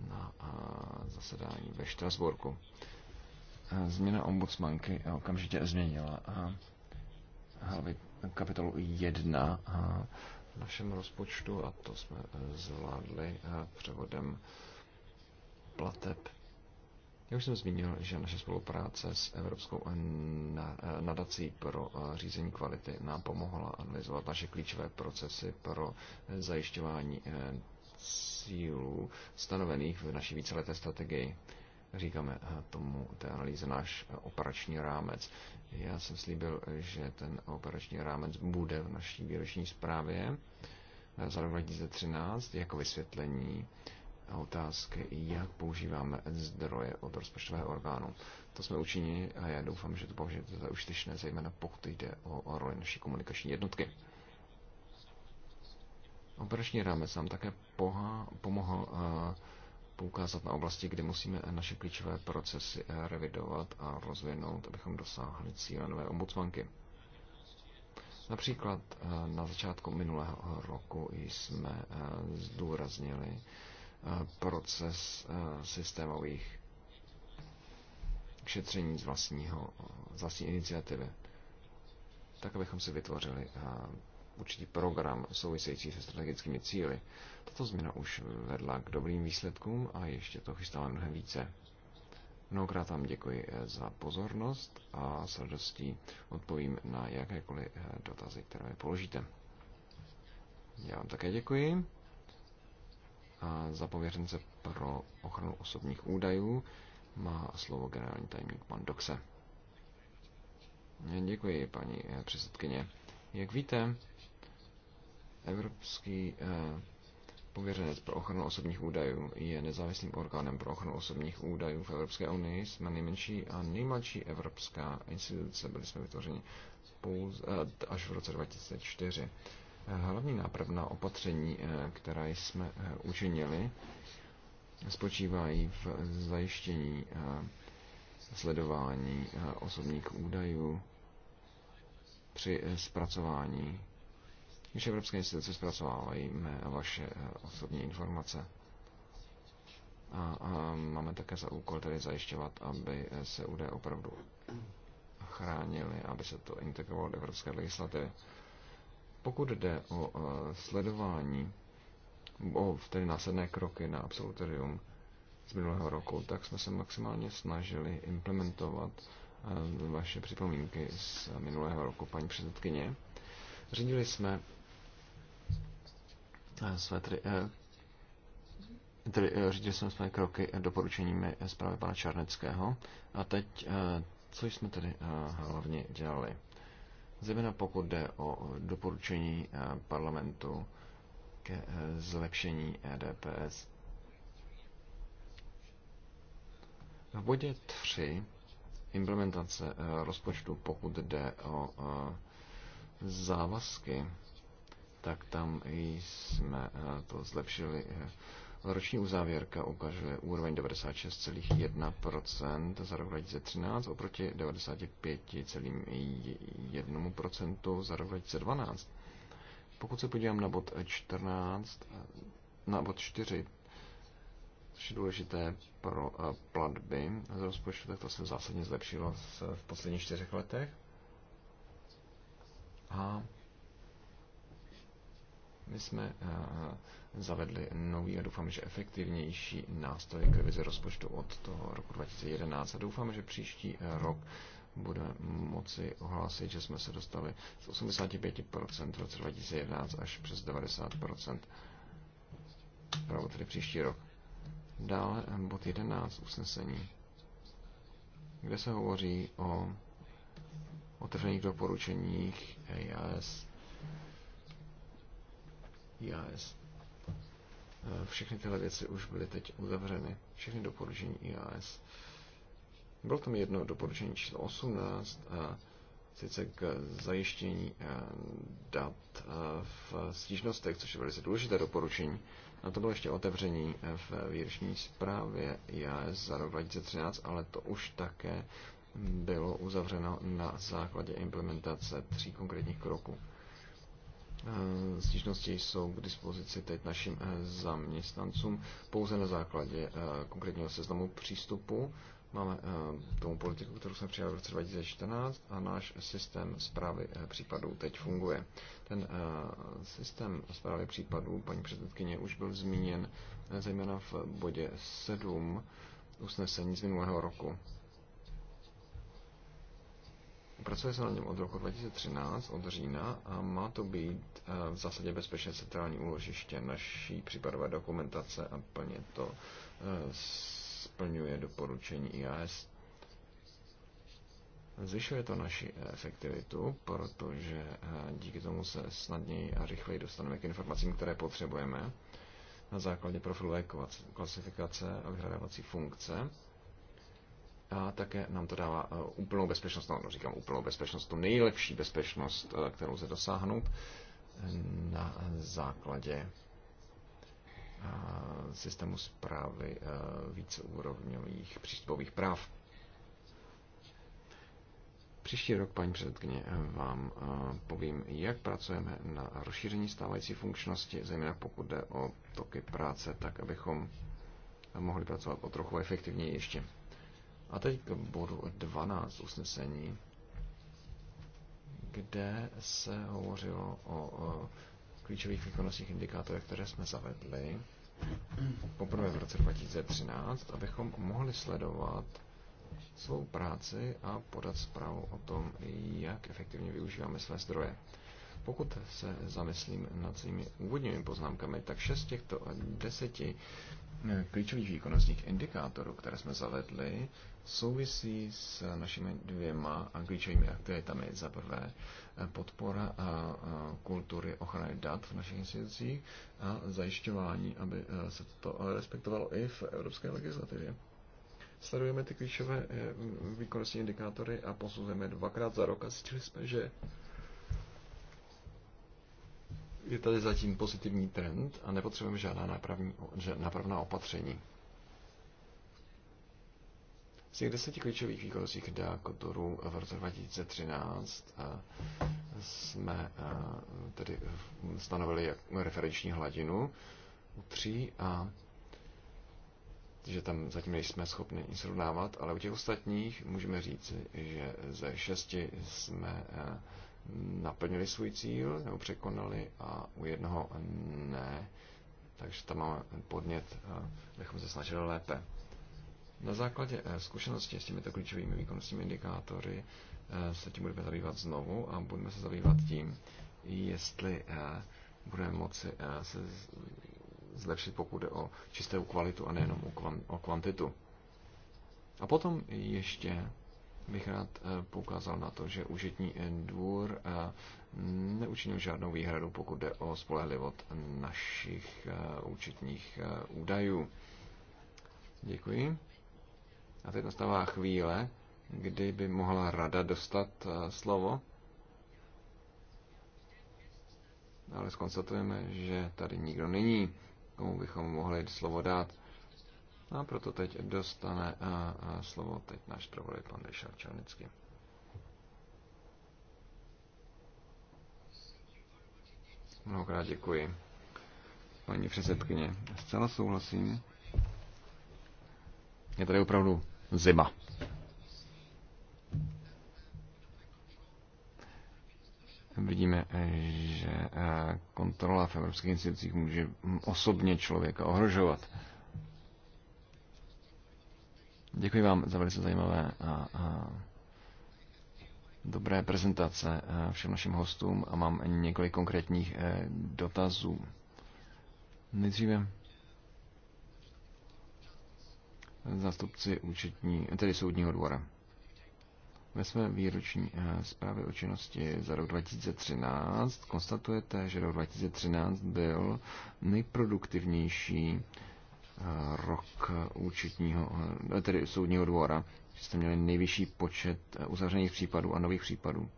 na zasedání ve Štrasburku. Změna ombudsmanky okamžitě změnila kapitolu 1 v našem rozpočtu a to jsme zvládli převodem plateb. Já už jsem zmínil, že naše spolupráce s Evropskou nadací pro řízení kvality nám pomohla analyzovat naše klíčové procesy pro zajišťování e, cílů stanovených v naší víceleté strategii. Říkáme eh, tomu té analýze náš eh, operační rámec. Já jsem slíbil, že ten operační rámec bude v naší výroční zprávě eh, za rok 2013 jako vysvětlení otázky, jak používáme zdroje od rozpočtového orgánu. To jsme učinili a já doufám, že to považujete za užitečné, zejména pokud jde o roli naší komunikační jednotky. Operační rámec nám také poha, pomohl eh, poukázat na oblasti, kde musíme naše klíčové procesy eh, revidovat a rozvinout, abychom dosáhli cíle nové ombudsmanky. Například eh, na začátku minulého roku jsme zdůraznili proces systémových šetření z, vlastního, z vlastní iniciativy, tak abychom si vytvořili určitý program související se strategickými cíly. Tato změna už vedla k dobrým výsledkům a ještě to chystáme mnohem více. Mnohokrát vám děkuji eh, za pozornost a s radostí odpovím na jakékoliv eh, dotazy, které mi položíte. Já vám také děkuji a za pověřence pro ochranu osobních údajů má slovo generální tajemník pan Doxe. Děkuji, paní eh, předsedkyně. Jak víte, Evropský eh, pověřenec pro ochranu osobních údajů je nezávislým orgánem pro ochranu osobních údajů v Evropské unii. Jsme nejmenší a nejmladší evropská instituce. Byli jsme vytvořeni pouze, eh, až v roce 2004. Eh, hlavní nápravná opatření, která jsme učinili, spočívají v zajištění sledování osobních údajů při zpracování když evropské instituce zpracovávají vaše eh, osobní informace. A, a máme také za úkol tedy zajišťovat, aby eh, se UD opravdu chránili, aby se to integrovalo do evropské legislativy. Pokud jde o eh, sledování, o tedy následné kroky na absolutorium z minulého roku, tak jsme se maximálně snažili implementovat vaše připomínky z minulého roku, paní předsedkyně. Řídili jsme své tedy, eh, tedy eh, řídili jsme své kroky doporučeními zprávy pana Čarneckého. A teď, eh, co jsme tedy hlavně dělali? Zejména pokud jde o doporučení parlamentu ke zlepšení EDPS. V bodě 3 implementace rozpočtu, pokud jde o závazky tak tam jsme eh, to zlepšili. Eh. Roční uzávěrka ukazuje úroveň 96,1% za rok 2013 oproti 95,1% za rok 2012. Pokud se podívám na bod 14, na bod 4, což je důležité pro eh, platby z rozpočtu, tak to se zásadně zlepšilo v posledních čtyřech letech. A my jsme eh, zavedli nový a doufám, že efektivnější nástroj k revizi rozpočtu od toho roku 2011 a doufám, že příští eh, rok bude moci ohlásit, že jsme se dostali z 85% v roce 2011 až přes 90% pro tedy příští rok. Dále eh, bod 11 usnesení, kde se hovoří o otevřených doporučeních EIS IAS. E, všechny tyhle věci už byly teď uzavřeny. Všechny doporučení IAS. Bylo tam jedno doporučení číslo 18, a sice k zajištění e, dat e, v stížnostech, což je velice důležité doporučení. A to bylo ještě otevření v výroční zprávě IAS za rok 2013, ale to už také bylo uzavřeno na základě implementace tří konkrétních kroků. Eh, stížnosti jsou k dispozici teď našim eh, zaměstnancům pouze na základě eh, konkrétního seznamu přístupu. Máme tomu politiku, kterou jsme přijali v roce 2014 a náš systém zprávy případů teď funguje. Ten systém zprávy případů, paní předsedkyně, už byl zmíněn zejména v bodě 7 usnesení z minulého roku. Pracuje se na něm od roku 2013, od října, a má to být eh, v zásadě bezpečné centrální úložiště naší případové dokumentace a plně to eh, splňuje doporučení IAS. Zvyšuje to naši efektivitu, protože eh, díky tomu se snadněji a rychleji dostaneme k informacím, které potřebujeme na základě profilové klasifikace a vyhledávací funkce a také nám to dává eh, úplnou bezpečnost, no, no, říkám úplnou bezpečnost, tu nejlepší bezpečnost, eh, kterou se dosáhnout eh, na základě systému zprávy víceúrovňových přístupových práv. Příští rok, paní předsedkyně, vám povím, jak pracujeme na rozšíření stávající funkčnosti, zejména pokud jde o toky práce, tak abychom mohli pracovat o trochu efektivněji ještě. A teď k bodu 12 usnesení, kde se hovořilo o, o klíčových výkonnostních indikátorech, které jsme zavedli poprvé v roce 2013, abychom mohli sledovat svou práci a podat zprávu o tom, jak efektivně využíváme své zdroje. Pokud se zamyslím nad svými úvodními poznámkami, tak šest těchto deseti Eh, klíčových výkonnostních indikátorů, které jsme zavedli, souvisí s našimi dvěma klíčovými aktivitami. Za prvé eh, podpora a kultury ochrany dat v našich institucích a zajišťování, aby eh, se to respektovalo i v evropské legislativě. Sledujeme ty klíčové výkonnostní indikátory a posuzujeme dvakrát za rok a zjistili jsme, že je tady zatím pozitivní trend a nepotřebujeme žádná nápravná opatření. Z těch deseti klíčových výkonostních indikátorů v roce 2013 eh, jsme eh, tedy stanovili jak referenční hladinu u tří a že tam zatím nejsme schopni nic srovnávat, ale u těch ostatních můžeme říct, že ze šesti jsme eh, naplnili svůj cíl nebo překonali a u jednoho ne. Takže tam máme podnět, abychom se snažili lépe. Na základě eh, zkušenosti s těmito klíčovými výkonnostními indikátory eh, se tím budeme zabývat znovu a budeme se zabývat tím, jestli eh, budeme moci se zlepšit, pokud jde o čistou kvalitu a nejenom o kvantitu. A potom ještě bych rád eh, poukázal na to, že užitní eh, dvůr eh, neučinil žádnou výhradu, pokud jde o spolehlivost našich účetních údajů. Děkuji. A teď nastává chvíle, kdy by mohla rada dostat slovo. Ale skonstatujeme, že tady nikdo není, komu bychom mohli slovo dát. A proto teď dostane uh, uh, slovo teď náš zpravodaj pan Richard Černický. Mnohokrát děkuji. Paní předsedkyně, zcela souhlasím. Je tady opravdu zima. Vidíme, že eh, kontrola v evropských institucích může osobně člověka ohrožovat. Děkuji vám za velice zajímavé a, a dobré prezentace e, všem našim hostům a mám několik konkrétních e, dotazů. Nejdříve zástupci účetní, tedy soudního dvora. Ve své výroční e, zprávě o činnosti za rok 2013 konstatujete, že rok 2013 byl nejproduktivnější rok účetního, tedy soudního dvora, že jste měli nejvyšší počet uzavřených případů a nových případů.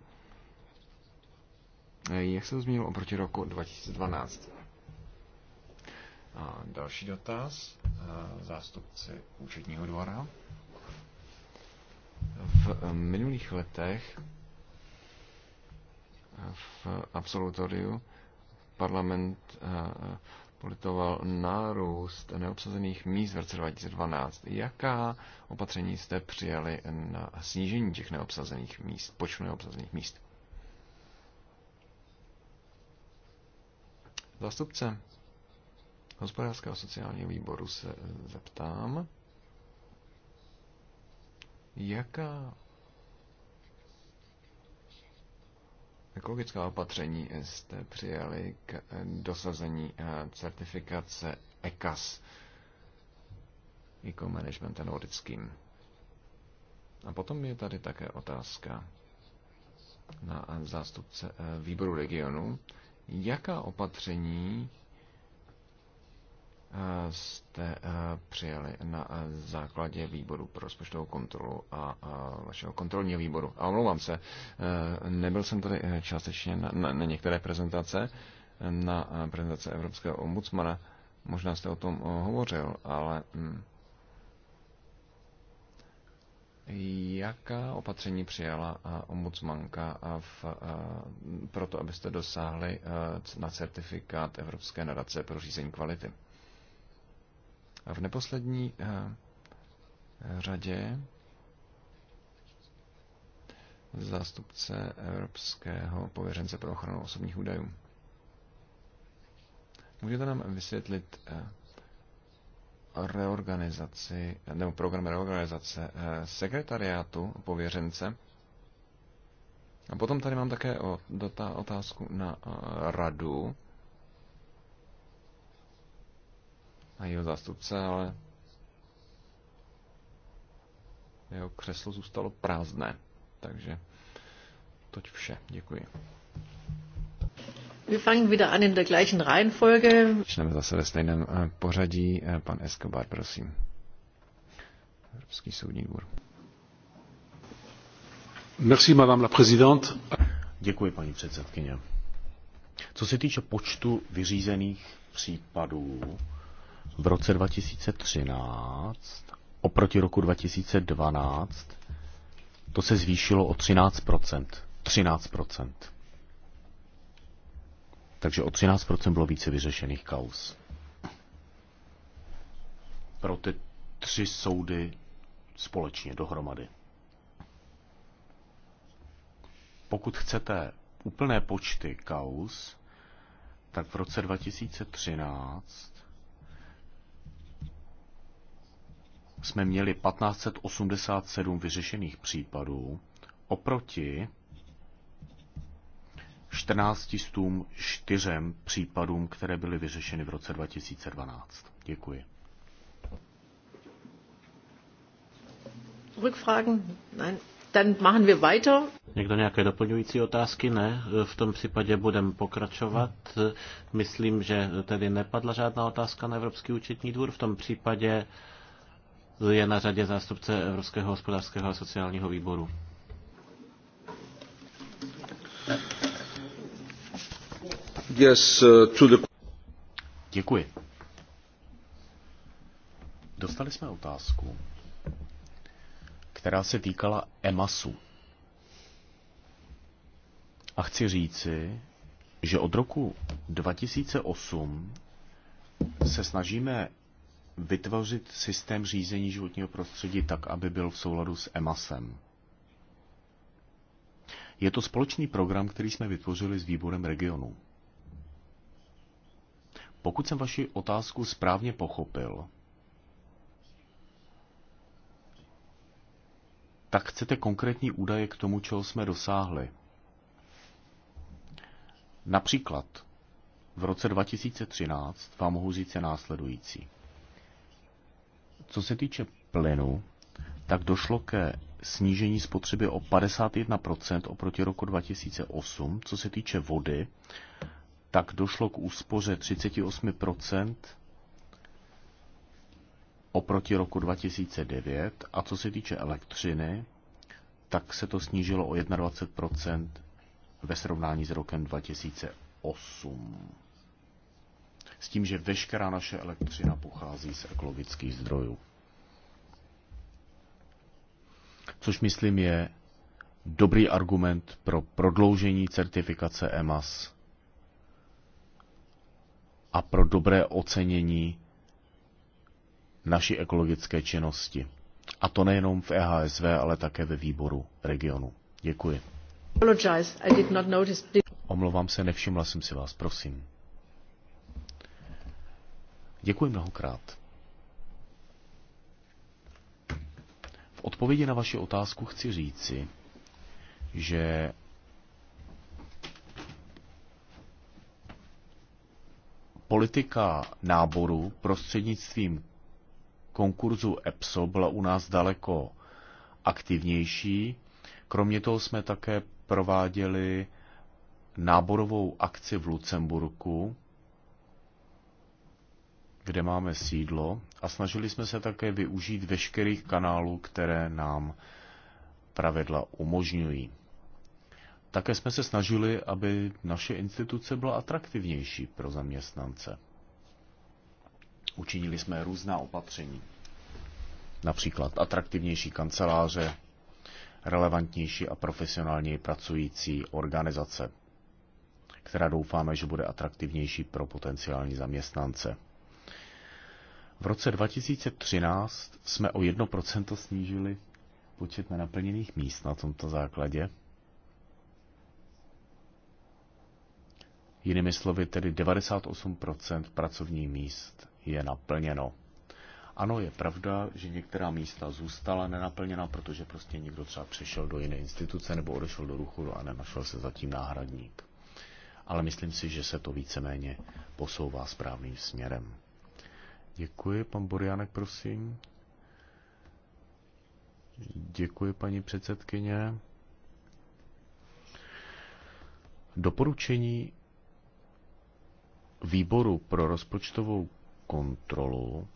Jak se to změnilo oproti roku 2012? A další dotaz eh, zástupci účetního dvora. V eh, minulých letech eh, v absolutoriu parlament politoval nárůst neobsazených míst v roce 2012. Jaká opatření jste přijali na snížení těch neobsazených míst, počtu neobsazených míst? Zastupce hospodářského sociálního výboru se zeptám, jaká ekologická opatření jste přijali k dosazení eh, certifikace ECAS, jako managementem nordickým. A potom je tady také otázka na eh, zástupce eh, výboru regionu, jaká opatření jste eh, přijali na eh, základě výboru pro rozpočtovou kontrolu a eh, vašeho kontrolního výboru. A omlouvám se, nebyl jsem tady částečně na, na, na některé prezentace, na prezentace Evropského ombudsmana. Možná jste o tom hovořil, ale hm, jaká opatření přijala ombudsmanka v, proto, abyste dosáhli na certifikát Evropské nadace pro řízení kvality? A v neposlední eh, řadě zástupce Evropského pověřence pro ochranu osobních údajů. Můžete nám vysvětlit eh, reorganizaci, nebo program reorganizace eh, sekretariátu pověřence? A potom tady mám také otázku na radu a jeho zástupce, ale jeho křeslo zůstalo prázdné. Takže toť vše. Děkuji. Wir fangen wieder an in der gleichen Reihenfolge. Začneme zase ve stejném eh, pořadí. Eh, pan Escobar, prosím. Evropský soudní dvůr. Merci, madame la présidente. Děkuji, paní předsedkyně. Co se týče počtu vyřízených případů, v roce 2013 oproti roku 2012 to se zvýšilo o 13%. 13%. Takže o 13% bylo více vyřešených kaus. Pro ty tři soudy společně dohromady. Pokud chcete úplné počty kaus, tak v roce 2013 jsme měli 1587 vyřešených případů oproti 1404 případům, které byly vyřešeny v roce 2012. Děkuji. Rückfragen? Nein. Dann machen wir weiter. Někdo nějaké doplňující otázky? Ne. V tom případě budeme pokračovat. Myslím, že tedy nepadla žádná otázka na Evropský účetní dvůr. V tom případě je na řadě zástupce Evropského hospodářského a sociálního výboru. Yes, uh, to the... Děkuji. Dostali jsme otázku, která se týkala EMASu. A chci říci, že od roku 2008 se snažíme vytvořit systém řízení životního prostředí tak, aby byl v souladu s EMASem. Je to společný program, který jsme vytvořili s výborem regionu. Pokud jsem vaši otázku správně pochopil, tak chcete konkrétní údaje k tomu, čeho jsme dosáhli. Například v roce 2013 vám mohu říct následující. Co se týče plynu, tak došlo ke snížení spotřeby o 51% oproti roku 2008. Co se týče vody, tak došlo k úspoře 38% oproti roku 2009. A co se týče elektřiny, tak se to snížilo o 21% ve srovnání s rokem 2008 s tím, že veškerá naše elektřina pochází z ekologických zdrojů. Což myslím je dobrý argument pro prodloužení certifikace EMAS a pro dobré ocenění naší ekologické činnosti. A to nejenom v EHSV, ale také ve výboru regionu. Děkuji. Omlouvám se, nevšimla jsem si vás, prosím. Děkuji mnohokrát. V odpovědi na vaši otázku chci říci, že politika náboru prostřednictvím konkurzu EPSO byla u nás daleko aktivnější. Kromě toho jsme také prováděli náborovou akci v Lucemburku, kde máme sídlo a snažili jsme se také využít veškerých kanálů, které nám pravidla umožňují. Také jsme se snažili, aby naše instituce byla atraktivnější pro zaměstnance. Učinili jsme různá opatření, například atraktivnější kanceláře, relevantnější a profesionálněji pracující organizace, která doufáme, že bude atraktivnější pro potenciální zaměstnance. V roce 2013 jsme o 1% snížili počet nenaplněných míst na tomto základě. Jinými slovy, tedy 98% pracovních míst je naplněno. Ano, je pravda, že některá místa zůstala nenaplněna, protože prostě někdo třeba přešel do jiné instituce nebo odešel do ruchu a nenašel se zatím náhradník. Ale myslím si, že se to víceméně posouvá správným směrem. Děkuji, pan Borjánek, prosím. Děkuji, paní předsedkyně. Doporučení výboru pro rozpočtovou kontrolu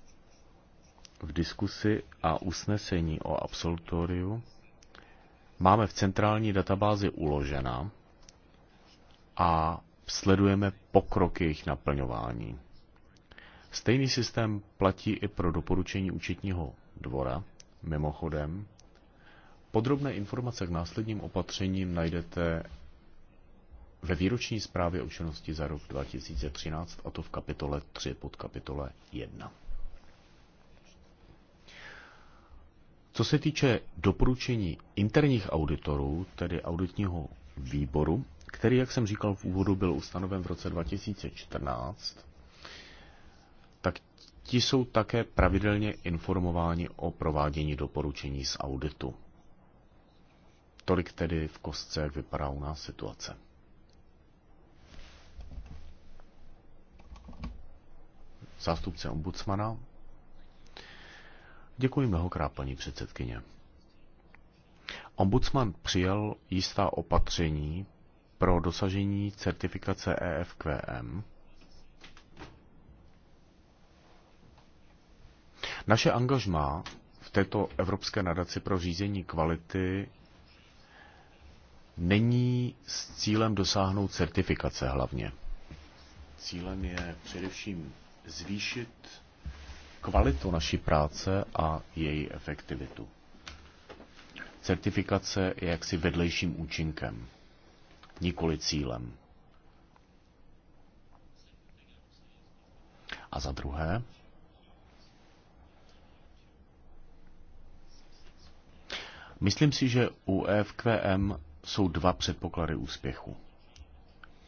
v diskusi a usnesení o absolutoriu máme v centrální databázi uložena a sledujeme pokrok jejich naplňování. Stejný systém platí i pro doporučení účetního dvora. Mimochodem, podrobné informace k následním opatřením najdete ve výroční zprávě o činnosti za rok 2013, a to v kapitole 3 pod kapitole 1. Co se týče doporučení interních auditorů, tedy auditního výboru, který, jak jsem říkal v úvodu, byl ustanoven v roce 2014, Ti jsou také pravidelně informováni o provádění doporučení z auditu. Tolik tedy v kostce, jak vypadá u nás situace. Zástupce ombudsmana. Děkuji mnohokrát, paní předsedkyně. Ombudsman přijal jistá opatření pro dosažení certifikace EFQM, Naše angažmá v této Evropské nadaci pro řízení kvality není s cílem dosáhnout certifikace hlavně. Cílem je především zvýšit kvalitu naší práce a její efektivitu. Certifikace je jaksi vedlejším účinkem, nikoli cílem. A za druhé, Myslím si, že u EFQM jsou dva předpoklady úspěchu.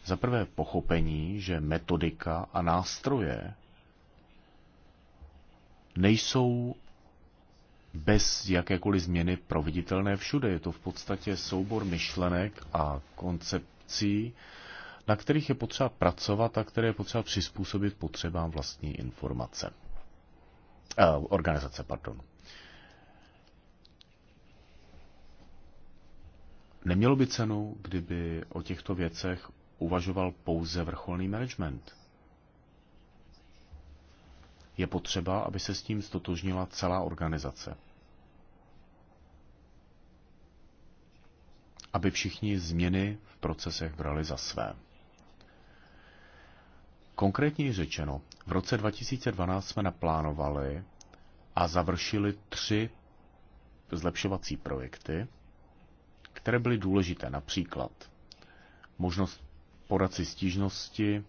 Za prvé pochopení, že metodika a nástroje nejsou bez jakékoliv změny providitelné všude. Je to v podstatě soubor myšlenek a koncepcí, na kterých je potřeba pracovat a které je potřeba přizpůsobit potřebám vlastní informace. Eh, organizace, pardon. Nemělo by cenu, kdyby o těchto věcech uvažoval pouze vrcholný management. Je potřeba, aby se s tím stotožnila celá organizace. Aby všichni změny v procesech brali za své. Konkrétně řečeno, v roce 2012 jsme naplánovali a završili tři zlepšovací projekty, které byly důležité, například možnost podat si stížnosti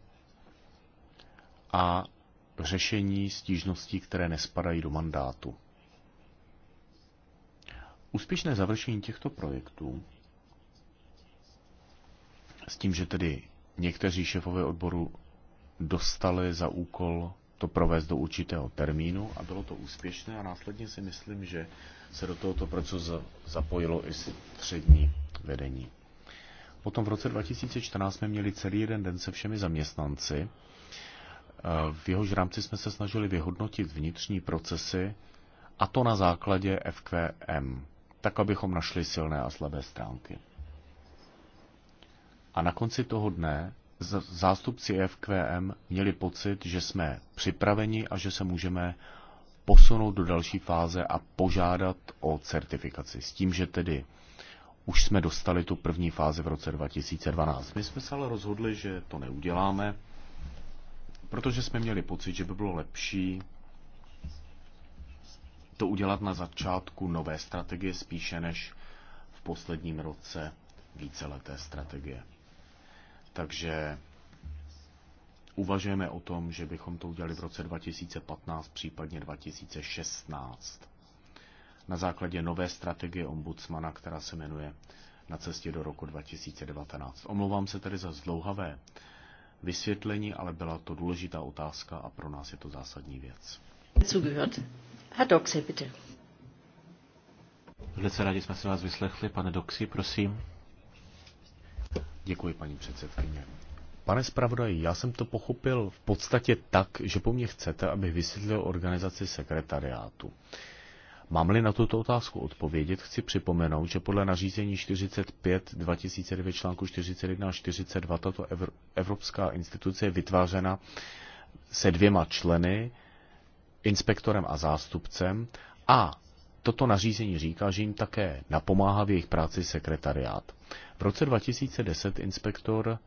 a řešení stížností, které nespadají do mandátu. Úspěšné završení těchto projektů s tím, že tedy někteří šefové odboru dostali za úkol to provést do určitého termínu a bylo to úspěšné a následně si myslím, že se do tohoto procesu zapojilo i střední vedení. Potom v roce 2014 jsme měli celý jeden den se všemi zaměstnanci. V jehož rámci jsme se snažili vyhodnotit vnitřní procesy a to na základě FQM, tak abychom našli silné a slabé stránky. A na konci toho dne zástupci FQM měli pocit, že jsme připraveni a že se můžeme posunout do další fáze a požádat o certifikaci. S tím, že tedy už jsme dostali tu první fázi v roce 2012. My jsme se ale rozhodli, že to neuděláme, protože jsme měli pocit, že by bylo lepší to udělat na začátku nové strategie spíše než v posledním roce víceleté strategie. Takže uvažujeme o tom, že bychom to udělali v roce 2015, případně 2016. Na základě nové strategie ombudsmana, která se jmenuje na cestě do roku 2019. Omlouvám se tedy za zdlouhavé vysvětlení, ale byla to důležitá otázka a pro nás je to zásadní věc. Zugehört. Herr Doxy, bitte. Velice rádi jsme si vás vyslechli. Pane Doxy, prosím. Děkuji, paní předsedkyně. Pane zpravodaji, já jsem to pochopil v podstatě tak, že po mně chcete, abych vysvětlil organizaci sekretariátu. Mám-li na tuto otázku odpovědět, chci připomenout, že podle nařízení 45 2009 článku 41 a 42 tato evropská instituce je vytvářena se dvěma členy, inspektorem a zástupcem a toto nařízení říká, že jim také napomáhá v jejich práci sekretariát. V roce 2010 inspektor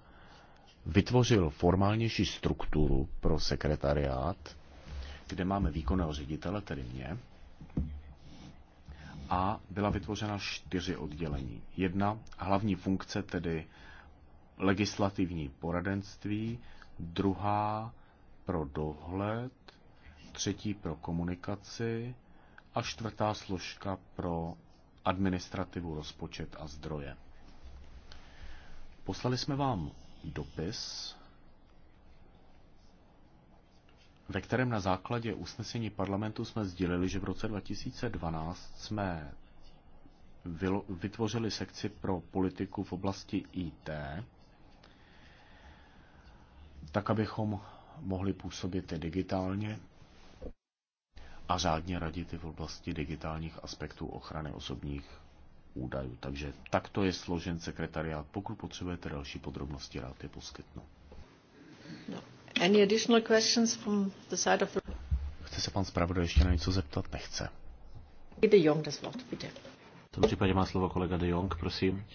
vytvořil formálnější strukturu pro sekretariát, kde máme výkonného ředitele, tedy mě, a byla vytvořena čtyři oddělení. Jedna hlavní funkce, tedy legislativní poradenství, druhá pro dohled, třetí pro komunikaci a čtvrtá složka pro administrativu, rozpočet a zdroje. Poslali jsme vám dopis, ve kterém na základě usnesení parlamentu jsme sdělili, že v roce 2012 jsme vytvořili sekci pro politiku v oblasti IT, tak abychom mohli působit digitálně a řádně radit i v oblasti digitálních aspektů ochrany osobních údajů. Takže takto je složen sekretariát. Pokud potřebujete další podrobnosti, rád je poskytnu. No. Any additional questions from the side of the... Chce se pan zpravodaj ještě na něco zeptat? Nechce. De Jong, das Wort, bitte. V tom případě má slovo kolega De Jong, prosím.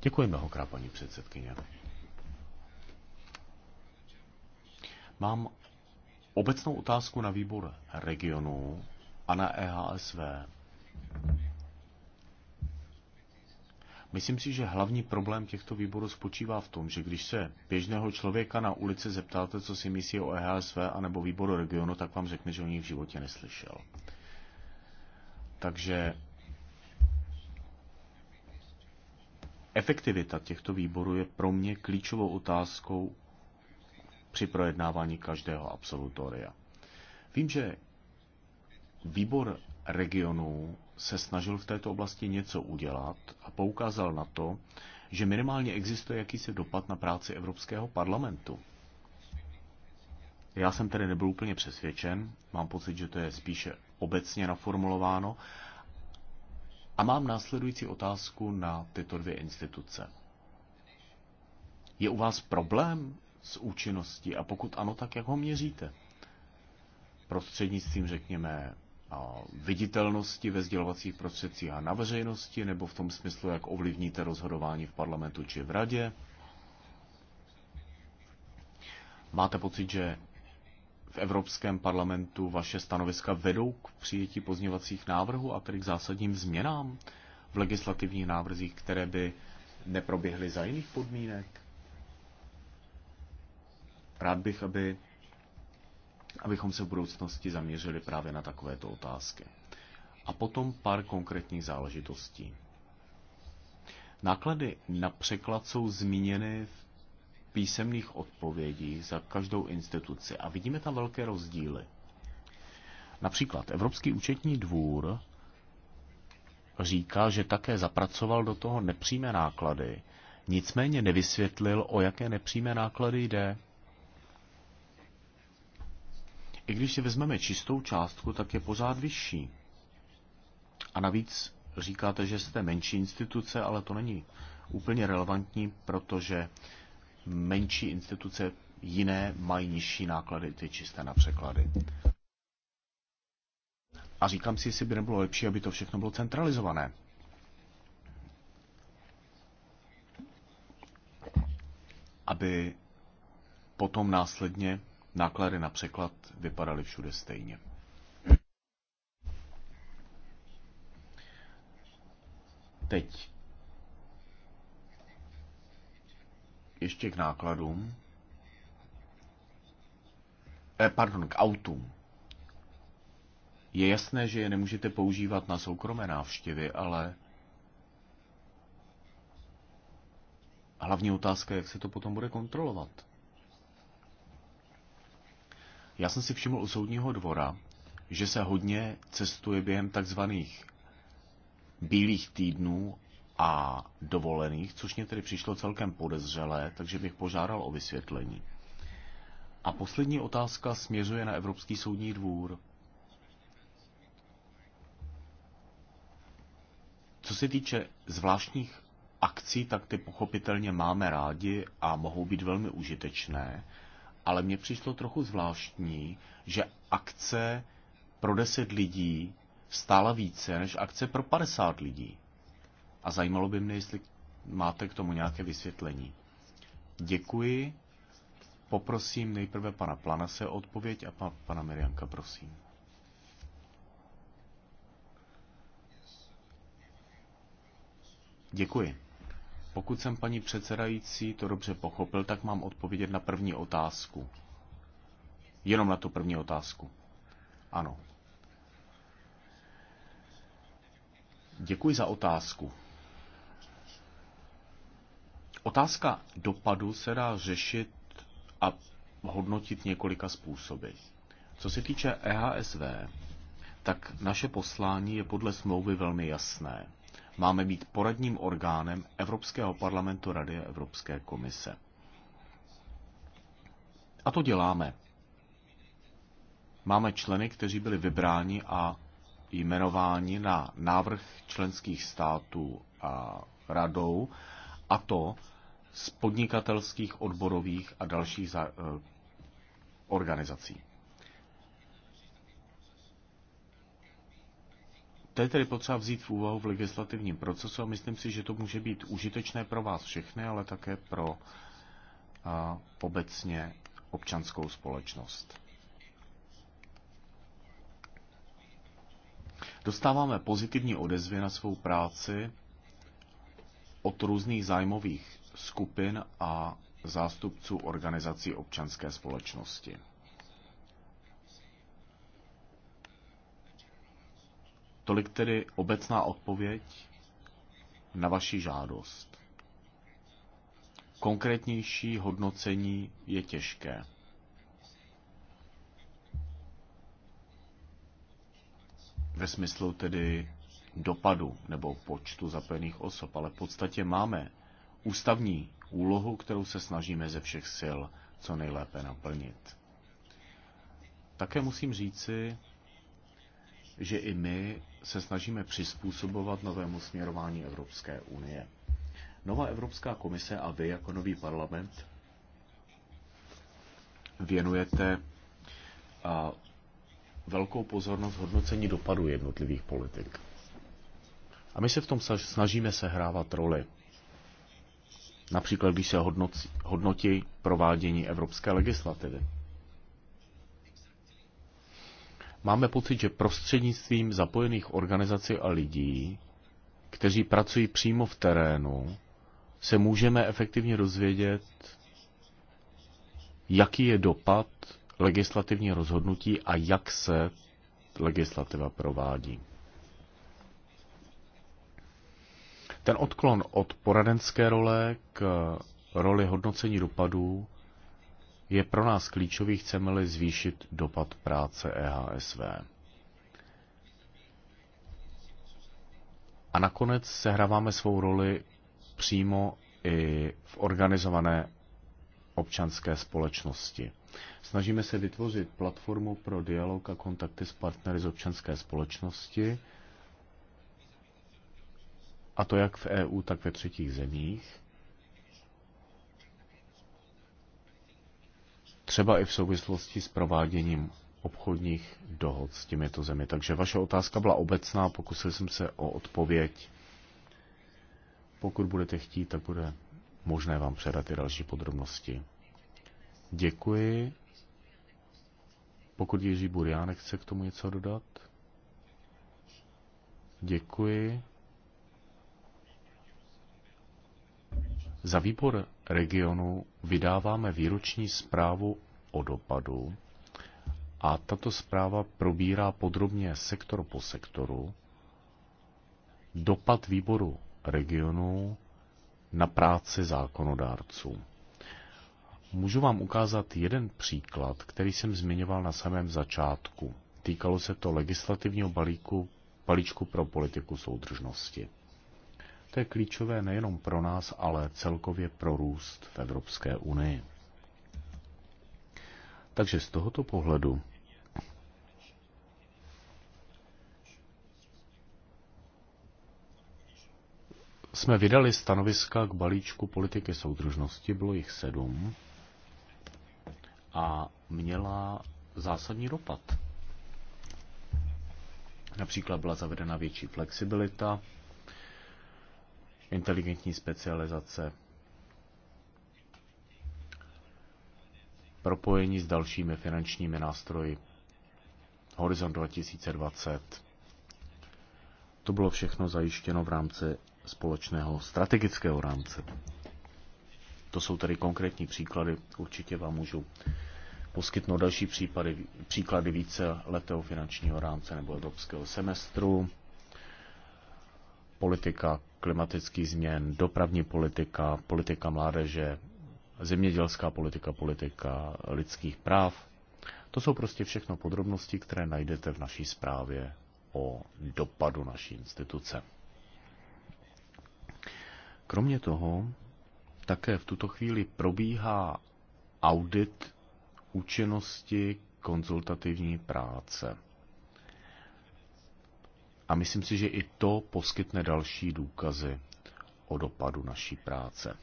Děkuji mnohokrát, paní předsedkyně. Mám obecnou otázku na výbor regionu a na EHSV. Myslím si, že hlavní problém těchto výborů spočívá v tom, že když se běžného člověka na ulici zeptáte, co si myslí o EHSV anebo výboru regionu, tak vám řekne, že o nich v životě neslyšel. Takže efektivita těchto výborů je pro mě klíčovou otázkou při projednávání každého absolutoria. Vím, že výbor regionů se snažil v této oblasti něco udělat a poukázal na to, že minimálně existuje jakýsi dopad na práci Evropského parlamentu. Já jsem tedy nebyl úplně přesvědčen, mám pocit, že to je spíše obecně naformulováno a mám následující otázku na tyto dvě instituce. Je u vás problém s účinností a pokud ano, tak jak ho měříte? Prostřednictvím, řekněme, viditelnosti ve sdělovacích prostředcích a na veřejnosti, nebo v tom smyslu, jak ovlivníte rozhodování v parlamentu či v radě? Máte pocit, že v Evropském parlamentu vaše stanoviska vedou k přijetí pozněvacích návrhů a tedy k zásadním změnám v legislativních návrzích, které by neproběhly za jiných podmínek? Rád bych, aby abychom se v budoucnosti zaměřili právě na takovéto otázky. A potom pár konkrétních záležitostí. Náklady na překlad jsou zmíněny v písemných odpovědích za každou instituci a vidíme tam velké rozdíly. Například Evropský účetní dvůr říká, že také zapracoval do toho nepřímé náklady, nicméně nevysvětlil, o jaké nepřímé náklady jde. I když si vezmeme čistou částku, tak je pořád vyšší. A navíc říkáte, že jste menší instituce, ale to není úplně relevantní, protože menší instituce jiné mají nižší náklady, ty čisté na překlady. A říkám si, jestli by nebylo lepší, aby to všechno bylo centralizované. Aby potom následně náklady na překlad vypadaly všude stejně. Teď ještě k nákladům. Eh, pardon, k autům. Je jasné, že je nemůžete používat na soukromé návštěvy, ale hlavní otázka je, jak se to potom bude kontrolovat. Já jsem si všiml u soudního dvora, že se hodně cestuje během takzvaných bílých týdnů a dovolených, což mě tedy přišlo celkem podezřelé, takže bych požádal o vysvětlení. A poslední otázka směřuje na Evropský soudní dvůr. Co se týče zvláštních akcí, tak ty pochopitelně máme rádi a mohou být velmi užitečné, ale mně přišlo trochu zvláštní, že akce pro 10 lidí stála více než akce pro 50 lidí. A zajímalo by mě, jestli máte k tomu nějaké vysvětlení. Děkuji. Poprosím nejprve pana Planase o odpověď a pa, pana Mirjanka, prosím. Děkuji. Pokud jsem paní předsedající to dobře pochopil, tak mám odpovědět na první otázku. Jenom na tu první otázku. Ano. Děkuji za otázku. Otázka dopadu se dá řešit a hodnotit několika způsoby. Co se týče EHSV, tak naše poslání je podle smlouvy velmi jasné máme být poradním orgánem Evropského parlamentu Rady a Evropské komise. A to děláme. Máme členy, kteří byli vybráni a jmenováni na návrh členských států a radou, a to z podnikatelských, odborových a dalších eh, organizací. To je tedy potřeba vzít v úvahu v legislativním procesu a myslím si, že to může být užitečné pro vás všechny, ale také pro a, obecně občanskou společnost. Dostáváme pozitivní odezvy na svou práci od různých zájmových skupin a zástupců organizací občanské společnosti. Tolik tedy obecná odpověď na vaši žádost. Konkrétnější hodnocení je těžké. Ve smyslu tedy dopadu nebo počtu zapojených osob, ale v podstatě máme ústavní úlohu, kterou se snažíme ze všech sil co nejlépe naplnit. Také musím říci, že i my se snažíme přizpůsobovat novému směrování Evropské unie. Nová Evropská komise a vy jako nový parlament věnujete velkou pozornost hodnocení dopadu jednotlivých politik. A my se v tom snažíme sehrávat roli. Například, když se hodnotí, hodnotí provádění evropské legislativy. Máme pocit, že prostřednictvím zapojených organizací a lidí, kteří pracují přímo v terénu, se můžeme efektivně rozvědět, jaký je dopad legislativní rozhodnutí a jak se legislativa provádí. Ten odklon od poradenské role k roli hodnocení dopadů je pro nás klíčový, chceme-li zvýšit dopad práce EHSV. A nakonec sehráváme svou roli přímo i v organizované občanské společnosti. Snažíme se vytvořit platformu pro dialog a kontakty s partnery z občanské společnosti, a to jak v EU, tak ve třetích zemích. třeba i v souvislosti s prováděním obchodních dohod s těmito zemi. Takže vaše otázka byla obecná, pokusil jsem se o odpověď. Pokud budete chtít, tak bude možné vám předat i další podrobnosti. Děkuji. Pokud Jiří Buriánek chce k tomu něco dodat? Děkuji. Za výbor regionu vydáváme výroční zprávu o dopadu a tato zpráva probírá podrobně sektor po sektoru dopad výboru regionu na práci zákonodárců. Můžu vám ukázat jeden příklad, který jsem zmiňoval na samém začátku. Týkalo se to legislativního balíku, balíčku pro politiku soudržnosti. To je klíčové nejenom pro nás, ale celkově pro růst v Evropské unii. Takže z tohoto pohledu jsme vydali stanoviska k balíčku politiky soudržnosti, bylo jich sedm, a měla zásadní dopad. Například byla zavedena větší flexibilita, inteligentní specializace, propojení s dalšími finančními nástroji, Horizon 2020. To bylo všechno zajištěno v rámci společného strategického rámce. To jsou tedy konkrétní příklady, určitě vám můžu poskytnout další případy, příklady více letého finančního rámce nebo evropského semestru politika klimatických změn, dopravní politika, politika mládeže, zemědělská politika, politika lidských práv. To jsou prostě všechno podrobnosti, které najdete v naší zprávě o dopadu naší instituce. Kromě toho také v tuto chvíli probíhá audit účinnosti konzultativní práce. A myslím si, že i to poskytne další důkazy o dopadu naší práce.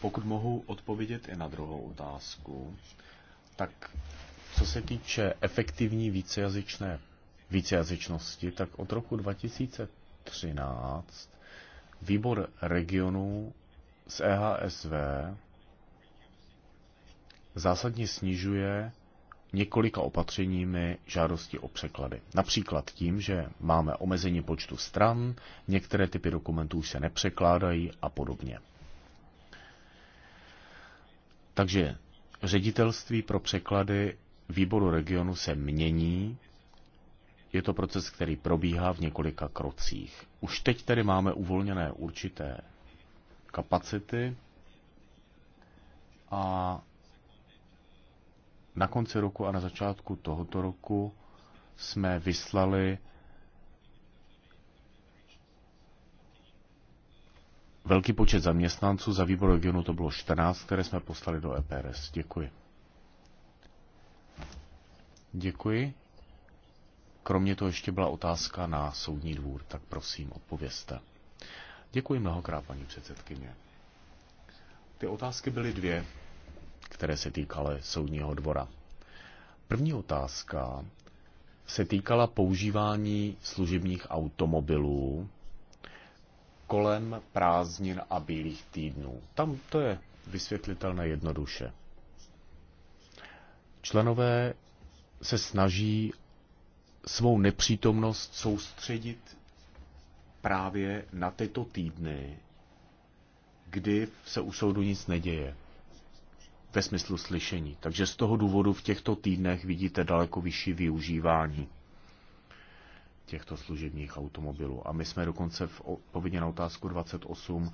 Pokud mohu odpovědět i na druhou otázku, tak co se týče efektivní vícejazyčné vícejazyčnosti, tak od roku 2013 výbor regionů z EHSV zásadně snižuje několika opatřeními žádosti o překlady. Například tím, že máme omezení počtu stran, některé typy dokumentů se nepřekládají a podobně. Takže ředitelství pro překlady výboru regionu se mění. Je to proces, který probíhá v několika krocích. Už teď tedy máme uvolněné určité kapacity a na konci roku a na začátku tohoto roku jsme vyslali velký počet zaměstnanců, za výbor regionu to bylo 14, které jsme poslali do EPRS. Děkuji. Děkuji. Kromě toho ještě byla otázka na soudní dvůr, tak prosím, odpovězte. Děkuji mnohokrát, paní předsedkyně. Ty otázky byly dvě které se týkaly soudního dvora. První otázka se týkala používání služebních automobilů kolem prázdnin a bílých týdnů. Tam to je vysvětlitelné jednoduše. Členové se snaží svou nepřítomnost soustředit právě na tyto týdny, kdy se u soudu nic neděje ve smyslu slyšení. Takže z toho důvodu v těchto týdnech vidíte daleko vyšší využívání těchto služebních automobilů. A my jsme dokonce v odpovědi na otázku 28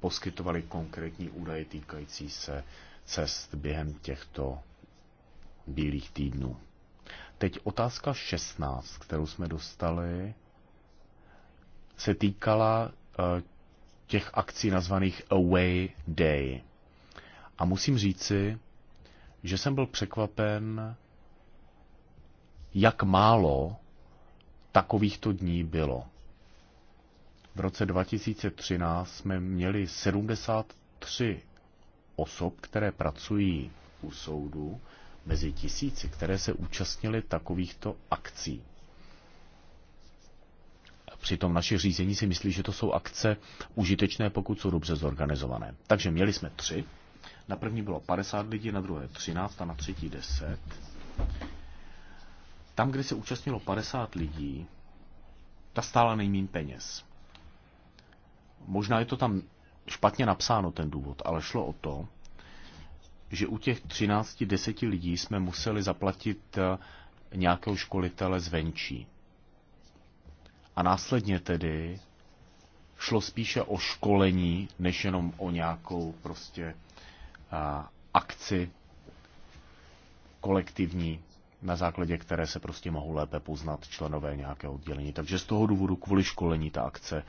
poskytovali konkrétní údaje týkající se cest během těchto bílých týdnů. Teď otázka 16, kterou jsme dostali, se týkala e, těch akcí nazvaných Away Day. A musím říci, že jsem byl překvapen, jak málo takovýchto dní bylo. V roce 2013 jsme měli 73 osob, které pracují u soudu, mezi tisíci, které se účastnili takovýchto akcí. Přitom naše řízení si myslí, že to jsou akce užitečné, pokud jsou dobře zorganizované. Takže měli jsme tři. Na první bylo 50 lidí, na druhé 13 a na třetí 10. Tam, kde se účastnilo 50 lidí, ta stála nejmín peněz. Možná je to tam špatně napsáno ten důvod, ale šlo o to, že u těch 13-10 lidí jsme museli zaplatit eh, nějakého školitele zvenčí. A následně tedy šlo spíše o školení, než jenom o nějakou prostě akci kolektivní, na základě které se prostě mohou lépe poznat členové nějakého oddělení. Takže z toho důvodu kvůli školení ta akce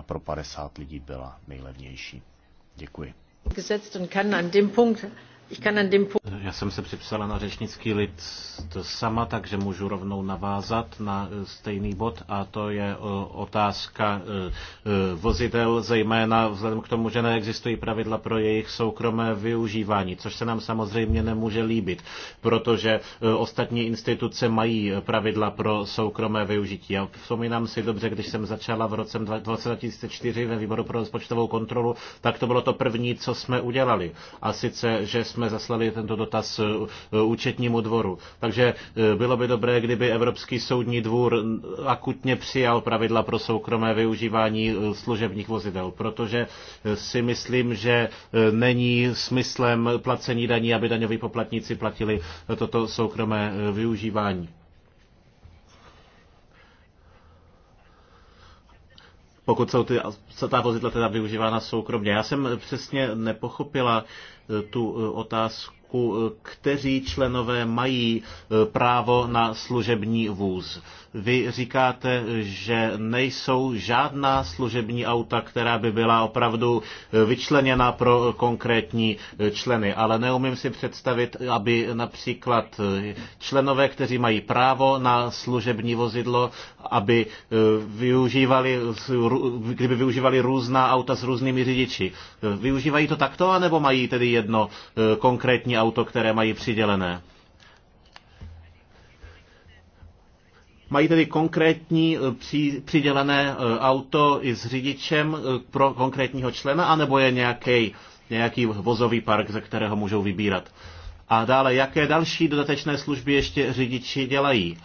pro 50 lidí byla nejlevnější. Děkuji. Gesetzt und kann an dem Punkt já jsem se připsala na řečnický lid sama, takže můžu rovnou navázat na eh, stejný bod a to je eh, otázka eh, vozidel, zejména vzhledem k tomu, že neexistují pravidla pro jejich soukromé využívání, což se nám samozřejmě nemůže líbit, protože ostatní instituce mají pravidla pro soukromé využití. Já vzpomínám si dobře, když jsem začala v roce 2004 ve výboru pro rozpočtovou kontrolu, tak to bylo to první, co jsme udělali. A sice, že jsme zaslali tento dotaz eh, eh, účetnímu dvoru. Takže eh, bylo by dobré, kdyby Evropský soudní dvůr akutně přijal pravidla pro soukromé využívání služebních vozidel, protože si myslím, že není smyslem placení daní, aby daňoví poplatníci platili toto soukromé využívání. pokud jsou ty, ta vozidla teda využívána soukromně. Já jsem přesně nepochopila, tu eh, otázku, eh, kteří členové mají eh, právo na služební vůz. Vy říkáte, že nejsou žádná služební auta, která by byla opravdu vyčleněna pro konkrétní členy, ale neumím si představit, aby například členové, kteří mají právo na služební vozidlo, aby eh, využívali, kdyby využívali různá auta s různými řidiči. Eh, využívají to takto, anebo mají tedy jedno eh, konkrétní auto, které mají přidělené? Mají tedy konkrétní e, při, přidělené e, auto i s řidičem e, pro konkrétního člena, anebo je nějaký, nějaký vozový park, ze kterého můžou vybírat? A dále, jaké další dodatečné služby ještě řidiči dělají?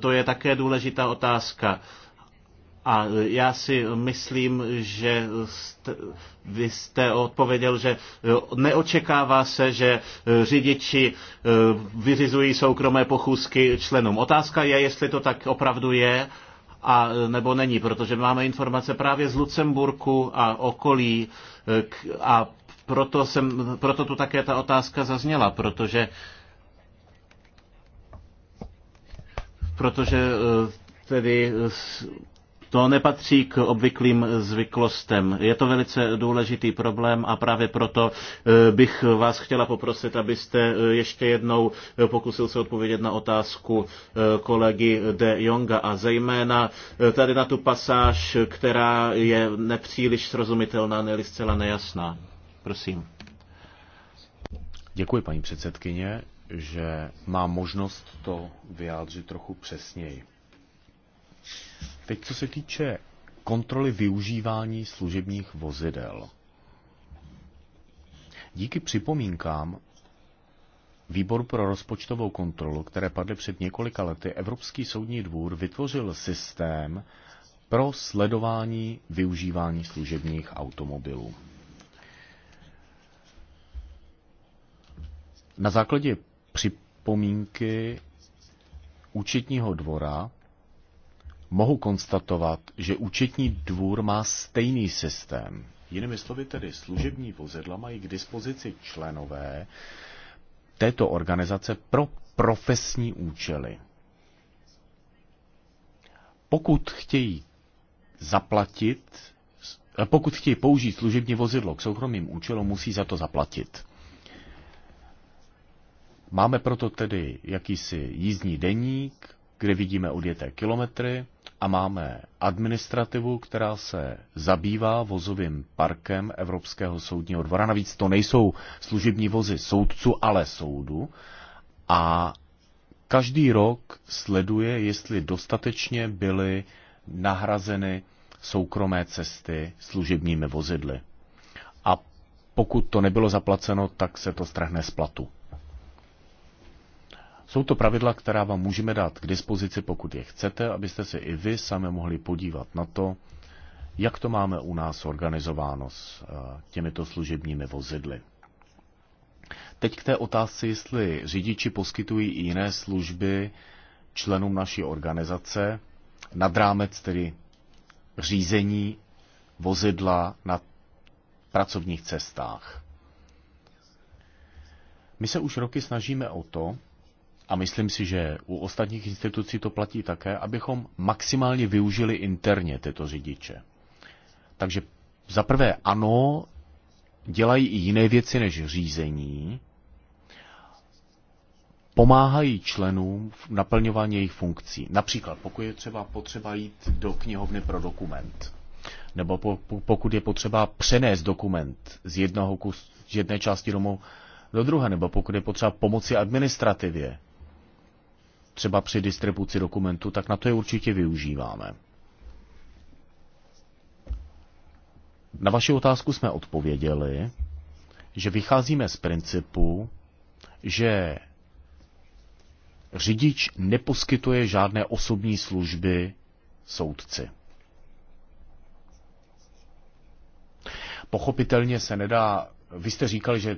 To je také důležitá otázka. A já si myslím, že jste, vy jste odpověděl, že neočekává se, že řidiči eh, vyřizují soukromé pochůzky členům. Otázka je, jestli to tak opravdu je, a nebo není, protože máme informace právě z Lucemburku a okolí eh, a proto, jsem, proto tu také ta otázka zazněla, protože protože eh, tedy to nepatří k obvyklým zvyklostem. Je to velice důležitý problém a právě proto eh, bych vás chtěla poprosit, abyste eh, ještě jednou eh, pokusil se odpovědět na otázku kolegy De Jonga a zejména tady na tu pasáž, která je nepříliš srozumitelná, ne zcela nejasná. Prosím. Děkuji, paní předsedkyně, že má možnost to vyjádřit trochu přesněji. Teď, co se týče kontroly využívání služebních vozidel. Díky připomínkám Výboru pro rozpočtovou kontrolu, které padly před několika lety, Evropský soudní dvůr vytvořil systém pro sledování využívání služebních automobilů. Na základě připomínky účetního dvora mohu konstatovat, že účetní dvůr má stejný systém. Jinými slovy tedy služební vozidla mají k dispozici členové této organizace pro profesní účely. Pokud chtějí zaplatit, eh, pokud chtějí použít služební vozidlo k soukromým účelům, musí za to zaplatit. Máme proto tedy jakýsi jízdní deník, kde vidíme odjeté kilometry, a máme administrativu, která se zabývá vozovým parkem Evropského soudního dvora. Navíc to nejsou služební vozy soudců, ale soudu. A každý rok sleduje, jestli dostatečně byly nahrazeny soukromé cesty služebními vozidly. A pokud to nebylo zaplaceno, tak se to strhne z platu. Jsou to pravidla, která vám můžeme dát k dispozici, pokud je chcete, abyste se i vy sami mohli podívat na to, jak to máme u nás organizováno s eh, těmito služebními vozidly. Teď k té otázce, jestli řidiči poskytují i jiné služby členům naší organizace, nad rámec tedy řízení vozidla na pracovních cestách. My se už roky snažíme o to, a myslím si, že u ostatních institucí to platí také, abychom maximálně využili interně tyto řidiče. Takže za prvé ano, dělají i jiné věci než řízení, pomáhají členům v naplňování jejich funkcí. Například pokud je třeba potřeba jít do knihovny pro dokument, nebo po, pokud je potřeba přenést dokument z, jednoho kus, z jedné části domu do druhé, nebo pokud je potřeba pomoci administrativě, třeba při distribuci dokumentu, tak na to je určitě využíváme. Na vaši otázku jsme odpověděli, že vycházíme z principu, že řidič neposkytuje žádné osobní služby soudci. Pochopitelně se nedá, vy jste říkali, že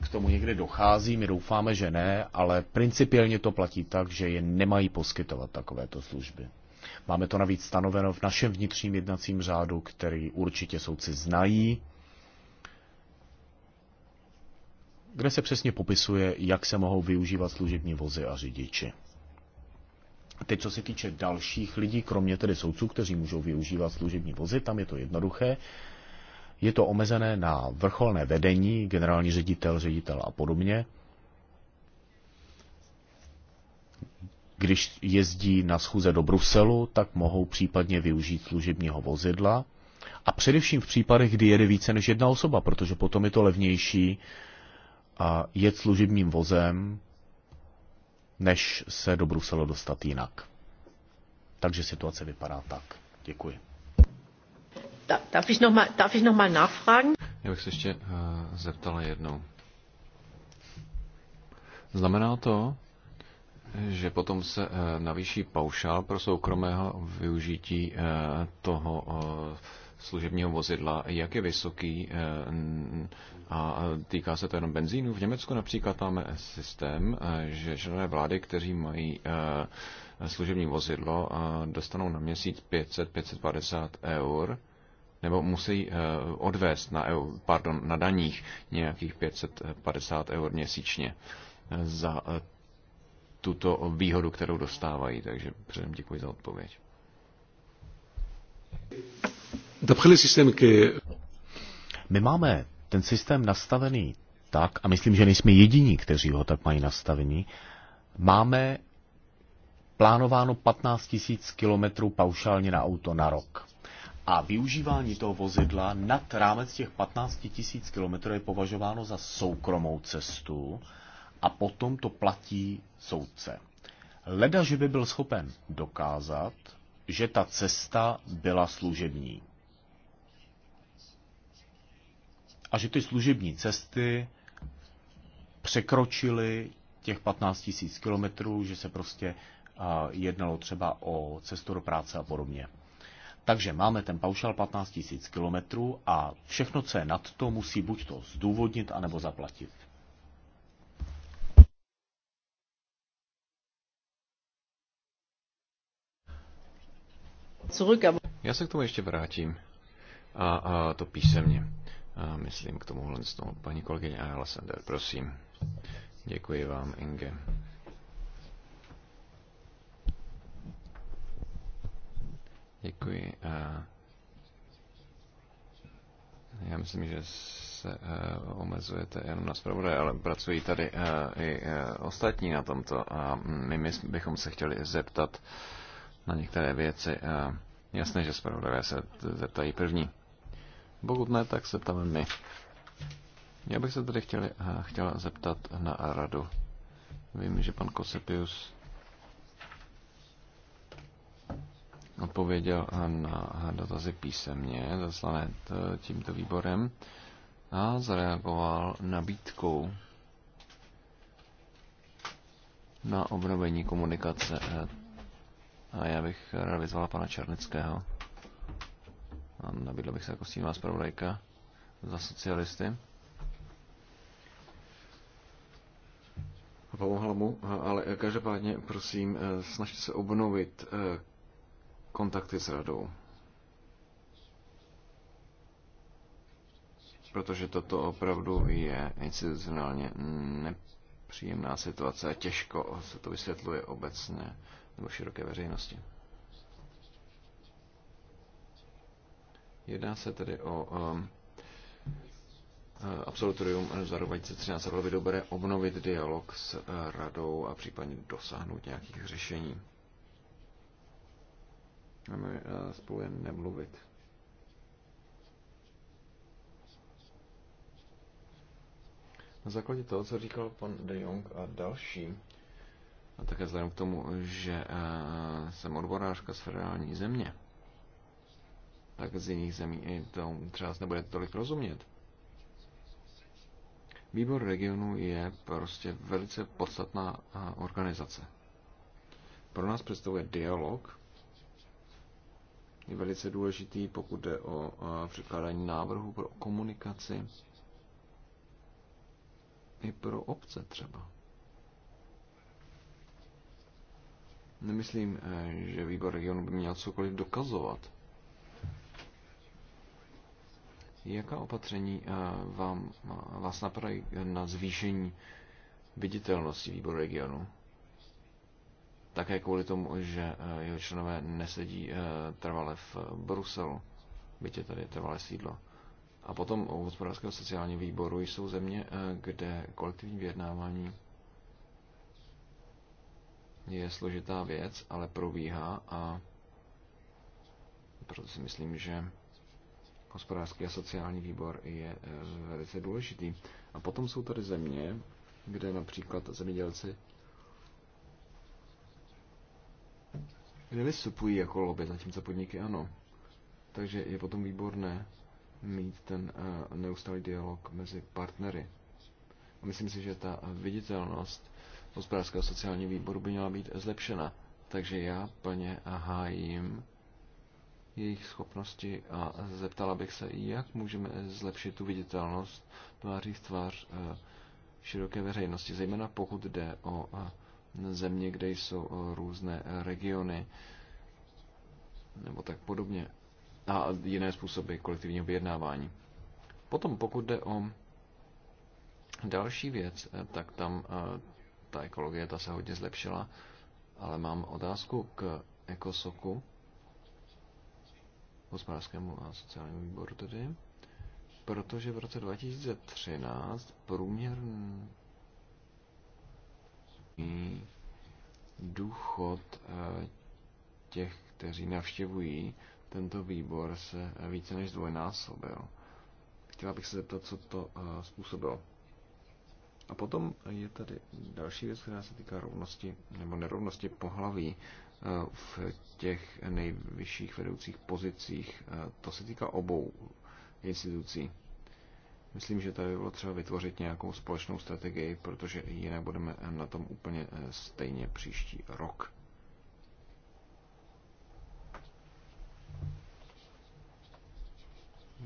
k tomu někde dochází, my doufáme, že ne, ale principiálně to platí tak, že je nemají poskytovat takovéto služby. Máme to navíc stanoveno v našem vnitřním jednacím řádu, který určitě soudci znají, kde se přesně popisuje, jak se mohou využívat služební vozy a řidiči. Teď, co se týče dalších lidí, kromě tedy soudců, kteří můžou využívat služební vozy, tam je to jednoduché. Je to omezené na vrcholné vedení, generální ředitel, ředitel a podobně. Když jezdí na schůze do Bruselu, tak mohou případně využít služebního vozidla. A především v případech, kdy jede více než jedna osoba, protože potom je to levnější a jet služebním vozem, než se do Bruselu dostat jinak. Takže situace vypadá tak. Děkuji. Darf ich noch, mal, darf ich noch mal nachfragen? Já bych se ještě uh, zeptala jednou. Znamená to, že potom se uh, navýší paušál pro soukromého využití uh, toho uh, služebního vozidla, jak je vysoký uh, a týká se to jenom benzínu. V Německu například máme systém, uh, že žené vlády, kteří mají uh, služební vozidlo, dostanou na měsíc 500-550 eur nebo musí eh, odvést na, EU, pardon, na daních nějakých 550 eur měsíčně eh, za eh, tuto výhodu, kterou dostávají. Takže předem děkuji za odpověď. My máme ten systém nastavený tak, a myslím, že nejsme jediní, kteří ho tak mají nastavený, máme plánováno 15 000 kilometrů paušálně na auto na rok a využívání toho vozidla nad rámec těch 15 000 km je považováno za soukromou cestu a potom to platí soudce. Leda, že by byl schopen dokázat, že ta cesta byla služební. A že ty služební cesty překročily těch 15 000 kilometrů, že se prostě jednalo třeba o cestu do práce a podobně. Takže máme ten paušál 15 000 km a všechno, co je nad to, musí buď to zdůvodnit, anebo zaplatit. Já se k tomu ještě vrátím. A, a to písemně. A myslím k tomu tomu. Paní kolegyně Ayala Sender, prosím. Děkuji vám, Inge. Děkuji. Já myslím, že se e, omezujete jenom na zpravodaj, ale pracují tady e, i e, ostatní na tomto a my bychom se chtěli zeptat na některé věci. Jasné, že zpravodajové se zeptají první. Pokud ne, tak se ptáme my. Já bych se tady chtěl, chtěla zeptat na radu. Vím, že pan Kosepius odpověděl eh, na dotazy písemně zaslané eh, tímto výborem a zareagoval nabídkou na obnovení komunikace. Eh, a já bych realizoval vyzvala pana Černického. A nabídl bych se jako stínová zpravodajka za socialisty. Pomohla mu, ale každopádně prosím, snažte se obnovit kontakty s radou. Protože toto opravdu je institucionálně nepříjemná situace a těžko se to vysvětluje obecně nebo široké veřejnosti. Jedná se tedy o um, eh, absolutorium za rok 2013. Bylo by dobré obnovit dialog s eh, radou a případně dosáhnout nějakých řešení máme eh, spolu jen nemluvit. Na základě toho, co říkal pan De Jong a další, a také vzhledem k tomu, že eh, jsem odborářka z federální země, tak z jiných zemí i to třeba nebudete tolik rozumět. Výbor regionu je prostě velice podstatná eh, organizace. Pro nás představuje dialog je velice důležitý, pokud jde o překládání návrhu pro komunikaci i pro obce třeba. Nemyslím, e, že výbor regionu by měl cokoliv dokazovat. Jaká opatření e, vám, e, vás napadají na zvýšení viditelnosti výboru regionu? také kvůli tomu, že eh, jeho členové nesedí eh, trvale v eh, Bruselu, byť je tady trvalé sídlo. A potom u hospodářského sociálního výboru jsou země, kde kolektivní vyjednávání je složitá věc, ale probíhá a proto si myslím, že hospodářský a sociální výbor je velice důležitý. A potom jsou tady země, kde například zemědělci nevystupují jako lobby, zatímco podniky ano. Takže je potom výborné mít ten eh, neustálý dialog mezi partnery. A myslím si, že ta eh, viditelnost hospodářského sociálního výboru by měla být zlepšena. Takže já plně hájím jejich schopnosti a zeptala bych se, jak můžeme zlepšit tu viditelnost tváří v tvář eh, široké veřejnosti, zejména pokud jde o země, kde jsou eh, různé eh, regiony nebo tak podobně a jiné způsoby kolektivního vyjednávání. Potom pokud jde o další věc, eh, tak tam ta ekologie ta se hodně zlepšila, ale mám otázku k ekosoku, hospodářskému a sociálnímu výboru tedy, protože v roce 2013 průměrný Mm, důchod eh, těch, kteří navštěvují tento výbor, se eh, více než dvojnásobil. Chtěla bych se zeptat, co to eh, způsobilo. A potom je tady další věc, která se týká rovnosti nebo nerovnosti pohlaví v těch nejvyšších vedoucích pozicích. To se týká obou institucí. Myslím, že tady bylo třeba vytvořit nějakou společnou strategii, protože jinak budeme na tom úplně eh, stejně příští rok.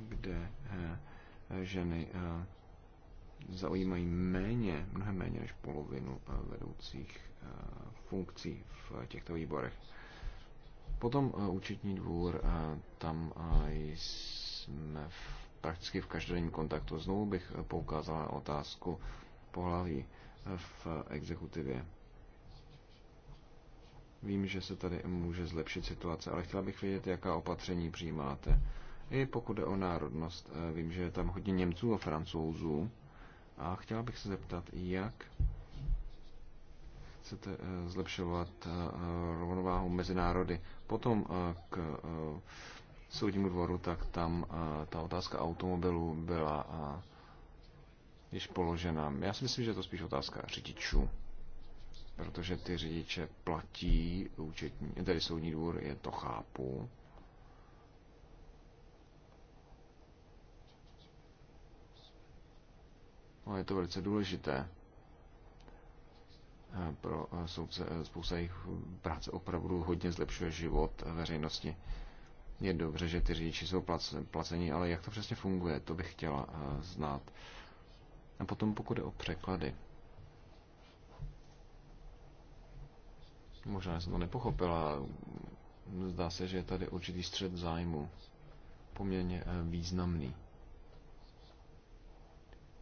Kde eh, ženy eh, zaujímají méně, mnohem méně než polovinu vedoucích funkcí v těchto výborech. Potom účetní dvůr, tam jsme v prakticky v každodenním kontaktu. Znovu bych eh, poukázal na otázku pohlaví eh, v exekutivě. Vím, že se tady může zlepšit situace, ale chtěla bych vědět, jaká opatření přijímáte. I pokud jde o národnost, eh, vím, že je tam hodně Němců a Francouzů. A chtěla bych se zeptat, jak chcete zlepšovat rovnováhu mezi národy. Potom k soudnímu dvoru, tak tam eh, ta otázka automobilů byla eh, již položena. Já si myslím, že je to spíš otázka řidičů, protože ty řidiče platí účetní, tedy soudní dvůr, je to chápu. No, je to velice důležité eh, pro soudce. Spousta jejich práce opravdu hodně zlepšuje život veřejnosti. Je dobře, že ty řidiči jsou placení, ale jak to přesně funguje, to bych chtěla eh, znát. A potom pokud je o překlady. Možná jsem to nepochopila. Zdá se, že je tady určitý střed zájmu. Poměrně eh, významný.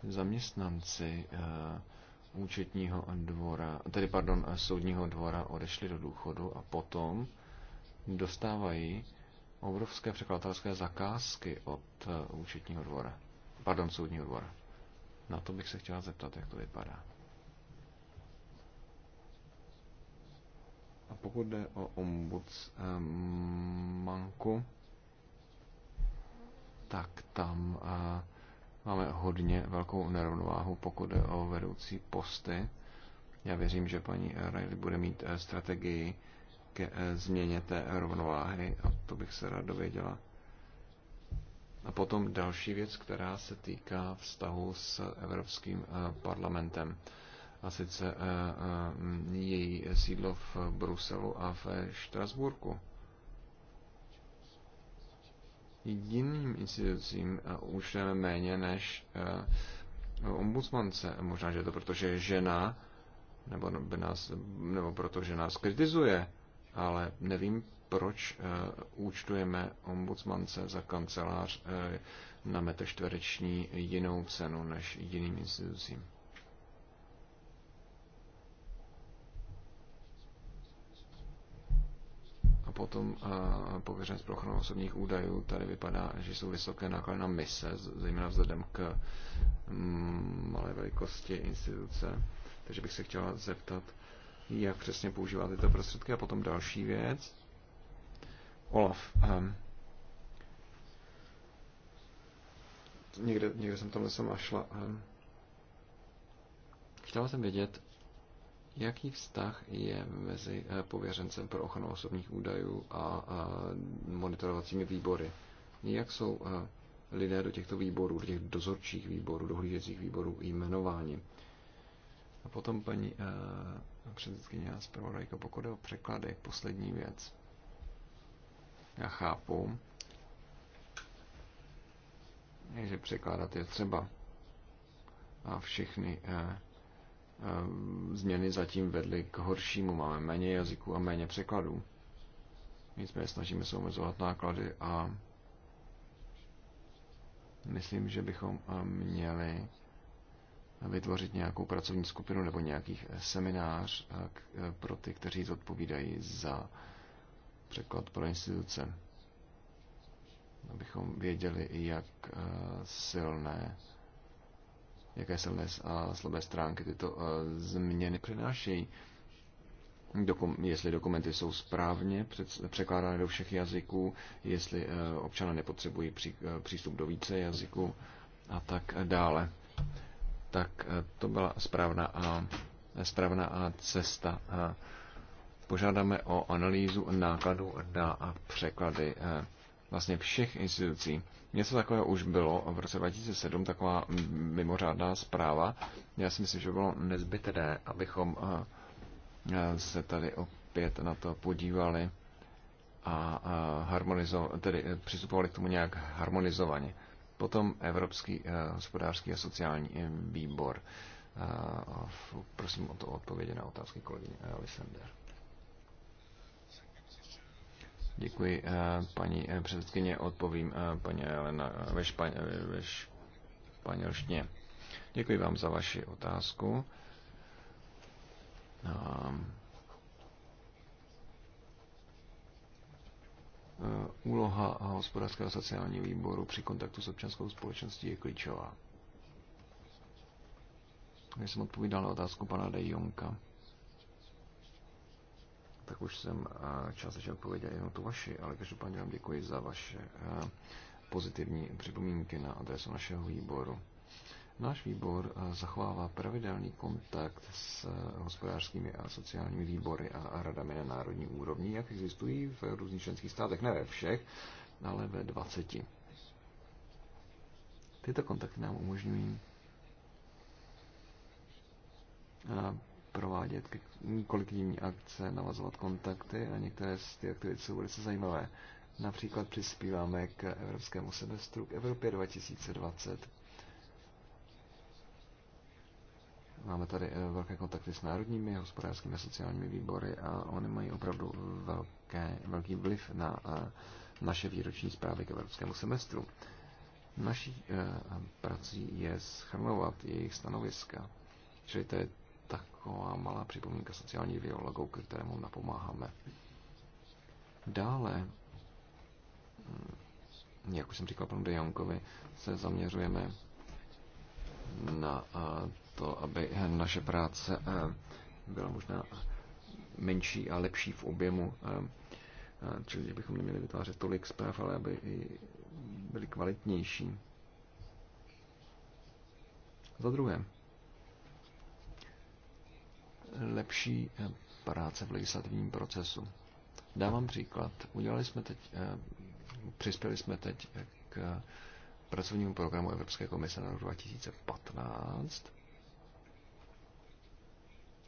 Zaměstnanci eh, účetního dvora, tedy pardon, soudního dvora odešli do důchodu a potom dostávají obrovské překladatelské zakázky od eh, účetního dvora, pardon, soudního dvora. Na to bych se chtěla zeptat, jak to vypadá. A pokud jde o ombudsmanku, tak tam eh, máme hodně velkou nerovnováhu, pokud jde o vedoucí posty. Já věřím, že paní Riley bude mít eh, strategii ke eh, změně té rovnováhy a to bych se rád dověděla. A potom další věc, která se týká vztahu s Evropským eh, parlamentem a sice eh, její sídlo v Bruselu a v Štrasburku. Jiným institucím už méně než ombudsmance. Možná, že je to proto, že je žena, nebo, by nás, nebo protože nás kritizuje ale nevím, proč eh, účtujeme ombudsmance za kancelář eh, na metr čtvereční jinou cenu než jiným institucím. A potom eh, pověřenec pro ochranu osobních údajů tady vypadá, že jsou vysoké náklady na mise, zejména vzhledem k mm, malé velikosti instituce. Takže bych se chtěla zeptat, jak přesně používat tyto prostředky. A potom další věc. Olaf. Um, někde, někde jsem tam sem našla. Um, ehm, chtěla jsem vědět, jaký vztah je mezi eh, pověřencem pro ochranu osobních údajů a, uh, monitorovacími výbory. Jak jsou eh, lidé do těchto výborů, do těch dozorčích výborů, dohlížecích výborů jmenováni. A potom paní eh, předsedkyně a zpravodajka, pokud je o překlady, poslední věc. Já chápu, že překládat je třeba. A všechny e, e, změny zatím vedly k horšímu. Máme méně jazyků a méně překladů. Nicméně snažíme se omezovat náklady a myslím, že bychom eh, měli vytvořit nějakou pracovní skupinu nebo nějaký eh, seminář eh, eh, pro ty, kteří zodpovídají za překlad pro instituce, abychom věděli, jak silné jaké silné a slabé stránky tyto změny přinášejí. Dokum, jestli dokumenty jsou správně překládány do všech jazyků, jestli občané nepotřebují pří, přístup do více jazyků a tak dále tak eh, to byla správná, a správná a cesta. Eh, požádáme o analýzu nákladů na překlady eh, vlastně všech institucí. Něco takového už bylo v roce 2007, taková mimořádná zpráva. Já si myslím, že bylo nezbytné, abychom se tady opět na to podívali a harmonizo- tedy přistupovali k tomu nějak harmonizovaně. Potom Evropský eh, hospodářský a sociální eh, výbor. Eh, prosím o to odpovědi na otázky kolegyně Lisender. Děkuji, paní předsedkyně. Odpovím paní Elena ve, ve španělštině. Děkuji vám za vaši otázku. Um Eh, úloha a hospodářského sociální výboru při kontaktu s občanskou společností je klíčová. Když jsem odpovídal na otázku pana De Jonka, tak už jsem eh, částečně odpověděl jenom tu vaši, ale každopádně vám děkuji za vaše eh, pozitivní připomínky na adresu našeho výboru. Náš výbor eh, zachovává pravidelný kontakt s eh, hospodářskými a sociálními výbory a radami na národní úrovni, jak existují v různých členských státech, ne ve všech, ale ve 20. Tyto kontakty nám umožňují eh, provádět kolektivní akce, navazovat kontakty a některé z těch aktivit jsou velice zajímavé. Například přispíváme k Evropskému semestru, k Evropě 2020, Máme tady eh, velké kontakty s národními hospodářskými a sociálními výbory a oni mají opravdu velké, velký vliv na eh, naše výroční zprávy k evropskému semestru. Naší eh, prací je schrnovat jejich stanoviska. Čili to je taková malá připomínka sociálních ideologů, kterému napomáháme. Dále, hm, jak už jsem říkal panu De se zaměřujeme na to, aby naše práce eh, byla možná menší a lepší v objemu, eh, eh, čili že bychom neměli vytvářet tolik zpráv, ale aby i byly kvalitnější. Za druhé, lepší práce v legislativním procesu. Dávám příklad. Udělali jsme teď, přispěli jsme teď k pracovnímu programu Evropské komise na rok 2015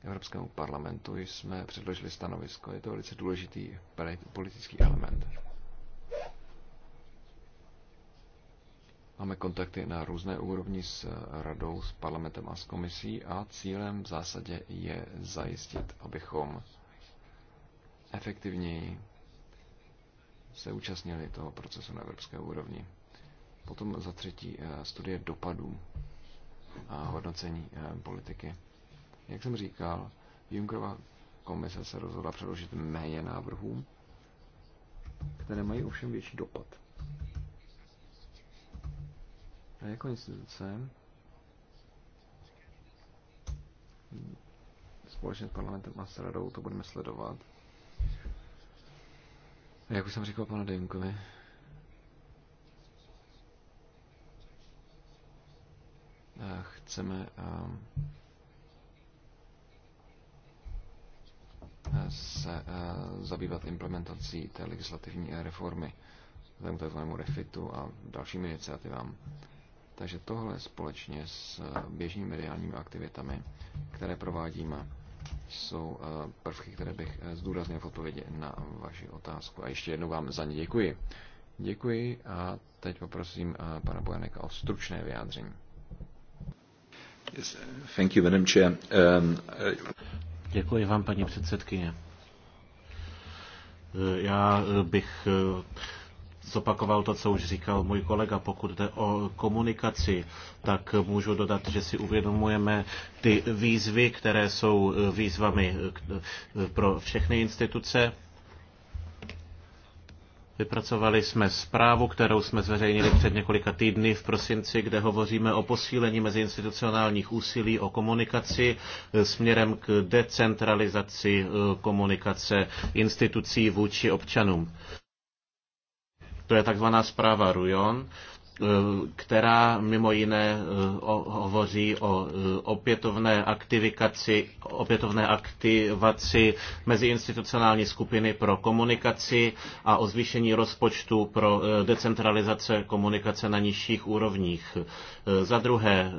Evropskému parlamentu jsme předložili stanovisko. Je to velice důležitý politický element. Máme kontakty na různé úrovni s radou, s parlamentem a s komisí a cílem v zásadě je zajistit, abychom efektivněji se účastnili toho procesu na evropské úrovni. Potom za třetí eh, studie dopadů a hodnocení eh, politiky. Jak jsem říkal, Junckerova komise se rozhodla předložit méně návrhů, které mají ovšem větší dopad. A jako instituce společně s parlamentem a s radou to budeme sledovat. A jak už jsem říkal panu Dejmkovi, eh, chceme eh, se eh, zabývat implementací té legislativní eh, reformy, vzhledem k tzv. refitu a dalším iniciativám. Takže tohle společně s eh, běžnými mediálními aktivitami, které provádíme, jsou prvky, které bych zdůraznil v odpovědi na vaši otázku. A ještě jednou vám za ně děkuji. Děkuji a teď poprosím pana Bojaneka o stručné vyjádření. Yes, thank you, Madam Chair. Um, uh... Děkuji vám, paní předsedkyně. Já bych zopakoval to, co už říkal můj kolega. Pokud jde o komunikaci, tak můžu dodat, že si uvědomujeme ty výzvy, které jsou výzvami pro všechny instituce Vypracovali jsme zprávu, kterou jsme zveřejnili před několika týdny v prosinci, kde hovoříme o posílení meziinstitucionálních úsilí o komunikaci e, směrem k decentralizaci e, komunikace institucí vůči občanům. To je takzvaná zpráva Rujon Eh, která mimo jiné eh, hovoří o eh, opětovné aktivikaci, opětovné aktivaci meziinstitucionální skupiny pro komunikaci a o zvýšení rozpočtu pro decentralizace komunikace na nižších úrovních. Za druhé,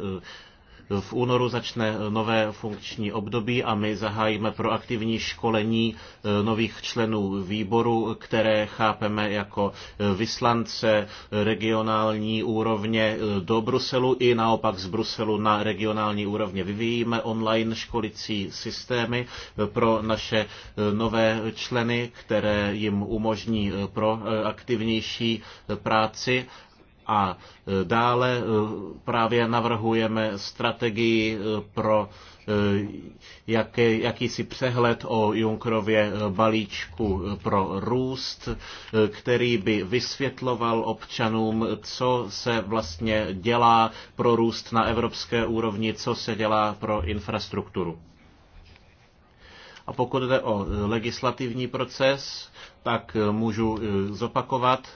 v únoru začne nové funkční období a my zahájíme proaktivní školení eh, nových členů výboru, které chápeme jako eh, vyslance regionální úrovně eh, do Bruselu i naopak z Bruselu na regionální úrovně. Vyvíjíme online školicí systémy pro naše nové členy, které jim umožní proaktivnější práci a e, dále e, právě navrhujeme strategii e, pro jaký, jakýsi přehled o Junkrově balíčku pro růst, který by vysvětloval občanům, co se vlastně dělá pro růst na evropské úrovni, co se dělá pro infrastrukturu. A pokud jde o legislativní proces, tak můžu zopakovat,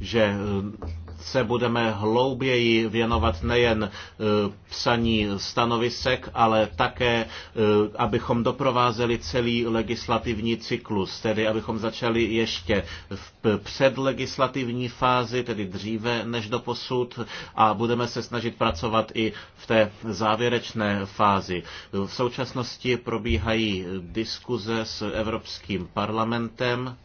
že eh, se budeme hlouběji věnovat nejen eh, psaní stanovisek, ale také, eh, abychom doprovázeli celý legislativní cyklus, tedy abychom začali ještě v předlegislativní fázi, tedy dříve než do posud a budeme se snažit pracovat i v té závěrečné fázi. V současnosti probíhají diskuze s Evropským parlamentem,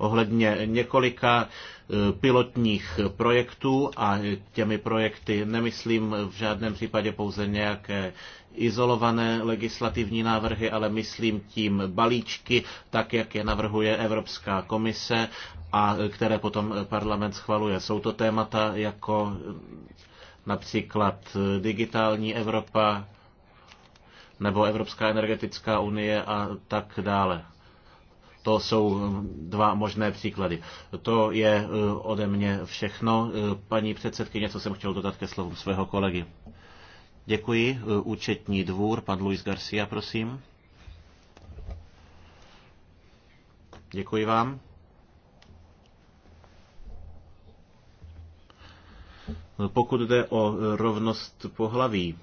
ohledně několika eh, pilotních projektů a těmi projekty nemyslím v žádném případě pouze nějaké izolované legislativní návrhy, ale myslím tím balíčky, tak jak je navrhuje Evropská komise a které potom parlament schvaluje. Jsou to témata jako například digitální Evropa nebo Evropská energetická unie a tak dále. To jsou hm, dva možné příklady. To je hm, ode mě všechno. Hm, paní předsedkyně, něco jsem chtěl dodat ke slovům svého kolegy. Děkuji. Účetní dvůr, pan Luis Garcia, prosím. Děkuji vám. Pokud jde o rovnost pohlaví,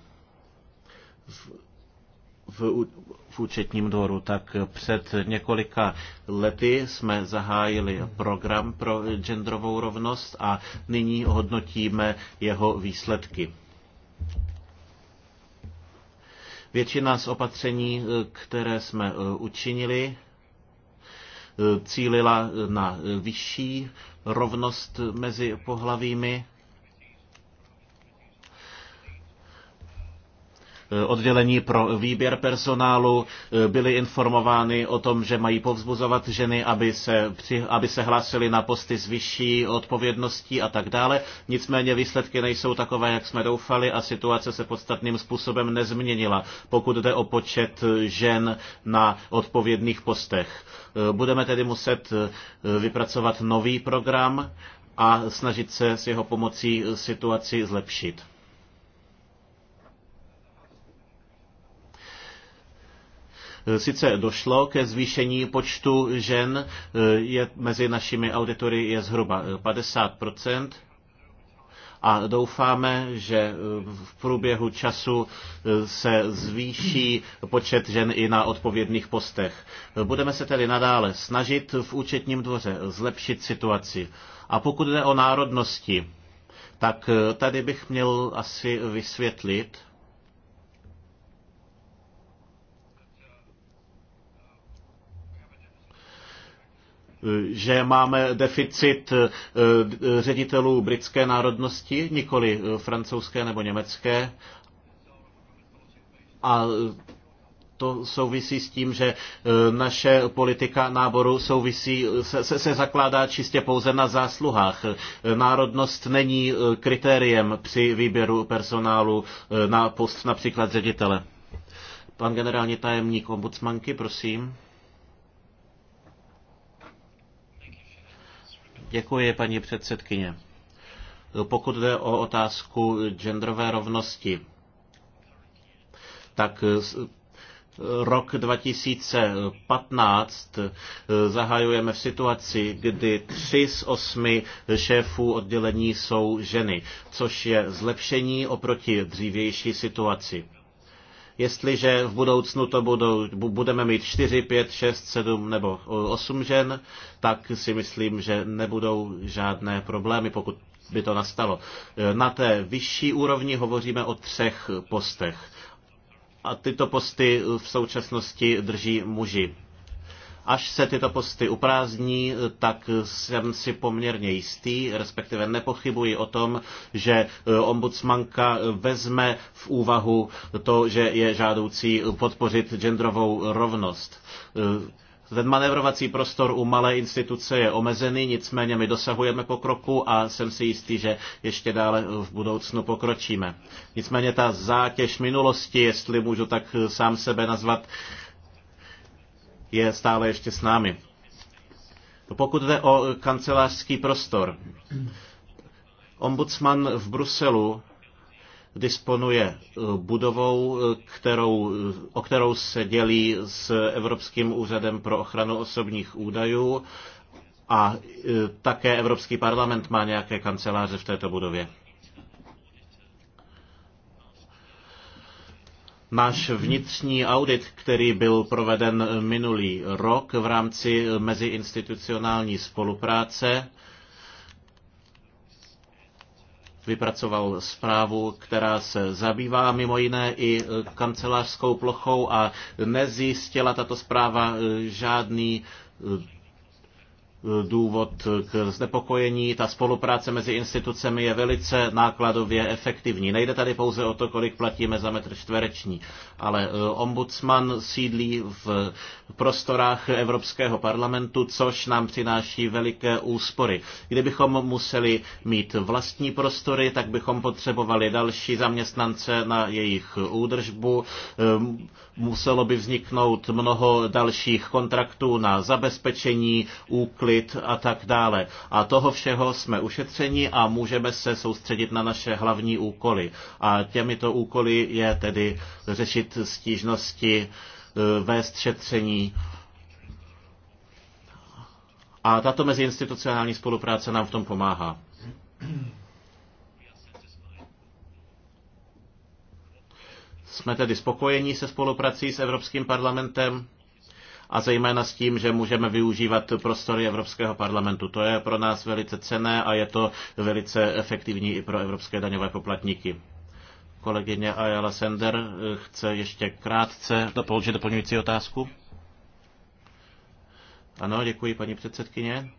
v, v, v účetním dvoru, tak před několika lety jsme zahájili program pro genderovou rovnost a nyní hodnotíme jeho výsledky. Většina z opatření, které jsme e, učinili, e, cílila na vyšší rovnost mezi pohlavími Eh, oddělení pro výběr personálu eh, byly informovány o tom, že mají povzbuzovat ženy, aby se, aby se hlásily na posty s vyšší odpovědností a tak dále. Nicméně výsledky nejsou takové, jak jsme doufali a situace se podstatným způsobem nezměnila, pokud jde o počet eh, žen na odpovědných postech. Budeme tedy muset vypracovat nový program a snažit se s jeho pomocí situaci zlepšit. Sice došlo ke zvýšení počtu žen, eh, je, mezi našimi auditory je zhruba 50 eh, a doufáme, že eh, v průběhu času se zvýší počet žen i na odpovědných postech. Budeme se tedy nadále snažit v účetním dvoře zlepšit situaci. A pokud jde o národnosti, tak tady bych měl asi vysvětlit, že máme deficit eh, ředitelů britské národnosti, nikoli eh, francouzské nebo německé. A eh, to souvisí s tím, že naše politika náboru souvisí, se, se, se zakládá čistě pouze na zásluhách. Národnost není kritériem při výběru personálu na post například ředitele. Pan generální tajemník ombudsmanky, prosím. Děkuji, paní předsedkyně. Pokud jde o otázku genderové rovnosti, tak rok 2015 zahajujeme v situaci, kdy tři z osmi šéfů oddělení jsou ženy, což je zlepšení oproti dřívější situaci. Jestliže v budoucnu to budou, budeme mít 4, 5, 6, 7 nebo 8 žen, tak si myslím, že nebudou žádné problémy, pokud by to nastalo. E, na té vyšší úrovni hovoříme o třech postech. A tyto posty v současnosti drží muži. Až se tyto posty uprázdní, tak jsem si poměrně jistý, respektive nepochybuji o tom, že e, ombudsmanka vezme v úvahu to, že je žádoucí podpořit genderovou rovnost. E, ten manévrovací prostor u malé instituce je omezený, nicméně my dosahujeme pokroku a jsem si jistý, že ještě dále v budoucnu pokročíme. Nicméně ta zátěž minulosti, jestli můžu tak sám sebe nazvat, je stále ještě s námi. No, pokud jde o kancelářský prostor, ombudsman v Bruselu disponuje eh, budovou, eh, kterou, eh, o kterou se dělí s Evropským úřadem pro ochranu osobních údajů a také Evropský parlament má nějaké kanceláře v této budově. Náš vnitřní audit, který byl proveden minulý rok v rámci meziinstitucionální spolupráce, vypracoval zprávu, která se zabývá mimo jiné i kancelářskou plochou a nezjistila tato zpráva žádný důvod k znepokojení. Ta spolupráce mezi institucemi je velice nákladově efektivní. Nejde tady pouze o to, kolik platíme za metr čtvereční, ale e, ombudsman sídlí v prostorách Evropského parlamentu, což nám přináší veliké úspory. Kdybychom museli mít vlastní prostory, tak bychom potřebovali další zaměstnance na jejich údržbu. E, muselo by vzniknout mnoho dalších kontraktů na zabezpečení, úklid, klid a tak dále. A toho všeho jsme ušetřeni a můžeme se soustředit na naše hlavní úkoly. A těmito úkoly je tedy řešit stížnosti, e, vést šetření. A tato meziinstitucionální spolupráce nám v tom pomáhá. Jsme tedy spokojení se spoluprací s Evropským parlamentem a zejména s tím, že můžeme využívat prostory Evropského parlamentu. To je pro nás velice cené a je to velice efektivní i pro evropské daňové poplatníky. Kolegyně Ayala Sender eh, chce ještě krátce položit doplňující otázku. Ano, děkuji paní předsedkyně.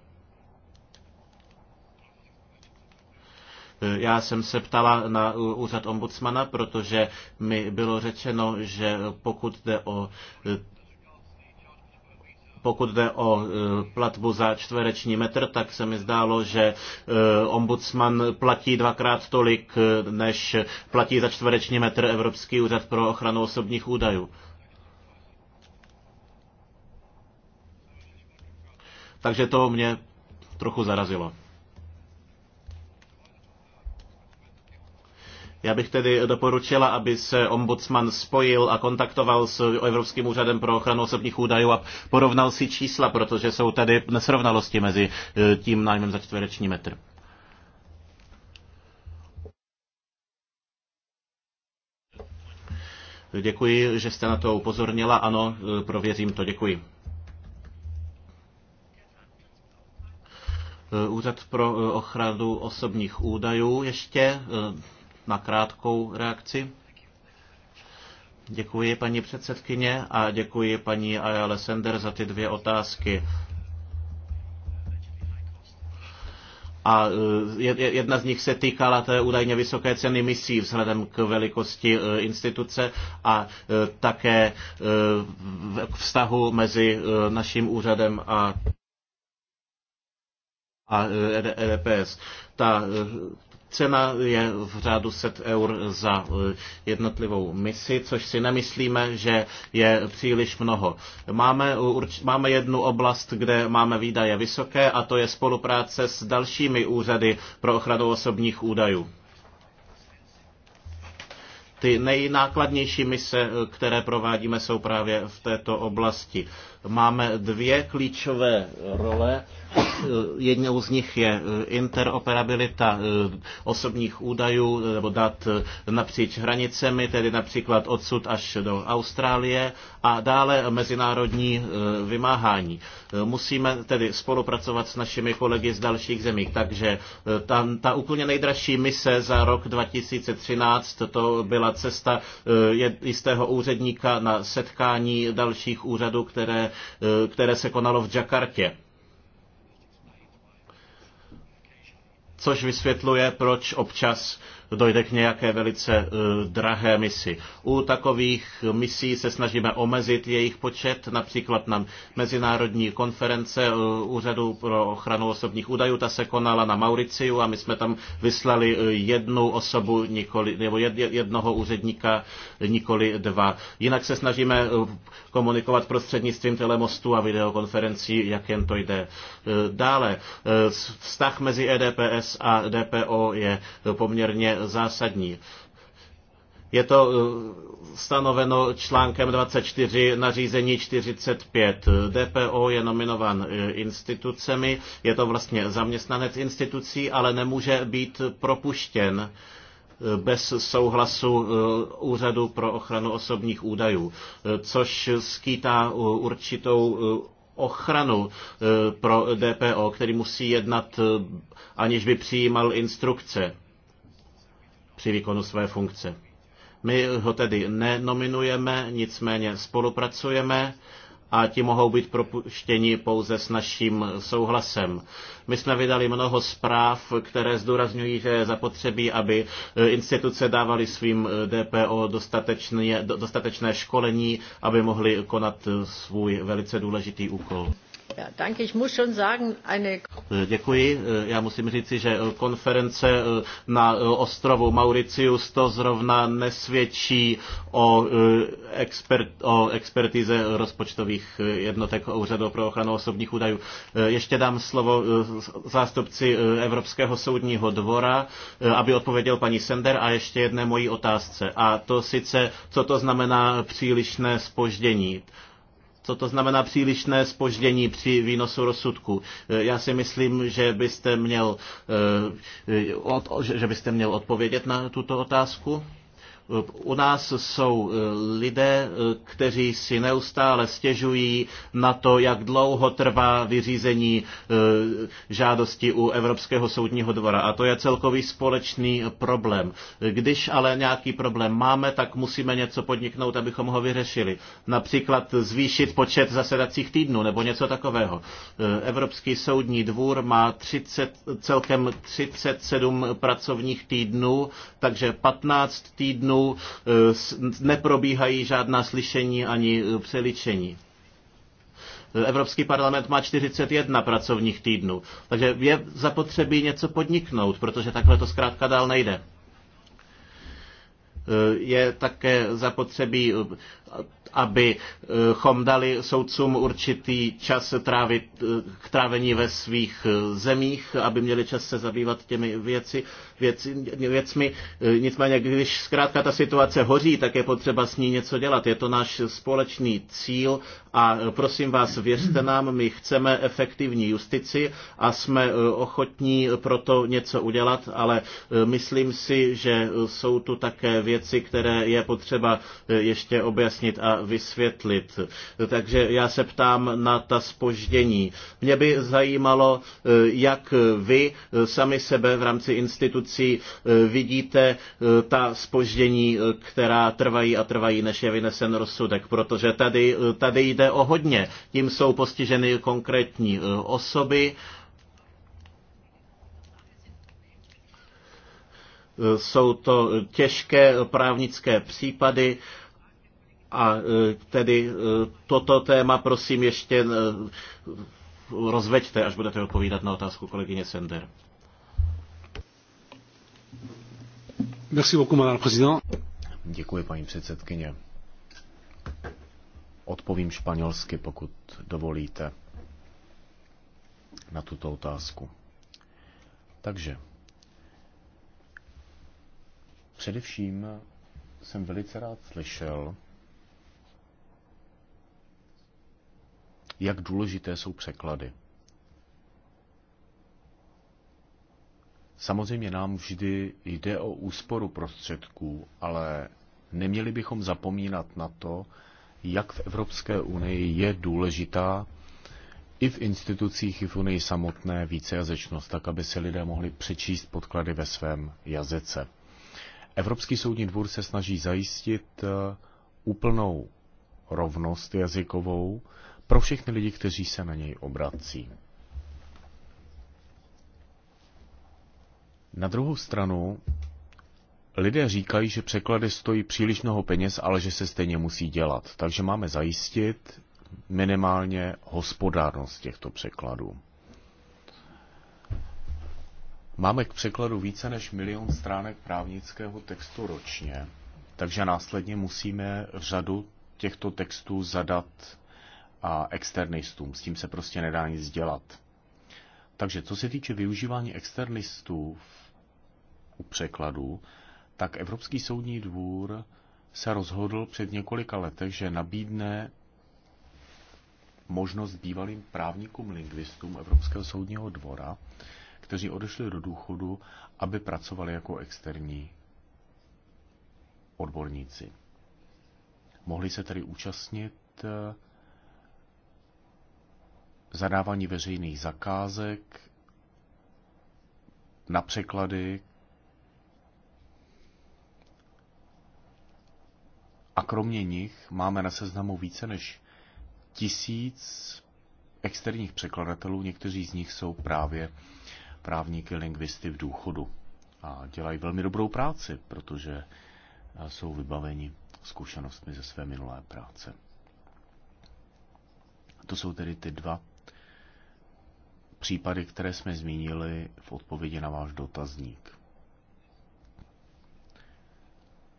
Eh, já jsem se ptala na eh, úřad ombudsmana, protože mi bylo řečeno, že pokud jde o pokud jde o e, platbu za čtvereční metr, tak se mi zdálo, že e, ombudsman platí dvakrát tolik, e, než platí za čtvereční metr Evropský úřad pro ochranu osobních údajů. Takže to mě trochu zarazilo. Já bych tedy doporučila, aby se ombudsman spojil a kontaktoval s Evropským úřadem pro ochranu osobních údajů a porovnal si čísla, protože jsou tady nesrovnalosti mezi eh, tím nájmem za čtvereční metr. Děkuji, že jste na to upozornila. Ano, eh, prověřím to. Děkuji. Eh, Úřad pro ochranu osobních údajů ještě na krátkou reakci. Děkuji paní předsedkyně a děkuji paní Ayala Sender za ty dvě otázky. A e, jedna z nich se týkala té údajně vysoké ceny misí vzhledem k velikosti e, instituce a e, také k vztahu mezi naším úřadem a a EDPS. Ta Cena je v řádu set eur za e, jednotlivou misi, což si nemyslíme, že je příliš mnoho. Máme, máme jednu oblast, kde máme výdaje vysoké a to je spolupráce s dalšími úřady pro ochranu osobních údajů ty nejnákladnější mise, e, které provádíme, jsou právě v této oblasti. Máme dvě klíčové role. Jednou z nich je eh, interoperabilita eh, osobních údajů eh, nebo dat napříč hranicemi, tedy například odsud až do Austrálie a dále mezinárodní vymáhání. Musíme tedy spolupracovat s našimi kolegy z dalších zemí, takže ta, ta úplně nejdražší mise za rok 2013 to byla cesta jistého úředníka na setkání dalších úřadů, které Eh, které se konalo v Jakartě. Což vysvětluje, proč občas dojde k nějaké velice e, drahé misi. U takových misí se snažíme omezit jejich počet, například na mezinárodní konference e, Úřadu pro ochranu osobních údajů, ta se konala na Mauriciu a my jsme tam vyslali e, jednu osobu, nikoli, nebo jednoho úředníka, nikoli dva. Jinak se snažíme komunikovat prostřednictvím telemostu a videokonferencí, jak jen to jde. Dále, vztah mezi EDPS a DPO je poměrně zásadní. Je to eh, stanoveno článkem 24 nařízení 45. DPO je nominován eh, institucemi, je to vlastně zaměstnanec institucí, ale nemůže být propuštěn eh, bez souhlasu Úřadu pro ochranu osobních údajů, což skýtá určitou ochranu pro DPO, který musí jednat, aniž by přijímal instrukce při výkonu své funkce. My ho tedy nenominujeme, nicméně spolupracujeme a ti mohou být propuštěni pouze s naším souhlasem. My jsme vydali mnoho zpráv, které zdůrazňují, že je zapotřebí, aby instituce dávaly svým DPO dostatečné, dostatečné školení, aby mohli konat svůj velice důležitý úkol. Eh, děkuji. Eh, já musím říci, že eh, konference na ostrovu Mauricius to zrovna nesvědčí o, expert, o expertize rozpočtových jednotek Úřadu pro ochranu osobních údajů. Ještě dám slovo zástupci Evropského soudního dvora, aby odpověděl paní Sender a ještě jedné mojí otázce. A to sice, co to znamená přílišné spoždění co to znamená přílišné spoždění při výnosu rozsudku. Eh, já si myslím, že byste měl, eh, eh, že byste měl odpovědět na tuto otázku. U nás jsou eh, lidé, eh, kteří si neustále stěžují na to, jak dlouho trvá vyřízení eh, žádosti u Evropského soudního dvora. A to je celkový společný problém. Když ale nějaký problém máme, tak musíme něco podniknout, abychom ho vyřešili. Například zvýšit počet zasedacích týdnů nebo něco takového. Evropský soudní dvůr má 30, celkem 37 pracovních týdnů, takže 15 týdnů většinou eh, neprobíhají žádná slyšení ani eh, přeličení. Eh, Evropský parlament má 41 pracovních týdnů, takže je zapotřebí něco podniknout, protože takhle to zkrátka dál nejde je také zapotřebí abychom dali soudcům určitý čas trávit, k trávení ve svých zemích, aby měli čas se zabývat těmi věci, věci, věcmi. Nicméně, když zkrátka ta situace hoří, tak je potřeba s ní něco dělat. Je to náš společný cíl a prosím vás, věřte nám, my chceme efektivní justici a jsme ochotní pro to něco udělat, ale myslím si, že jsou tu také věci, které je potřeba ještě objasnit objasnit a vysvětlit. Takže já se ptám na ta spoždění. Mě by zajímalo, eh, jak vy eh, sami sebe v rámci institucí eh, vidíte ta spoždění, která trvají a trvají, než je vynesen rozsudek, protože tady, tady jde o hodně. Tím jsou postiženy konkrétní osoby, jsou to těžké právnické případy a e, tedy e, toto téma prosím ještě e, rozveďte, až budete odpovídat na otázku kolegyně Sender. Merci beaucoup, madame président. Děkuji, paní předsedkyně. Odpovím španělsky, pokud dovolíte, na tuto otázku. Takže, především jsem velice rád slyšel, jak důležité jsou překlady. Samozřejmě nám vždy jde o úsporu prostředků, ale neměli bychom zapomínat na to, jak v Evropské unii je důležitá i v institucích, i v unii samotné vícejazyčnost, tak aby se lidé mohli přečíst podklady ve svém jazyce. Evropský soudní dvůr se snaží zajistit eh, úplnou rovnost jazykovou, pro všechny lidi, kteří se na něj obrací. Na druhou stranu, lidé říkají, že překlady stojí příliš mnoho peněz, ale že se stejně musí dělat. Takže máme zajistit minimálně hospodárnost těchto překladů. Máme k překladu více než milion stránek právnického textu ročně, takže následně musíme řadu těchto textů zadat a externistům. S tím se prostě nedá nic dělat. Takže co se týče využívání externistů u překladu, tak Evropský soudní dvůr se rozhodl před několika letech, že nabídne možnost bývalým právníkům, lingvistům Evropského soudního dvora, kteří odešli do důchodu, aby pracovali jako externí odborníci. Mohli se tedy účastnit eh, zadávání veřejných zakázek na překlady a kromě nich máme na seznamu více než tisíc externích překladatelů, někteří z nich jsou právě právníky, lingvisty v důchodu a dělají velmi dobrou práci, protože jsou vybaveni zkušenostmi ze své minulé práce. To jsou tedy ty dva případy, které jsme zmínili v odpovědi na váš dotazník.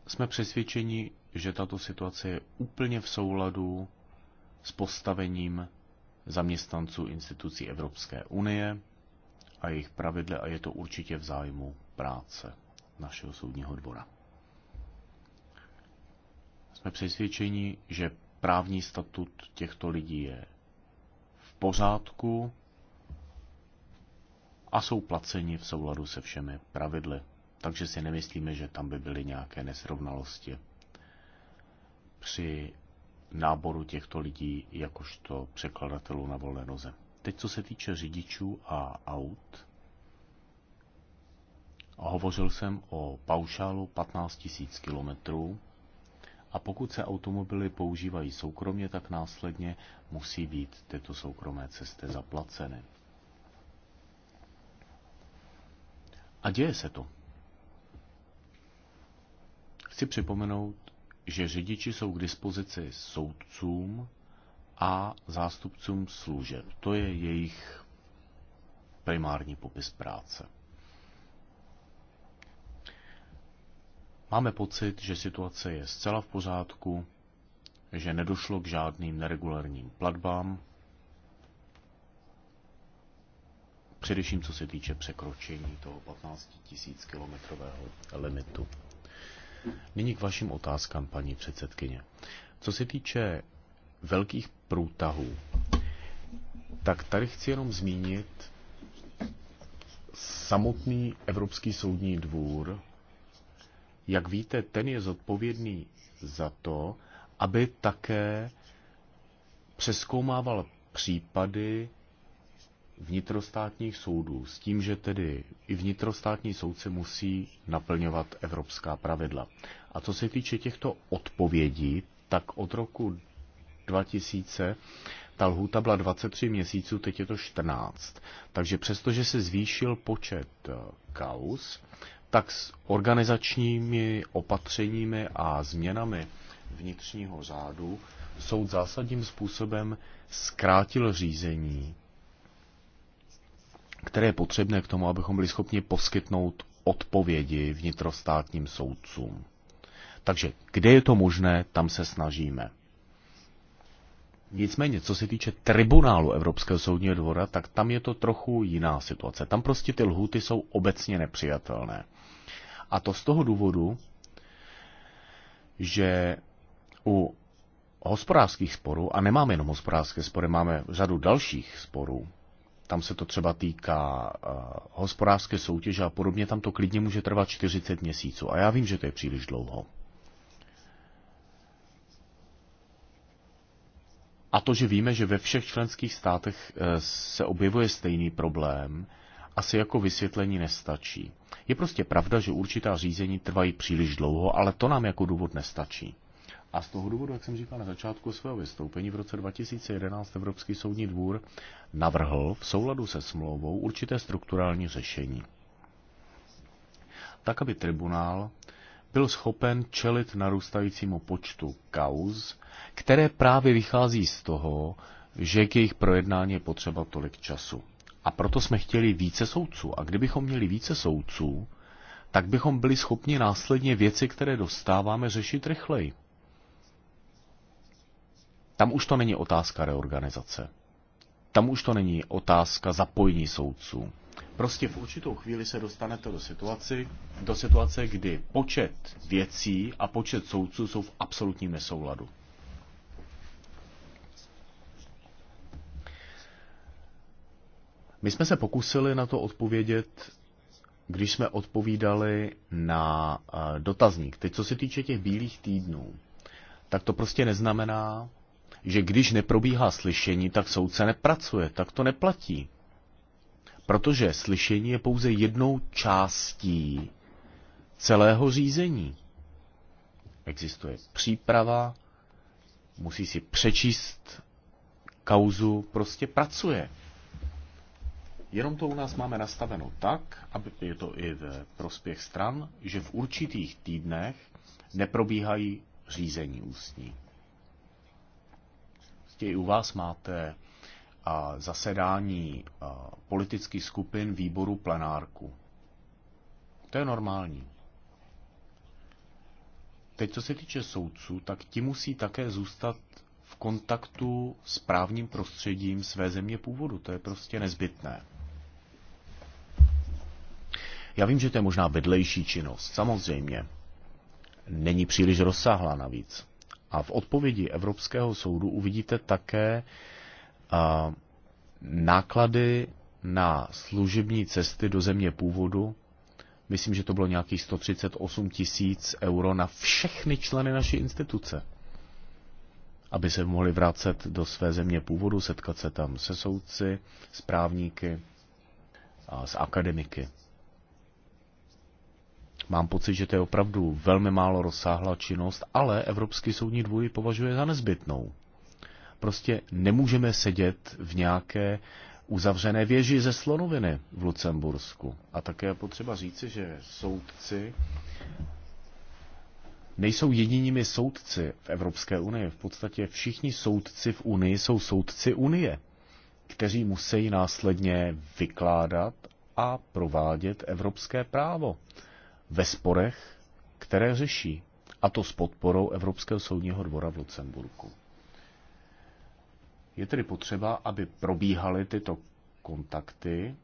Jsme přesvědčeni, že tato situace je úplně v souladu s postavením zaměstnanců institucí Evropské unie a jejich pravidle a je to určitě v zájmu práce našeho soudního dvora. Jsme přesvědčeni, že právní statut těchto lidí je v pořádku a jsou placeni v souladu se všemi pravidly. Takže si nemyslíme, že tam by byly nějaké nesrovnalosti při náboru těchto lidí jakožto překladatelů na volné noze. Teď co se týče řidičů a aut, hovořil jsem o paušálu 15 000 km a pokud se automobily používají soukromě, tak následně musí být tyto soukromé cesty zaplaceny. A děje se to. Chci připomenout, že řidiči jsou k dispozici soudcům a zástupcům služeb. To je jejich primární popis práce. Máme pocit, že situace je zcela v pořádku, že nedošlo k žádným neregulárním platbám, především co se týče překročení toho 15 000 kilometrového limitu. Nyní k vašim otázkám, paní předsedkyně. Co se týče velkých průtahů, tak tady chci jenom zmínit samotný Evropský soudní dvůr. Jak víte, ten je zodpovědný za to, aby také přeskoumával případy vnitrostátních soudů, s tím, že tedy i vnitrostátní soudci musí naplňovat evropská pravidla. A co se týče těchto odpovědí, tak od roku 2000 ta lhůta byla 23 měsíců, teď je to 14. Takže přestože se zvýšil počet eh, kaus, tak s organizačními opatřeními a změnami vnitřního řádu soud zásadním způsobem zkrátil řízení které je potřebné k tomu, abychom byli schopni poskytnout odpovědi vnitrostátním soudcům. Takže kde je to možné, tam se snažíme. Nicméně, co se týče tribunálu Evropského soudního dvora, tak tam je to trochu jiná situace. Tam prostě ty lhuty jsou obecně nepřijatelné. A to z toho důvodu, že u hospodářských sporů, a nemáme jenom hospodářské spory, máme řadu dalších sporů, tam se to třeba týká eh, hospodářské soutěže a podobně, tam to klidně může trvat 40 měsíců. A já vím, že to je příliš dlouho. A to, že víme, že ve všech členských státech eh, se objevuje stejný problém, asi jako vysvětlení nestačí. Je prostě pravda, že určitá řízení trvají příliš dlouho, ale to nám jako důvod nestačí. A z toho důvodu, jak jsem říkal na začátku svého vystoupení, v roce 2011 Evropský soudní dvůr navrhl v souladu se smlouvou určité strukturální řešení. Tak, aby tribunál byl schopen čelit narůstajícímu počtu kauz, které právě vychází z toho, že k jejich projednání je potřeba tolik času. A proto jsme chtěli více soudců. A kdybychom měli více soudců, tak bychom byli schopni následně věci, které dostáváme, řešit rychleji. Tam už to není otázka reorganizace. Tam už to není otázka zapojení soudců. Prostě v určitou chvíli se dostanete do, situace, do situace, kdy počet věcí a počet soudců jsou v absolutním nesouladu. My jsme se pokusili na to odpovědět, když jsme odpovídali na eh, dotazník. Teď, co se týče těch bílých týdnů, tak to prostě neznamená, že když neprobíhá slyšení, tak soudce nepracuje, tak to neplatí. Protože slyšení je pouze jednou částí celého řízení. Existuje příprava, musí si přečíst kauzu, prostě pracuje. Jenom to u nás máme nastaveno tak, aby je to i ve prospěch stran, že v určitých týdnech neprobíhají řízení ústní. Jistě i u vás máte zasedání politických skupin výboru plenárku. To je normální. Teď, co se týče soudců, tak ti musí také zůstat v kontaktu s právním prostředím své země původu. To je prostě nezbytné. Já vím, že to je možná vedlejší činnost, samozřejmě. Není příliš rozsáhlá navíc. A v odpovědi Evropského soudu uvidíte také náklady na služební cesty do země původu. Myslím, že to bylo nějakých 138 tisíc euro na všechny členy naší instituce, aby se mohli vracet do své země původu, setkat se tam se soudci, s právníky a s akademiky. Mám pocit, že to je opravdu velmi málo rozsáhlá činnost, ale Evropský soudní dvůj považuje za nezbytnou. Prostě nemůžeme sedět v nějaké uzavřené věži ze slonoviny v Lucembursku. A také je potřeba říci, že soudci nejsou jedinými soudci v Evropské unii. V podstatě všichni soudci v unii jsou soudci unie, kteří musí následně vykládat a provádět evropské právo ve sporech, které řeší, a to s podporou Evropského soudního dvora v Lucemburku. Je tedy potřeba, aby probíhaly tyto kontakty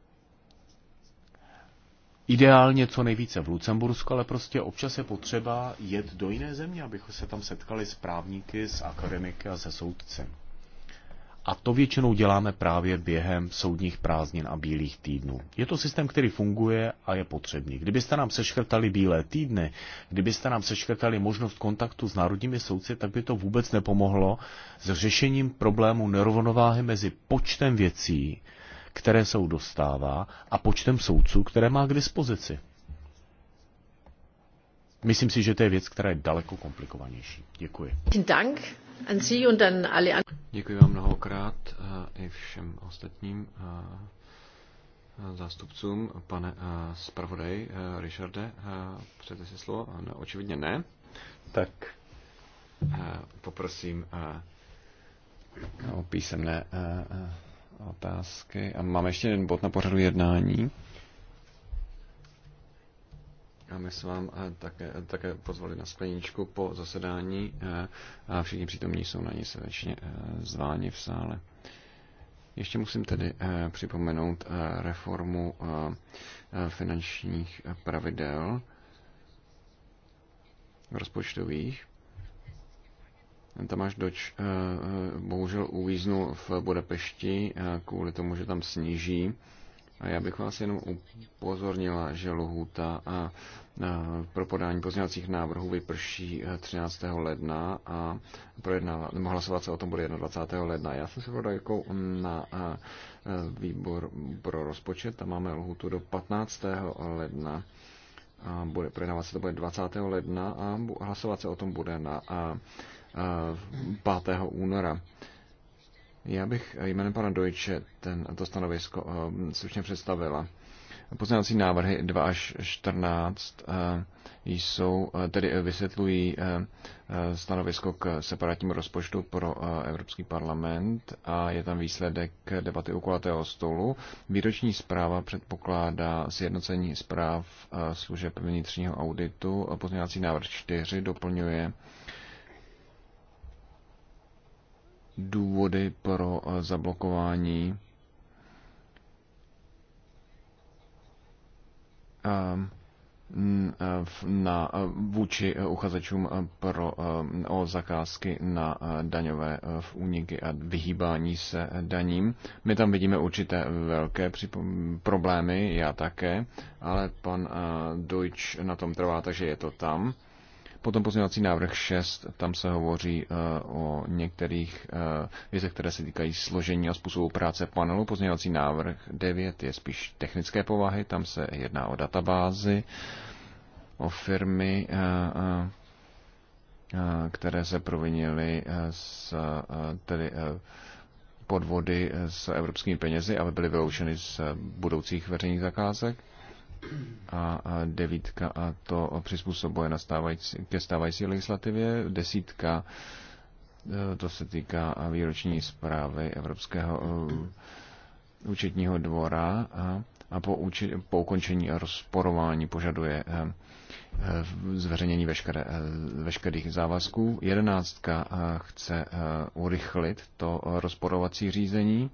ideálně co nejvíce v Lucembursku, ale prostě občas je potřeba jet do jiné země, abychom se tam setkali s právníky, s akademiky a se soudcem. A to většinou děláme právě během soudních prázdnin a bílých týdnů. Je to systém, který funguje a je potřebný. Kdybyste nám seškrtali bílé týdny, kdybyste nám seškrtali možnost kontaktu s národními soudci, tak by to vůbec nepomohlo s řešením problému nerovnováhy mezi počtem věcí, které soud dostává, a počtem soudců, které má k dispozici. Myslím si, že to je věc, která je daleko komplikovanější. Děkuji. Dank alle Děkuji vám mnohokrát eh, i všem ostatním eh, zástupcům. Pane eh, zpravodaj Richarde, přejete si slovo? No, očividně ne. Tak poprosím o písemné otázky. A máme ještě jeden bod na pořadu jednání. A my jsme vám eh, také, eh, také pozvali na skleničku po zasedání eh, a všichni přítomní jsou na ní srdečně zváni v sále. Ještě musím tedy připomenout reformu finančních pravidel rozpočtových. Tamáš Doč bohužel uvíznul v Budapešti kvůli tomu, že tam sníží a já bych vás jenom upozornila, že lhůta a pro podání pozměňovacích návrhů vyprší 13. E, ledna a projednávat, nebo hlasovat se o tom bude 21. ledna. Já jsem se jako na e, výbor pro rozpočet, tam máme lhůtu do 15. ledna. A bude, projednávat se to bude 20. ledna a hlasovat se o tom bude na 5. února. Já bych jménem pana Dojče ten, to stanovisko eh, slušně představila. Poznávací návrhy 2 až 14 eh, jsou, eh, tedy vysvětlují stanovisko k separátnímu rozpočtu pro Evropský parlament a je tam výsledek debaty u kulatého stolu. Výroční zpráva předpokládá sjednocení zpráv služeb vnitřního auditu. Poznávací návrh 4 doplňuje důvody pro eh, zablokování. Ehm, eh, na, eh, vůči uchazečům pro, o zakázky na daňové úniky a vyhýbání se daním. My tam vidíme určité velké problémy, já také, ale pan Deutsch na tom trvá, takže je to tam. Potom pozměňovací návrh 6, tam se hovoří eh, o některých eh, věcech, které se týkají složení a způsobu práce panelu. Pozměňovací návrh 9 je spíš technické povahy, tam se jedná o databázy, o firmy, eh, které se provinily s tedy podvody s evropskými penězi, aby byly vyloučeny z budoucích veřejných zakázek a, a devítka a to přizpůsobuje na stávající, ke stávající legislativě, desítka e, to se týká výroční zprávy Evropského e, účetního dvora a, a po, uči, po ukončení rozporování požaduje e, zveřejnění veškeré, veškerých závazků. Jedenáctka chce urychlit to rozporovací řízení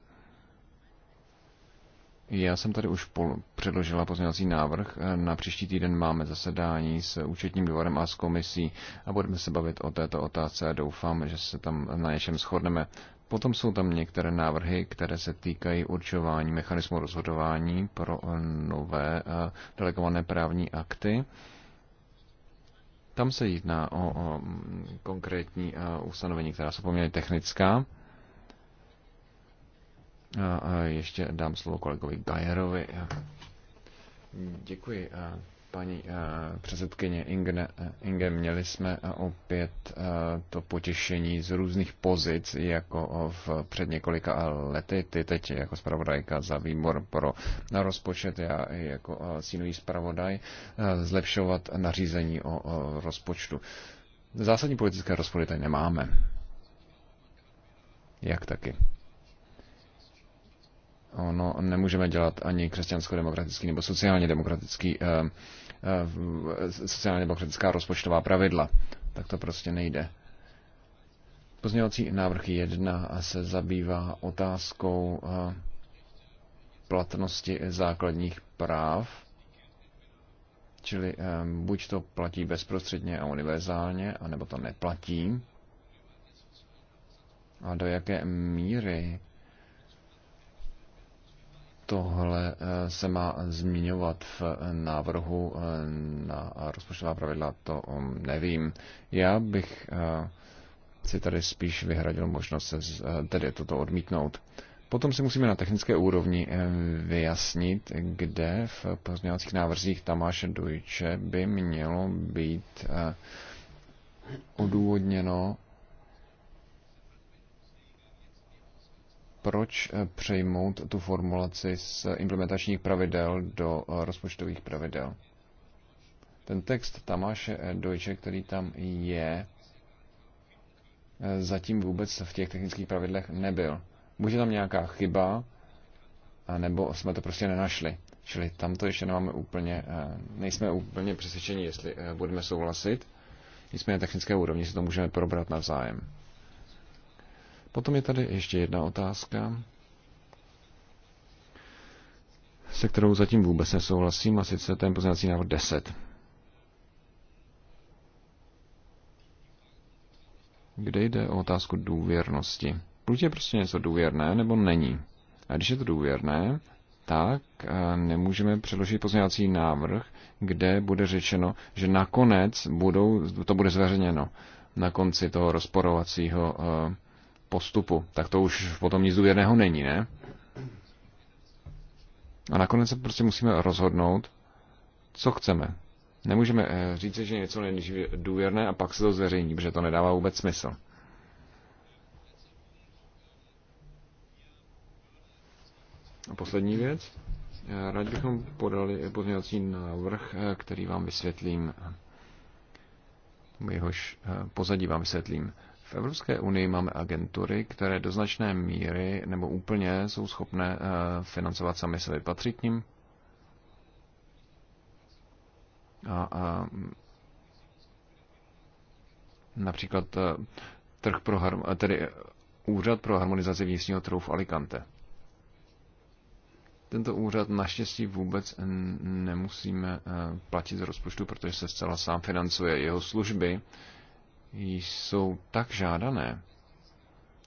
já jsem tady už předložila pozměňovací návrh. Na příští týden máme zasedání s účetním dvorem a s komisí a budeme se bavit o této otázce a doufám, že se tam na něčem shodneme. Potom jsou tam některé návrhy, které se týkají určování mechanismu rozhodování pro eh, nové eh, delegované právní akty. Tam se jedná o, o mm, konkrétní eh, ustanovení, která jsou poměrně technická. A ještě dám slovo kolegovi Gajerovi. Děkuji, paní předsedkyně Inge, Inge. Měli jsme opět to potěšení z různých pozic, jako v před několika lety. Ty teď jako zpravodajka za výbor pro rozpočet, já jako sínový zpravodaj, zlepšovat nařízení o rozpočtu. Zásadní politické rozpočty tady nemáme. Jak taky? Ono nemůžeme dělat ani křesťansko-demokratický nebo sociálně demokratický eh, eh, sociálně demokratická rozpočtová pravidla. Tak to prostě nejde. Pozměňovací návrh 1 se zabývá otázkou eh, platnosti základních práv, čili buď to platí bezprostředně a univerzálně, anebo to neplatí. A do jaké míry tohle eh, se má zmiňovat v eh, návrhu eh, na rozpočtová pravidla, to mm, nevím. Já bych si tady spíš vyhradil možnost se tedy toto odmítnout. Potom si musíme na technické úrovni vyjasnit, kde v pozměňovacích návrzích Tamáše Dujče by mělo být odůvodněno proč eh, přejmout tu formulaci z implementačních pravidel do eh, rozpočtových pravidel. Ten text Tamáše eh, Dojče, který tam je, zatím vůbec v těch technických pravidlech nebyl. Buď je tam nějaká chyba, nebo jsme to prostě nenašli. Čili tam to ještě nemáme úplně, nejsme úplně přesvědčeni, jestli budeme souhlasit. Nicméně technické úrovni si to můžeme probrat navzájem. Potom je tady ještě jedna otázka, se kterou zatím vůbec nesouhlasím, a sice ten poznací návrh 10. Kde jde o otázku důvěrnosti? Buď je prostě něco důvěrné, nebo není. A když je to důvěrné, tak eh, nemůžeme předložit pozměňovací návrh, kde bude řečeno, že nakonec budou, to bude zveřejněno na konci toho rozporovacího uh, postupu, tak to už potom nic důvěrného není, ne? A nakonec se prostě musíme rozhodnout, co chceme. Nemůžeme eh, říct, že něco není důvěrné a pak se to zveřejní, protože to nedává vůbec smysl. A poslední věc. Eh, Rád bychom podali pozměňovací návrh, eh, který vám vysvětlím. Jehož pozadí vám vysvětlím. V Evropské unii máme agentury, které do značné míry nebo úplně jsou schopné eh, financovat sami sebe. Patří ním? A, a mm, například eh, trh pro, eh, tedy úřad pro harmonizaci vnitřního trhu v Alicante. Tento úřad naštěstí vůbec nemusíme platit z rozpočtu, protože se zcela sám financuje jeho služby jsou tak žádané,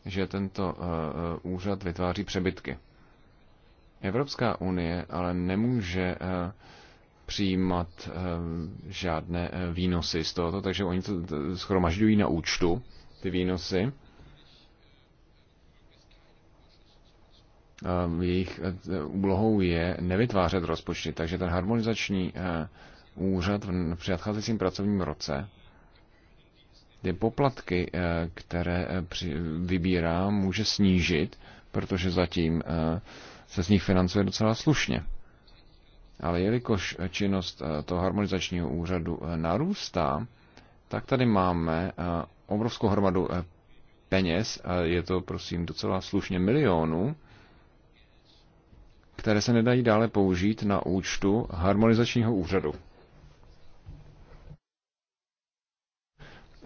že tento eh, eh, úřad vytváří přebytky. Evropská unie ale nemůže eh, přijímat žádné výnosy z tohoto, takže oni to schromažďují na účtu, ty výnosy. Jejich úlohou je nevytvářet rozpočty, takže ten harmonizační úřad v předcházejícím pracovním roce ty poplatky, eh, které eh, vybírá, může snížit, protože zatím eh, se z nich financuje docela slušně. Ale jelikož činnost toho harmonizačního úřadu narůstá, tak tady máme obrovskou hromadu peněz, a je to prosím docela slušně milionů, které se nedají dále použít na účtu harmonizačního úřadu.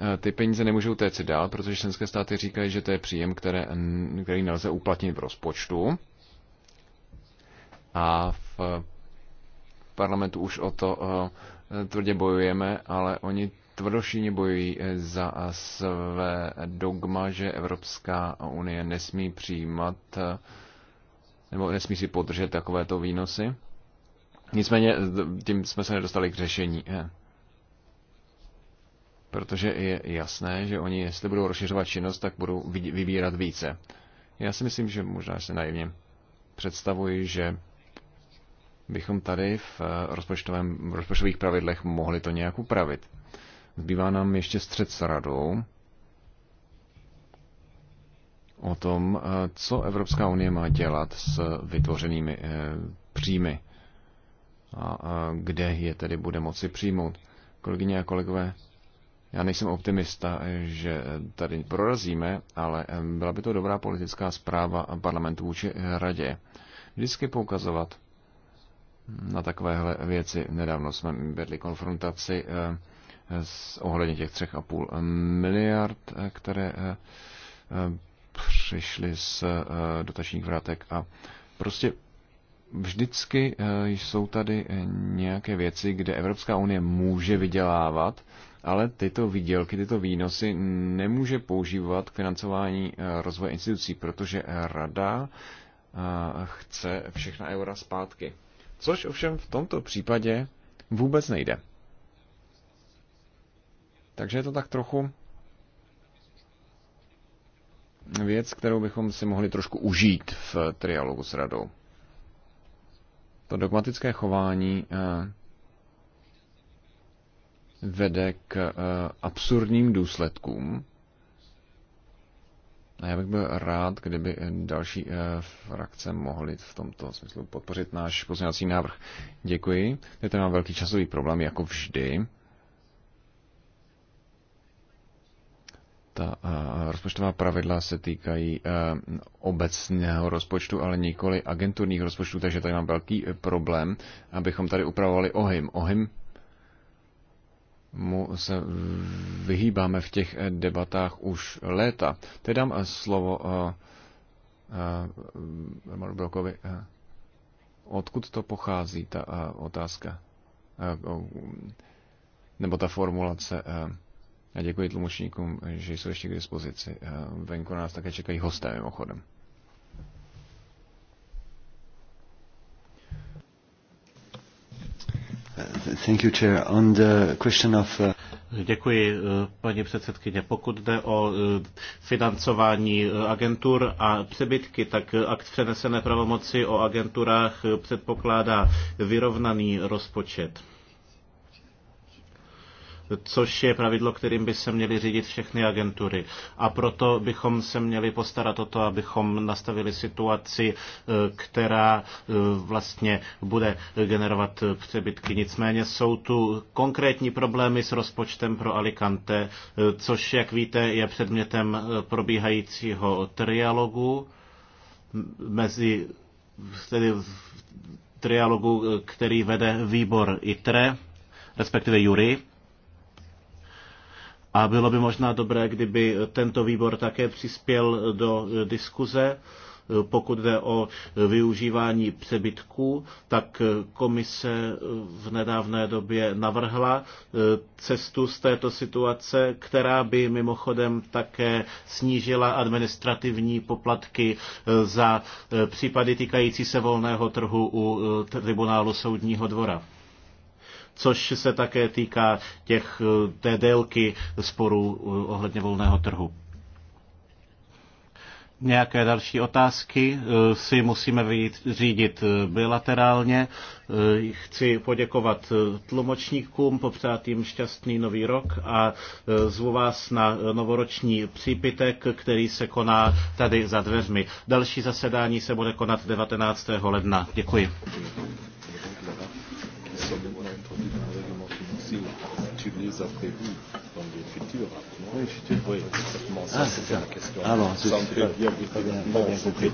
Eh, ty peníze nemůžou téct dál, protože členské státy říkají, že to je příjem, které, který nelze uplatnit v rozpočtu. A v eh, parlamentu už o to eh, tvrdě bojujeme, ale oni tvrdošíně bojují za své dogma, že Evropská unie nesmí přijímat nebo nesmí si podržet takovéto výnosy. Nicméně tím jsme se nedostali k řešení protože je jasné, že oni, jestli budou rozšiřovat činnost, tak budou vybírat více. Já si myslím, že možná se naivně představuji, že bychom tady v eh, rozpočtovém, rozpočtových pravidlech mohli to nějak upravit. Zbývá nám ještě střed s radou o tom, eh, co Evropská unie má dělat s vytvořenými eh, příjmy a kde je tedy bude moci přijmout. Kolegyně a kolegové, já nejsem optimista, že tady prorazíme, ale byla by to dobrá politická zpráva parlamentu vůči radě. Vždycky poukazovat na takovéhle věci. Nedávno jsme vedli konfrontaci eh, s ohledně těch 3,5 miliard, eh, které eh, přišly z dotačních vrátek a prostě vždycky jsou tady nějaké věci, kde Evropská unie může vydělávat ale tyto výdělky, tyto výnosy nemůže používat k financování eh, rozvoje institucí, protože rada eh, chce všechna eura zpátky. Což ovšem v tomto případě vůbec nejde. Takže je to tak trochu věc, kterou bychom si mohli trošku užít v trialogu s radou. To dogmatické chování eh, vede k eh, absurdním důsledkům. A já bych byl rád, kdyby další eh, frakce mohly v tomto smyslu podpořit náš pozměňovací návrh. Děkuji. to mám velký časový problém, jako vždy. ta eh, rozpočtová pravidla se týkají obecného rozpočtu, ale nikoli agenturních rozpočtů, takže tady mám velký problém, abychom tady upravovali ohym. Ohym mu se vyhýbáme v těch eh, debatách už léta. Teď dám eh, slovo uh, Brokovi. Odkud to pochází, ta otázka? Nebo ta formulace? A děkuji tlumočníkům, že jsou ještě k dispozici. Venku nás také čekají hosté mimochodem. Thank you, Chair. On the question of, uh, Děkuji, uh, paní předsedkyně. Pokud jde o uh, financování agentur a přebytky, tak akt přenesené pravomoci o agenturách předpokládá vyrovnaný rozpočet což je pravidlo, kterým by se měly řídit všechny agentury. A proto bychom se měli postarat o to, abychom nastavili situaci, e, která e, vlastně bude generovat přebytky. Nicméně jsou tu konkrétní problémy s rozpočtem pro Alicante, e, což, jak víte, je předmětem probíhajícího trialogu mezi tedy trialogu, který vede výbor ITRE, respektive Jury. A bylo by možná dobré, kdyby tento výbor také přispěl do diskuze pokud jde o využívání přebytků, tak komise v nedávné době navrhla cestu z této situace, která by mimochodem také snížila administrativní poplatky za případy týkající se volného trhu u tribunálu soudního dvora což se také týká těch, eh, té délky sporů eh, ohledně volného trhu. Nějaké další otázky eh, si musíme řídit bilaterálně. Chci poděkovat tlumočníkům, popřát jim šťastný nový rok a zvu vás na novoroční přípitek, který se koná tady za dveřmi. Další zasedání se bude konat 19. ledna. Děkuji sur le introduit dans le règlement financier, tu les as prévus dans les futurs rapports. Oui, futurs. Oui, exactement. Ça, ah, c'était la question. Alors, ça, bien, bien, bien, bien, bien, compris.